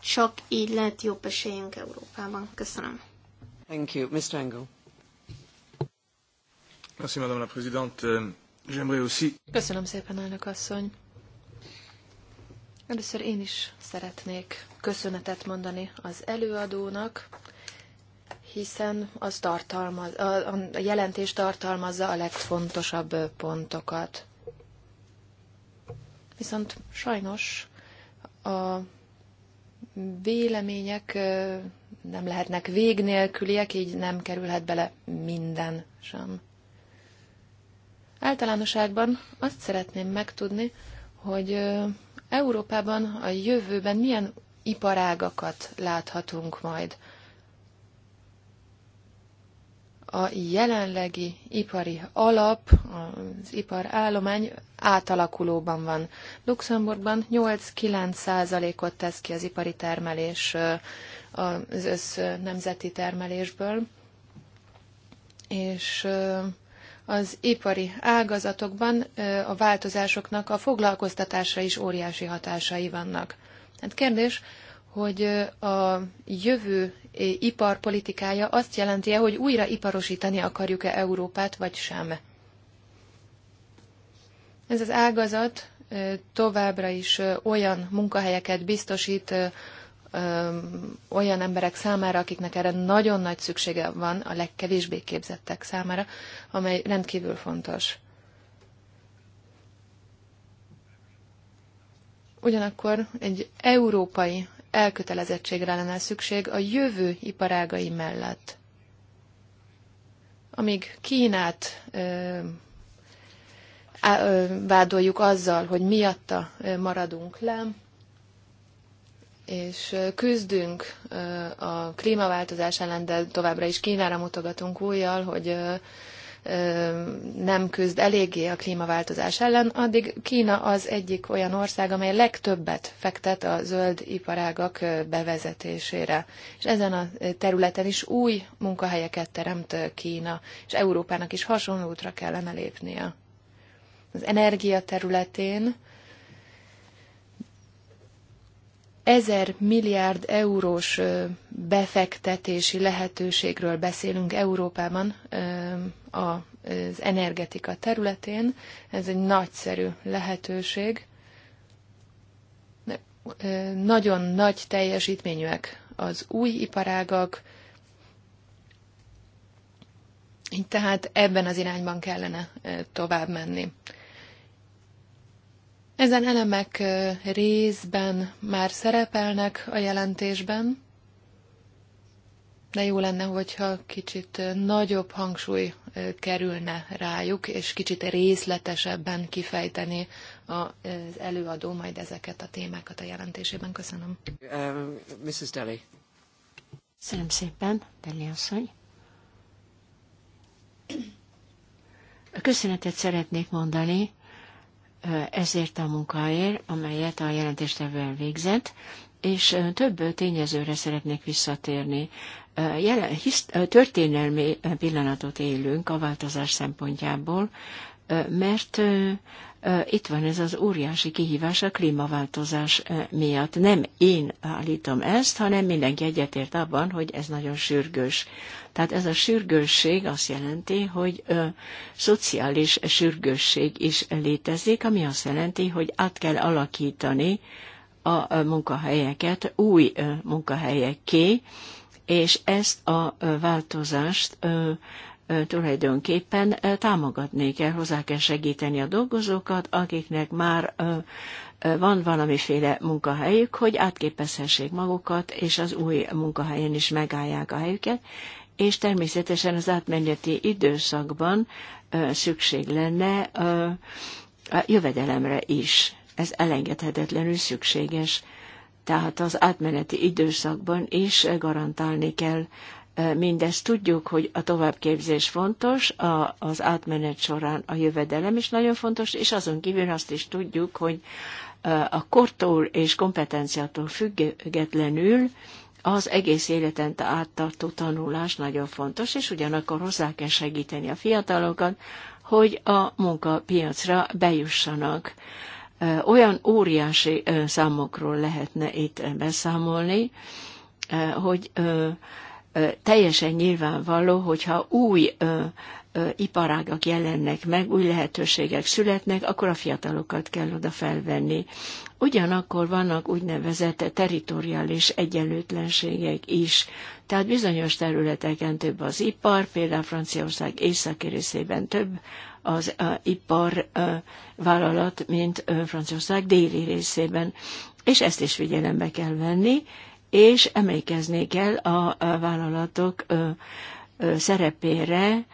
Csak így lehet jobb esélyünk Európában. Köszönöm. Thank you. Mr. Engel. Euh, Köszönöm szépen, elnök asszony. Először én is szeretnék köszönetet mondani az előadónak, hiszen az tartalmaz, a, a jelentés tartalmazza a legfontosabb pontokat. Viszont sajnos a vélemények nem lehetnek vég nélküliek, így nem kerülhet bele minden sem. Általánosságban azt szeretném megtudni, hogy Európában a jövőben milyen iparágakat láthatunk majd. A jelenlegi ipari alap, az iparállomány átalakulóban van. Luxemburgban 8-9 százalékot tesz ki az ipari termelés az össz nemzeti termelésből, és az ipari ágazatokban a változásoknak a foglalkoztatásra is óriási hatásai vannak. Hát kérdés, hogy a jövő iparpolitikája azt jelenti-e, hogy újra iparosítani akarjuk-e Európát, vagy sem. Ez az ágazat továbbra is olyan munkahelyeket biztosít olyan emberek számára, akiknek erre nagyon nagy szüksége van, a legkevésbé képzettek számára, amely rendkívül fontos. Ugyanakkor egy európai elkötelezettségre lenne szükség a jövő iparágai mellett. Amíg Kínát ö, á, ö, vádoljuk azzal, hogy miatta maradunk le, és küzdünk a klímaváltozás ellen, de továbbra is Kínára mutogatunk újjal, hogy nem küzd eléggé a klímaváltozás ellen, addig Kína az egyik olyan ország, amely legtöbbet fektet a zöld iparágak bevezetésére. És ezen a területen is új munkahelyeket teremt Kína, és Európának is hasonló útra kellene lépnie. Az energia területén ezer milliárd eurós befektetési lehetőségről beszélünk Európában az energetika területén. Ez egy nagyszerű lehetőség. Nagyon nagy teljesítményűek az új iparágak, így tehát ebben az irányban kellene tovább menni. Ezen elemek részben már szerepelnek a jelentésben, de jó lenne, hogyha kicsit nagyobb hangsúly kerülne rájuk, és kicsit részletesebben kifejteni az előadó majd ezeket a témákat a jelentésében. Köszönöm. Um, Mrs. Deli. Köszönöm szépen, Deli asszony. Köszönetet szeretnék mondani ezért a munkáért, amelyet a jelentéstevő végzett, és több tényezőre szeretnék visszatérni. Jelen, hisz, történelmi pillanatot élünk a változás szempontjából, mert itt van ez az óriási kihívás a klímaváltozás miatt. Nem én állítom ezt, hanem mindenki egyetért abban, hogy ez nagyon sürgős. Tehát ez a sürgősség azt jelenti, hogy ö, szociális sürgősség is létezik, ami azt jelenti, hogy át kell alakítani a munkahelyeket új munkahelyekké, és ezt a változást tulajdonképpen támogatni kell, hozzá kell segíteni a dolgozókat, akiknek már van valamiféle munkahelyük, hogy átképezhessék magukat, és az új munkahelyen is megállják a helyüket, és természetesen az átmeneti időszakban szükség lenne a jövedelemre is. Ez elengedhetetlenül szükséges. Tehát az átmeneti időszakban is garantálni kell Mindezt tudjuk, hogy a továbbképzés fontos, a, az átmenet során a jövedelem is nagyon fontos, és azon kívül azt is tudjuk, hogy a kortól és kompetenciától függetlenül az egész életen áttartó tanulás nagyon fontos, és ugyanakkor hozzá kell segíteni a fiatalokat, hogy a munkapiacra bejussanak. Olyan óriási számokról lehetne itt beszámolni, hogy teljesen nyilvánvaló, hogyha új iparágak jelennek meg, új lehetőségek születnek, akkor a fiatalokat kell oda felvenni. Ugyanakkor vannak úgynevezett teritoriális egyenlőtlenségek is. Tehát bizonyos területeken több az ipar, például Franciaország északi részében több az iparvállalat, mint Franciaország déli részében. És ezt is figyelembe kell venni, és emlékezni kell a vállalatok szerepére,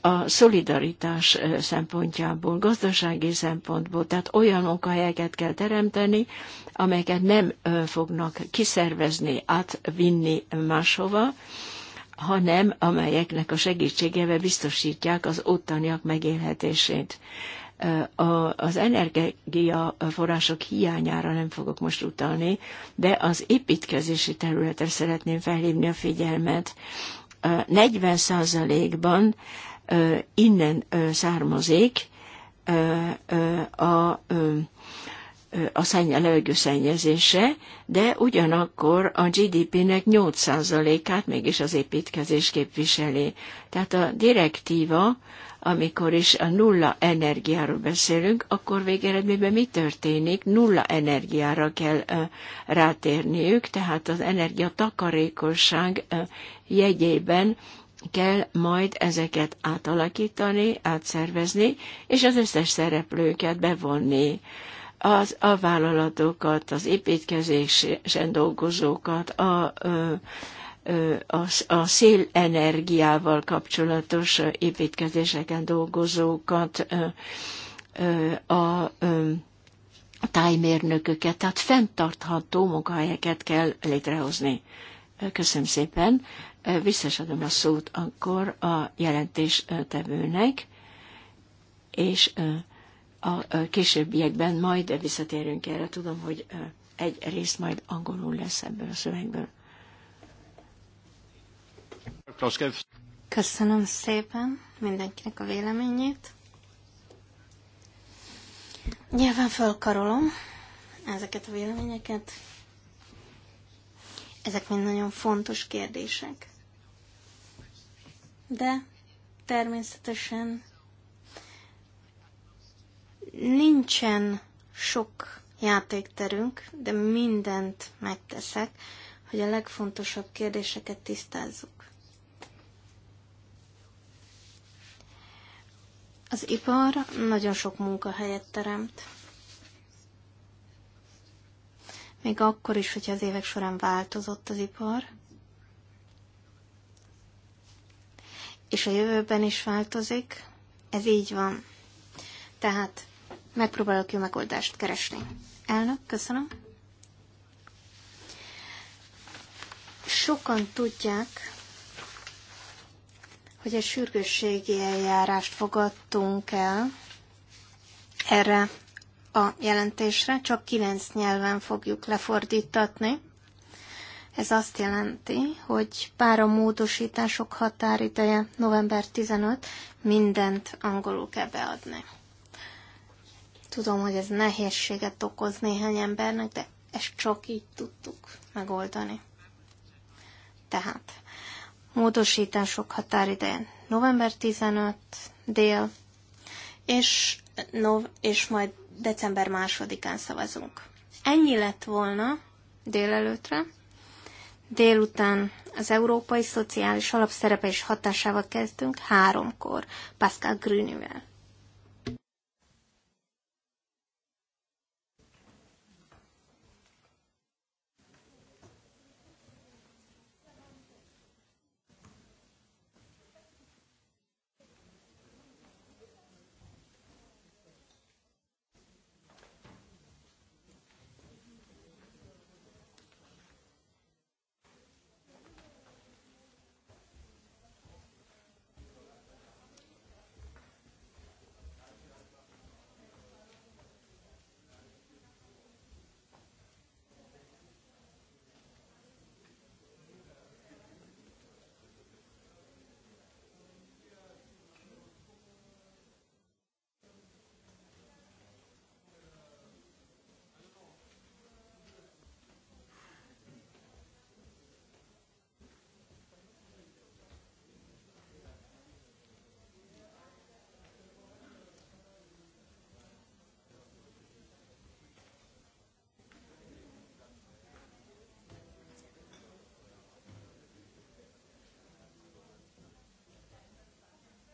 a szolidaritás szempontjából, gazdasági szempontból, tehát olyan munkahelyeket kell teremteni, amelyeket nem fognak kiszervezni, átvinni máshova, hanem amelyeknek a segítségével biztosítják az ottaniak megélhetését az energiaforrások hiányára nem fogok most utalni, de az építkezési területre szeretném felhívni a figyelmet. 40%-ban innen származik a a szenny, a levegő szennyezése, de ugyanakkor a GDP-nek 8%-át mégis az építkezés képviseli. Tehát a direktíva amikor is a nulla energiáról beszélünk, akkor végeredményben mi történik? Nulla energiára kell rátérniük, tehát az energia energiatakarékosság jegyében kell majd ezeket átalakítani, átszervezni, és az összes szereplőket bevonni az a vállalatokat, az építkezésen dolgozókat, a, a szélenergiával kapcsolatos építkezéseken dolgozókat, a tájmérnököket, tehát fenntartható munkahelyeket kell létrehozni. Köszönöm szépen. Visszasadom a szót akkor a jelentéstevőnek, és a későbbiekben majd visszatérünk erre. Tudom, hogy egy rész majd angolul lesz ebből a szövegből. Köszönöm szépen mindenkinek a véleményét. Nyilván fölkarolom ezeket a véleményeket. Ezek mind nagyon fontos kérdések. De természetesen nincsen sok játékterünk, de mindent megteszek, hogy a legfontosabb kérdéseket tisztázzuk. Az ipar nagyon sok munkahelyet teremt. Még akkor is, hogyha az évek során változott az ipar, és a jövőben is változik, ez így van. Tehát megpróbálok jó megoldást keresni. Elnök, köszönöm. Sokan tudják, hogy egy sürgősségi eljárást fogadtunk el erre a jelentésre, csak kilenc nyelven fogjuk lefordítatni. Ez azt jelenti, hogy pár a módosítások határideje november 15, mindent angolul kell beadni. Tudom, hogy ez nehézséget okoz néhány embernek, de ezt csak így tudtuk megoldani. Tehát Módosítások határidején november 15 dél, és, nov- és majd december másodikán szavazunk. Ennyi lett volna délelőtre. Délután az Európai Szociális Alapszerepe és hatásával kezdtünk háromkor Pascal Grünivel.